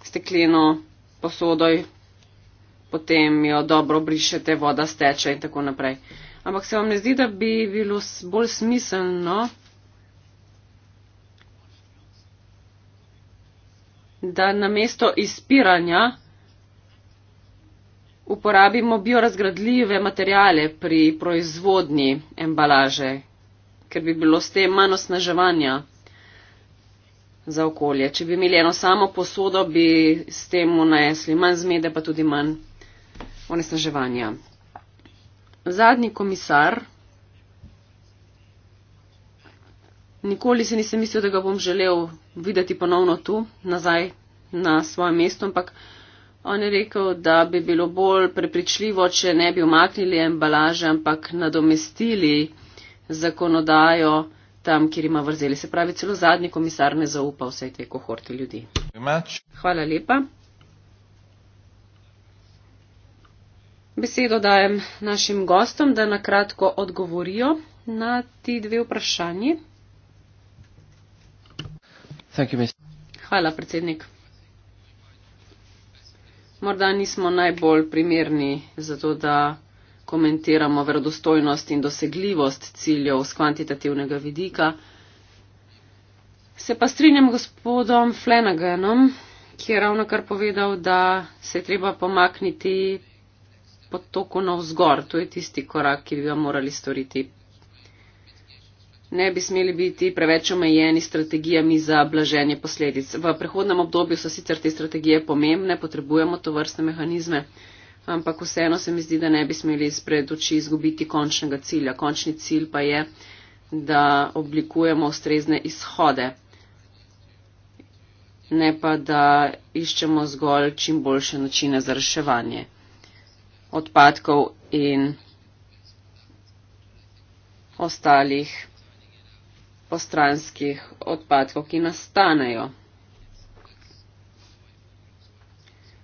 stekleno posodoj, potem jo dobro brišete, voda steče in tako naprej. Ampak se vam ne zdi, da bi bilo bolj smiselno, da namesto izpiranja uporabimo biorazgradljive materijale pri proizvodnji embalaže, ker bi bilo s tem manj osnaževanja za okolje. Če bi imeli eno samo posodo, bi s tem unajesli manj zmede, pa tudi manj onesnaževanja. Zadnji komisar. Nikoli se nisem mislil, da ga bom želel videti ponovno tu, nazaj na svojem mestu, ampak on je rekel, da bi bilo bolj prepričljivo, če ne bi omaknili embalaže, ampak nadomestili zakonodajo tam, kjer ima vrzeli. Se pravi, celo zadnji komisar ne zaupa vsej tej kohorti ljudi. Hvala lepa. Besedo dajem našim gostom, da nakratko odgovorijo na ti dve vprašanji. Hvala, predsednik. Morda nismo najbolj primerni za to, da komentiramo verodostojnost in dosegljivost ciljev z kvantitativnega vidika. Se pa strinjam gospodom Flanaganom, ki je ravno kar povedal, da se je treba pomakniti pod toko navzgor. To je tisti korak, ki bi ga morali storiti. Ne bi smeli biti preveč omejeni strategijami za blaženje posledic. V prehodnem obdobju so sicer te strategije pomembne, potrebujemo to vrste mehanizme ampak vseeno se mi zdi, da ne bi smeli izpred oči izgubiti končnega cilja. Končni cilj pa je, da oblikujemo ustrezne izhode, ne pa da iščemo zgolj čim boljše načine za reševanje odpadkov in ostalih postranskih odpadkov, ki nastanejo.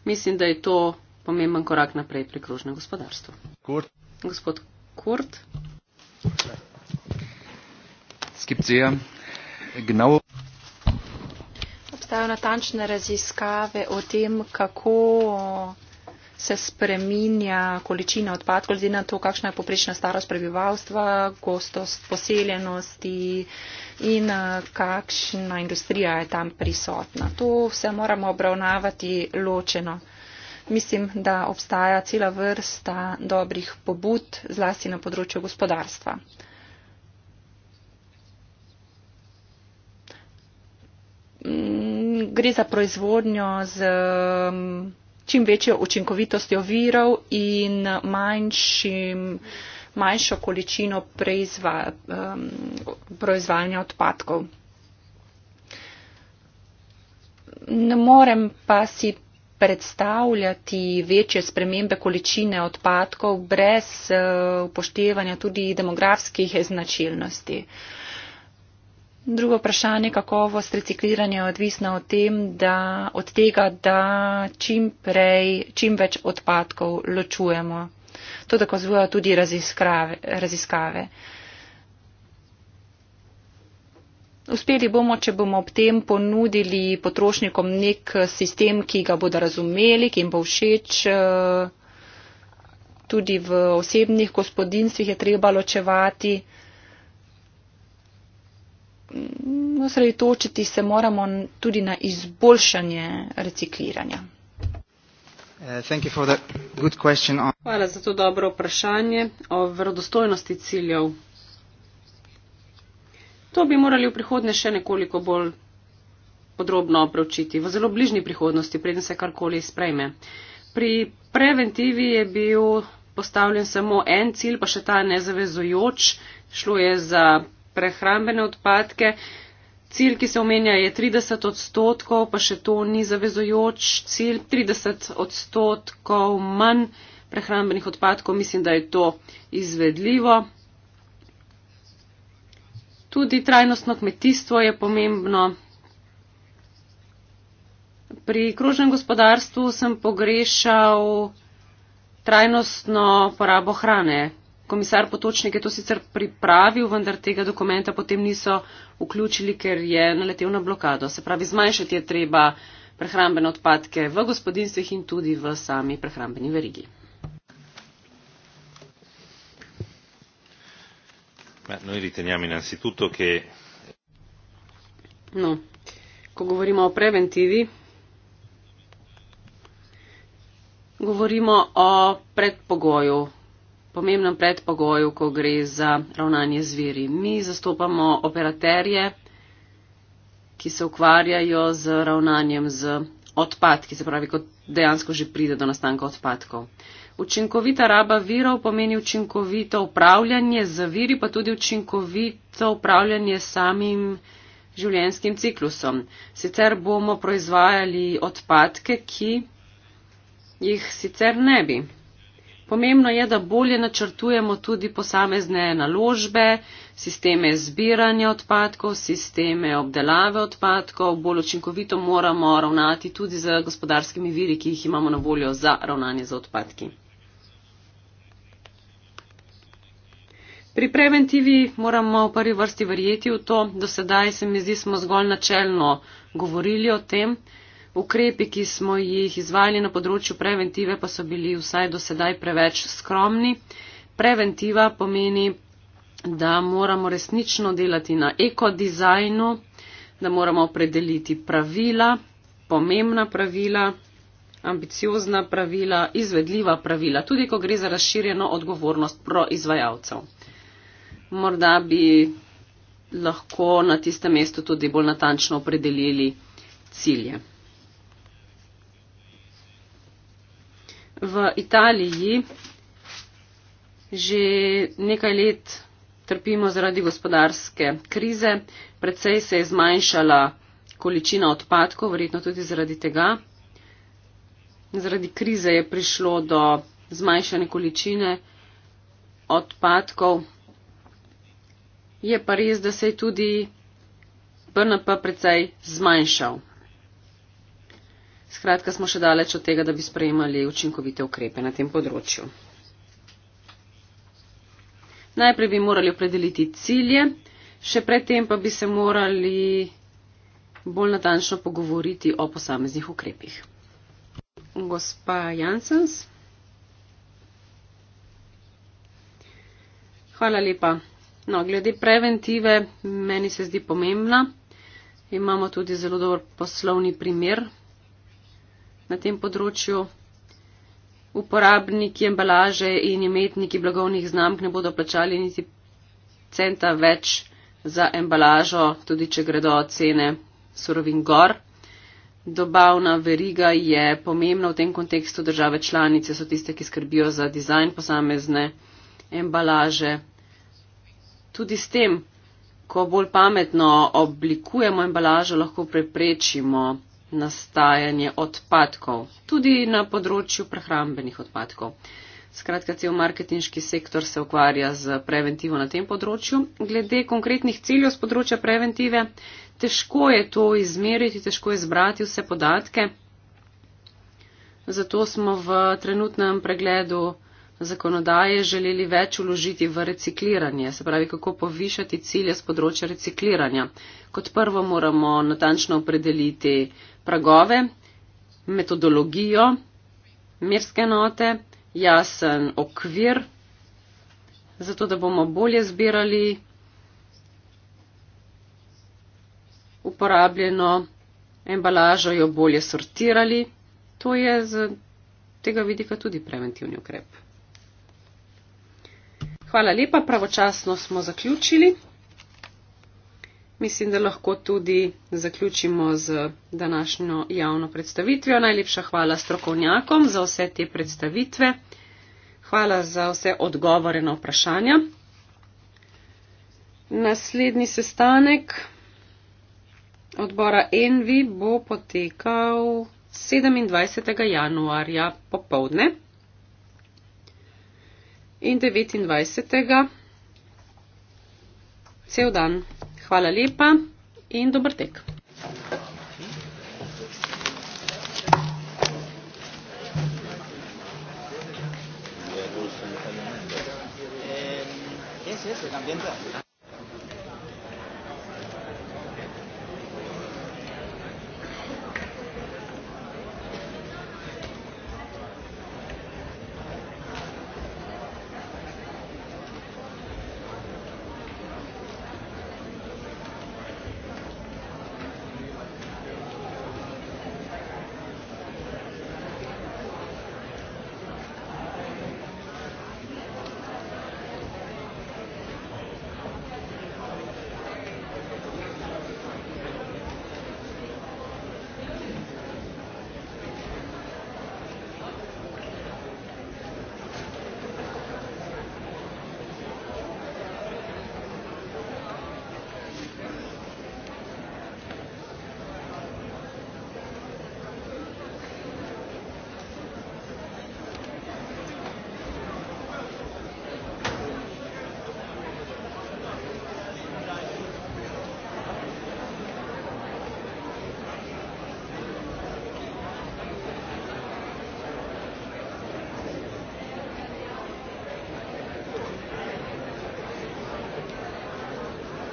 Mislim, da je to pomemben korak naprej pri krožnem gospodarstvu. Kurt. Gospod Kurt. Skepcija. Gnav. Obstajajo natančne raziskave o tem, kako se spreminja količina odpadkov, glede na to, kakšna je poprečna starost prebivalstva, gostost poseljenosti in eh, kakšna industrija je tam prisotna. To vse moramo obravnavati ločeno mislim, da obstaja cela vrsta dobrih pobud, zlasti na področju gospodarstva. Mm, gre za proizvodnjo z mm, čim večjo učinkovitostjo virov in manjšim, manjšo količino preizva, um, mm, proizvajanja odpadkov. Ne morem pa si predstavljati večje spremembe količine odpadkov brez eh, upoštevanja tudi demografskih značilnosti. Drugo vprašanje, kakovost recikliranja je odvisna od, tem, da, od tega, da čim prej, čim več odpadkov ločujemo. To dokazujejo tudi raziskave. raziskave. Uspeli bomo, če bomo ob tem ponudili potrošnikom nek eh, sistem, ki ga bodo razumeli, ki jim bo všeč. Eh, tudi v osebnih gospodinstvih je treba ločevati. No, mm, Sredotočiti se moramo tudi na izboljšanje recikliranja. Uh, Hvala za to dobro vprašanje o verodostojnosti ciljev To bi morali v prihodnje še nekoliko bolj podrobno preučiti, v zelo bližnji prihodnosti, preden se karkoli sprejme. Pri preventivi je bil postavljen samo en cilj, pa še ta nezavezujoč, šlo je za prehrambene odpadke. Cilj, ki se omenja, je 30 odstotkov, pa še to ni zavezojoč cilj. 30 odstotkov manj prehrambenih odpadkov, mislim, da je to izvedljivo. Tudi trajnostno kmetijstvo je pomembno. Pri krožnem gospodarstvu sem pogrešal trajnostno porabo hrane. Komisar Potočnik je to sicer pripravil, vendar tega dokumenta potem niso vključili, ker je naletel na blokado. Se pravi, zmanjšati je treba prehrambene odpadke v gospodinstvih in tudi v sami prehrambeni verigi. noi riteniamo innanzitutto che. No, govorimo o preventivi. Govorimo o predpogoju, pomembnem predpogoju, ko gre za ravnanje z viri. Mi zastopamo operaterje, ki se ukvarjajo z ravnanjem z odpadki, se pravi, ko dejansko že pride do nastanka odpadkov. Uh, Učinkovita raba virov pomeni učinkovito upravljanje z viri, pa tudi učinkovito upravljanje s samim življenjskim ciklusom. Sicer bomo proizvajali odpadke, ki jih sicer ne bi. Pomembno je, da bolje načrtujemo tudi posamezne naložbe, sisteme zbiranja odpadkov, sisteme obdelave odpadkov. Bolj učinkovito moramo ravnati tudi z gospodarskimi viri, ki jih imamo na voljo za ravnanje z odpadki. Pri preventivi moramo v prvi vrsti verjeti v to, do sedaj se mi zdi smo zgolj načelno govorili o tem, ukrepi, ki smo jih izvajali na področju preventive, pa so bili vsaj do sedaj preveč skromni. Preventiva pomeni, da moramo resnično delati na ekodizajnu, da moramo opredeliti pravila, pomembna pravila, ambiciozna pravila, izvedljiva pravila, tudi ko gre za razširjeno odgovornost proizvajalcev morda bi lahko na tistem mestu tudi bolj natančno opredelili cilje. V Italiji že nekaj let trpimo zaradi gospodarske krize, predvsej se je zmanjšala količina odpadkov, verjetno tudi zaradi tega. Zaradi krize je prišlo do zmanjšane količine odpadkov Je pa res, da se je tudi BNP precej zmanjšal. Skratka, smo še daleč od tega, da bi sprejemali učinkovite ukrepe na tem področju. Najprej bi morali opredeliti cilje, še predtem pa bi se morali bolj natančno pogovoriti o posameznih ukrepih. Gospa Jansens. Hvala lepa. No, glede preventive, meni se zdi pomembna. Imamo tudi zelo dober poslovni primer na tem področju. Uporabniki embalaže in imetniki blagovnih znamk ne bodo plačali niti centa več za embalažo, tudi če gredo cene surovin gor. Dobavna veriga je pomembna v tem kontekstu. Države članice so tiste, ki skrbijo za dizajn posamezne embalaže tudi s tem, ko bolj pametno oblikujemo embalažo, lahko preprečimo nastajanje odpadkov, tudi na področju prehrambenih odpadkov. Skratka, cel marketinški sektor se ukvarja z preventivo na tem področju. Glede konkretnih ciljev z področja preventive, težko je to izmeriti, težko je zbrati vse podatke. Zato smo v trenutnem pregledu zakonodaje želeli več uložiti v recikliranje, se pravi, kako povišati cilje z področja recikliranja. Kot prvo moramo natančno opredeliti pragove, metodologijo, merske note, jasen okvir, zato da bomo bolje zbirali uporabljeno embalažo, jo bolje sortirali. To je z tega vidika tudi preventivni ukrep. Hvala lepa, pravočasno smo zaključili. Mislim, da lahko tudi zaključimo z današnjo javno predstavitvijo. Najlepša hvala strokovnjakom za vse te predstavitve. Hvala za vse odgovore na vprašanja. Naslednji sestanek odbora Envi bo potekal 27. januarja popovdne in devetindvajset cel dan. Hvala lepa in dober tek. Sí, sí, también.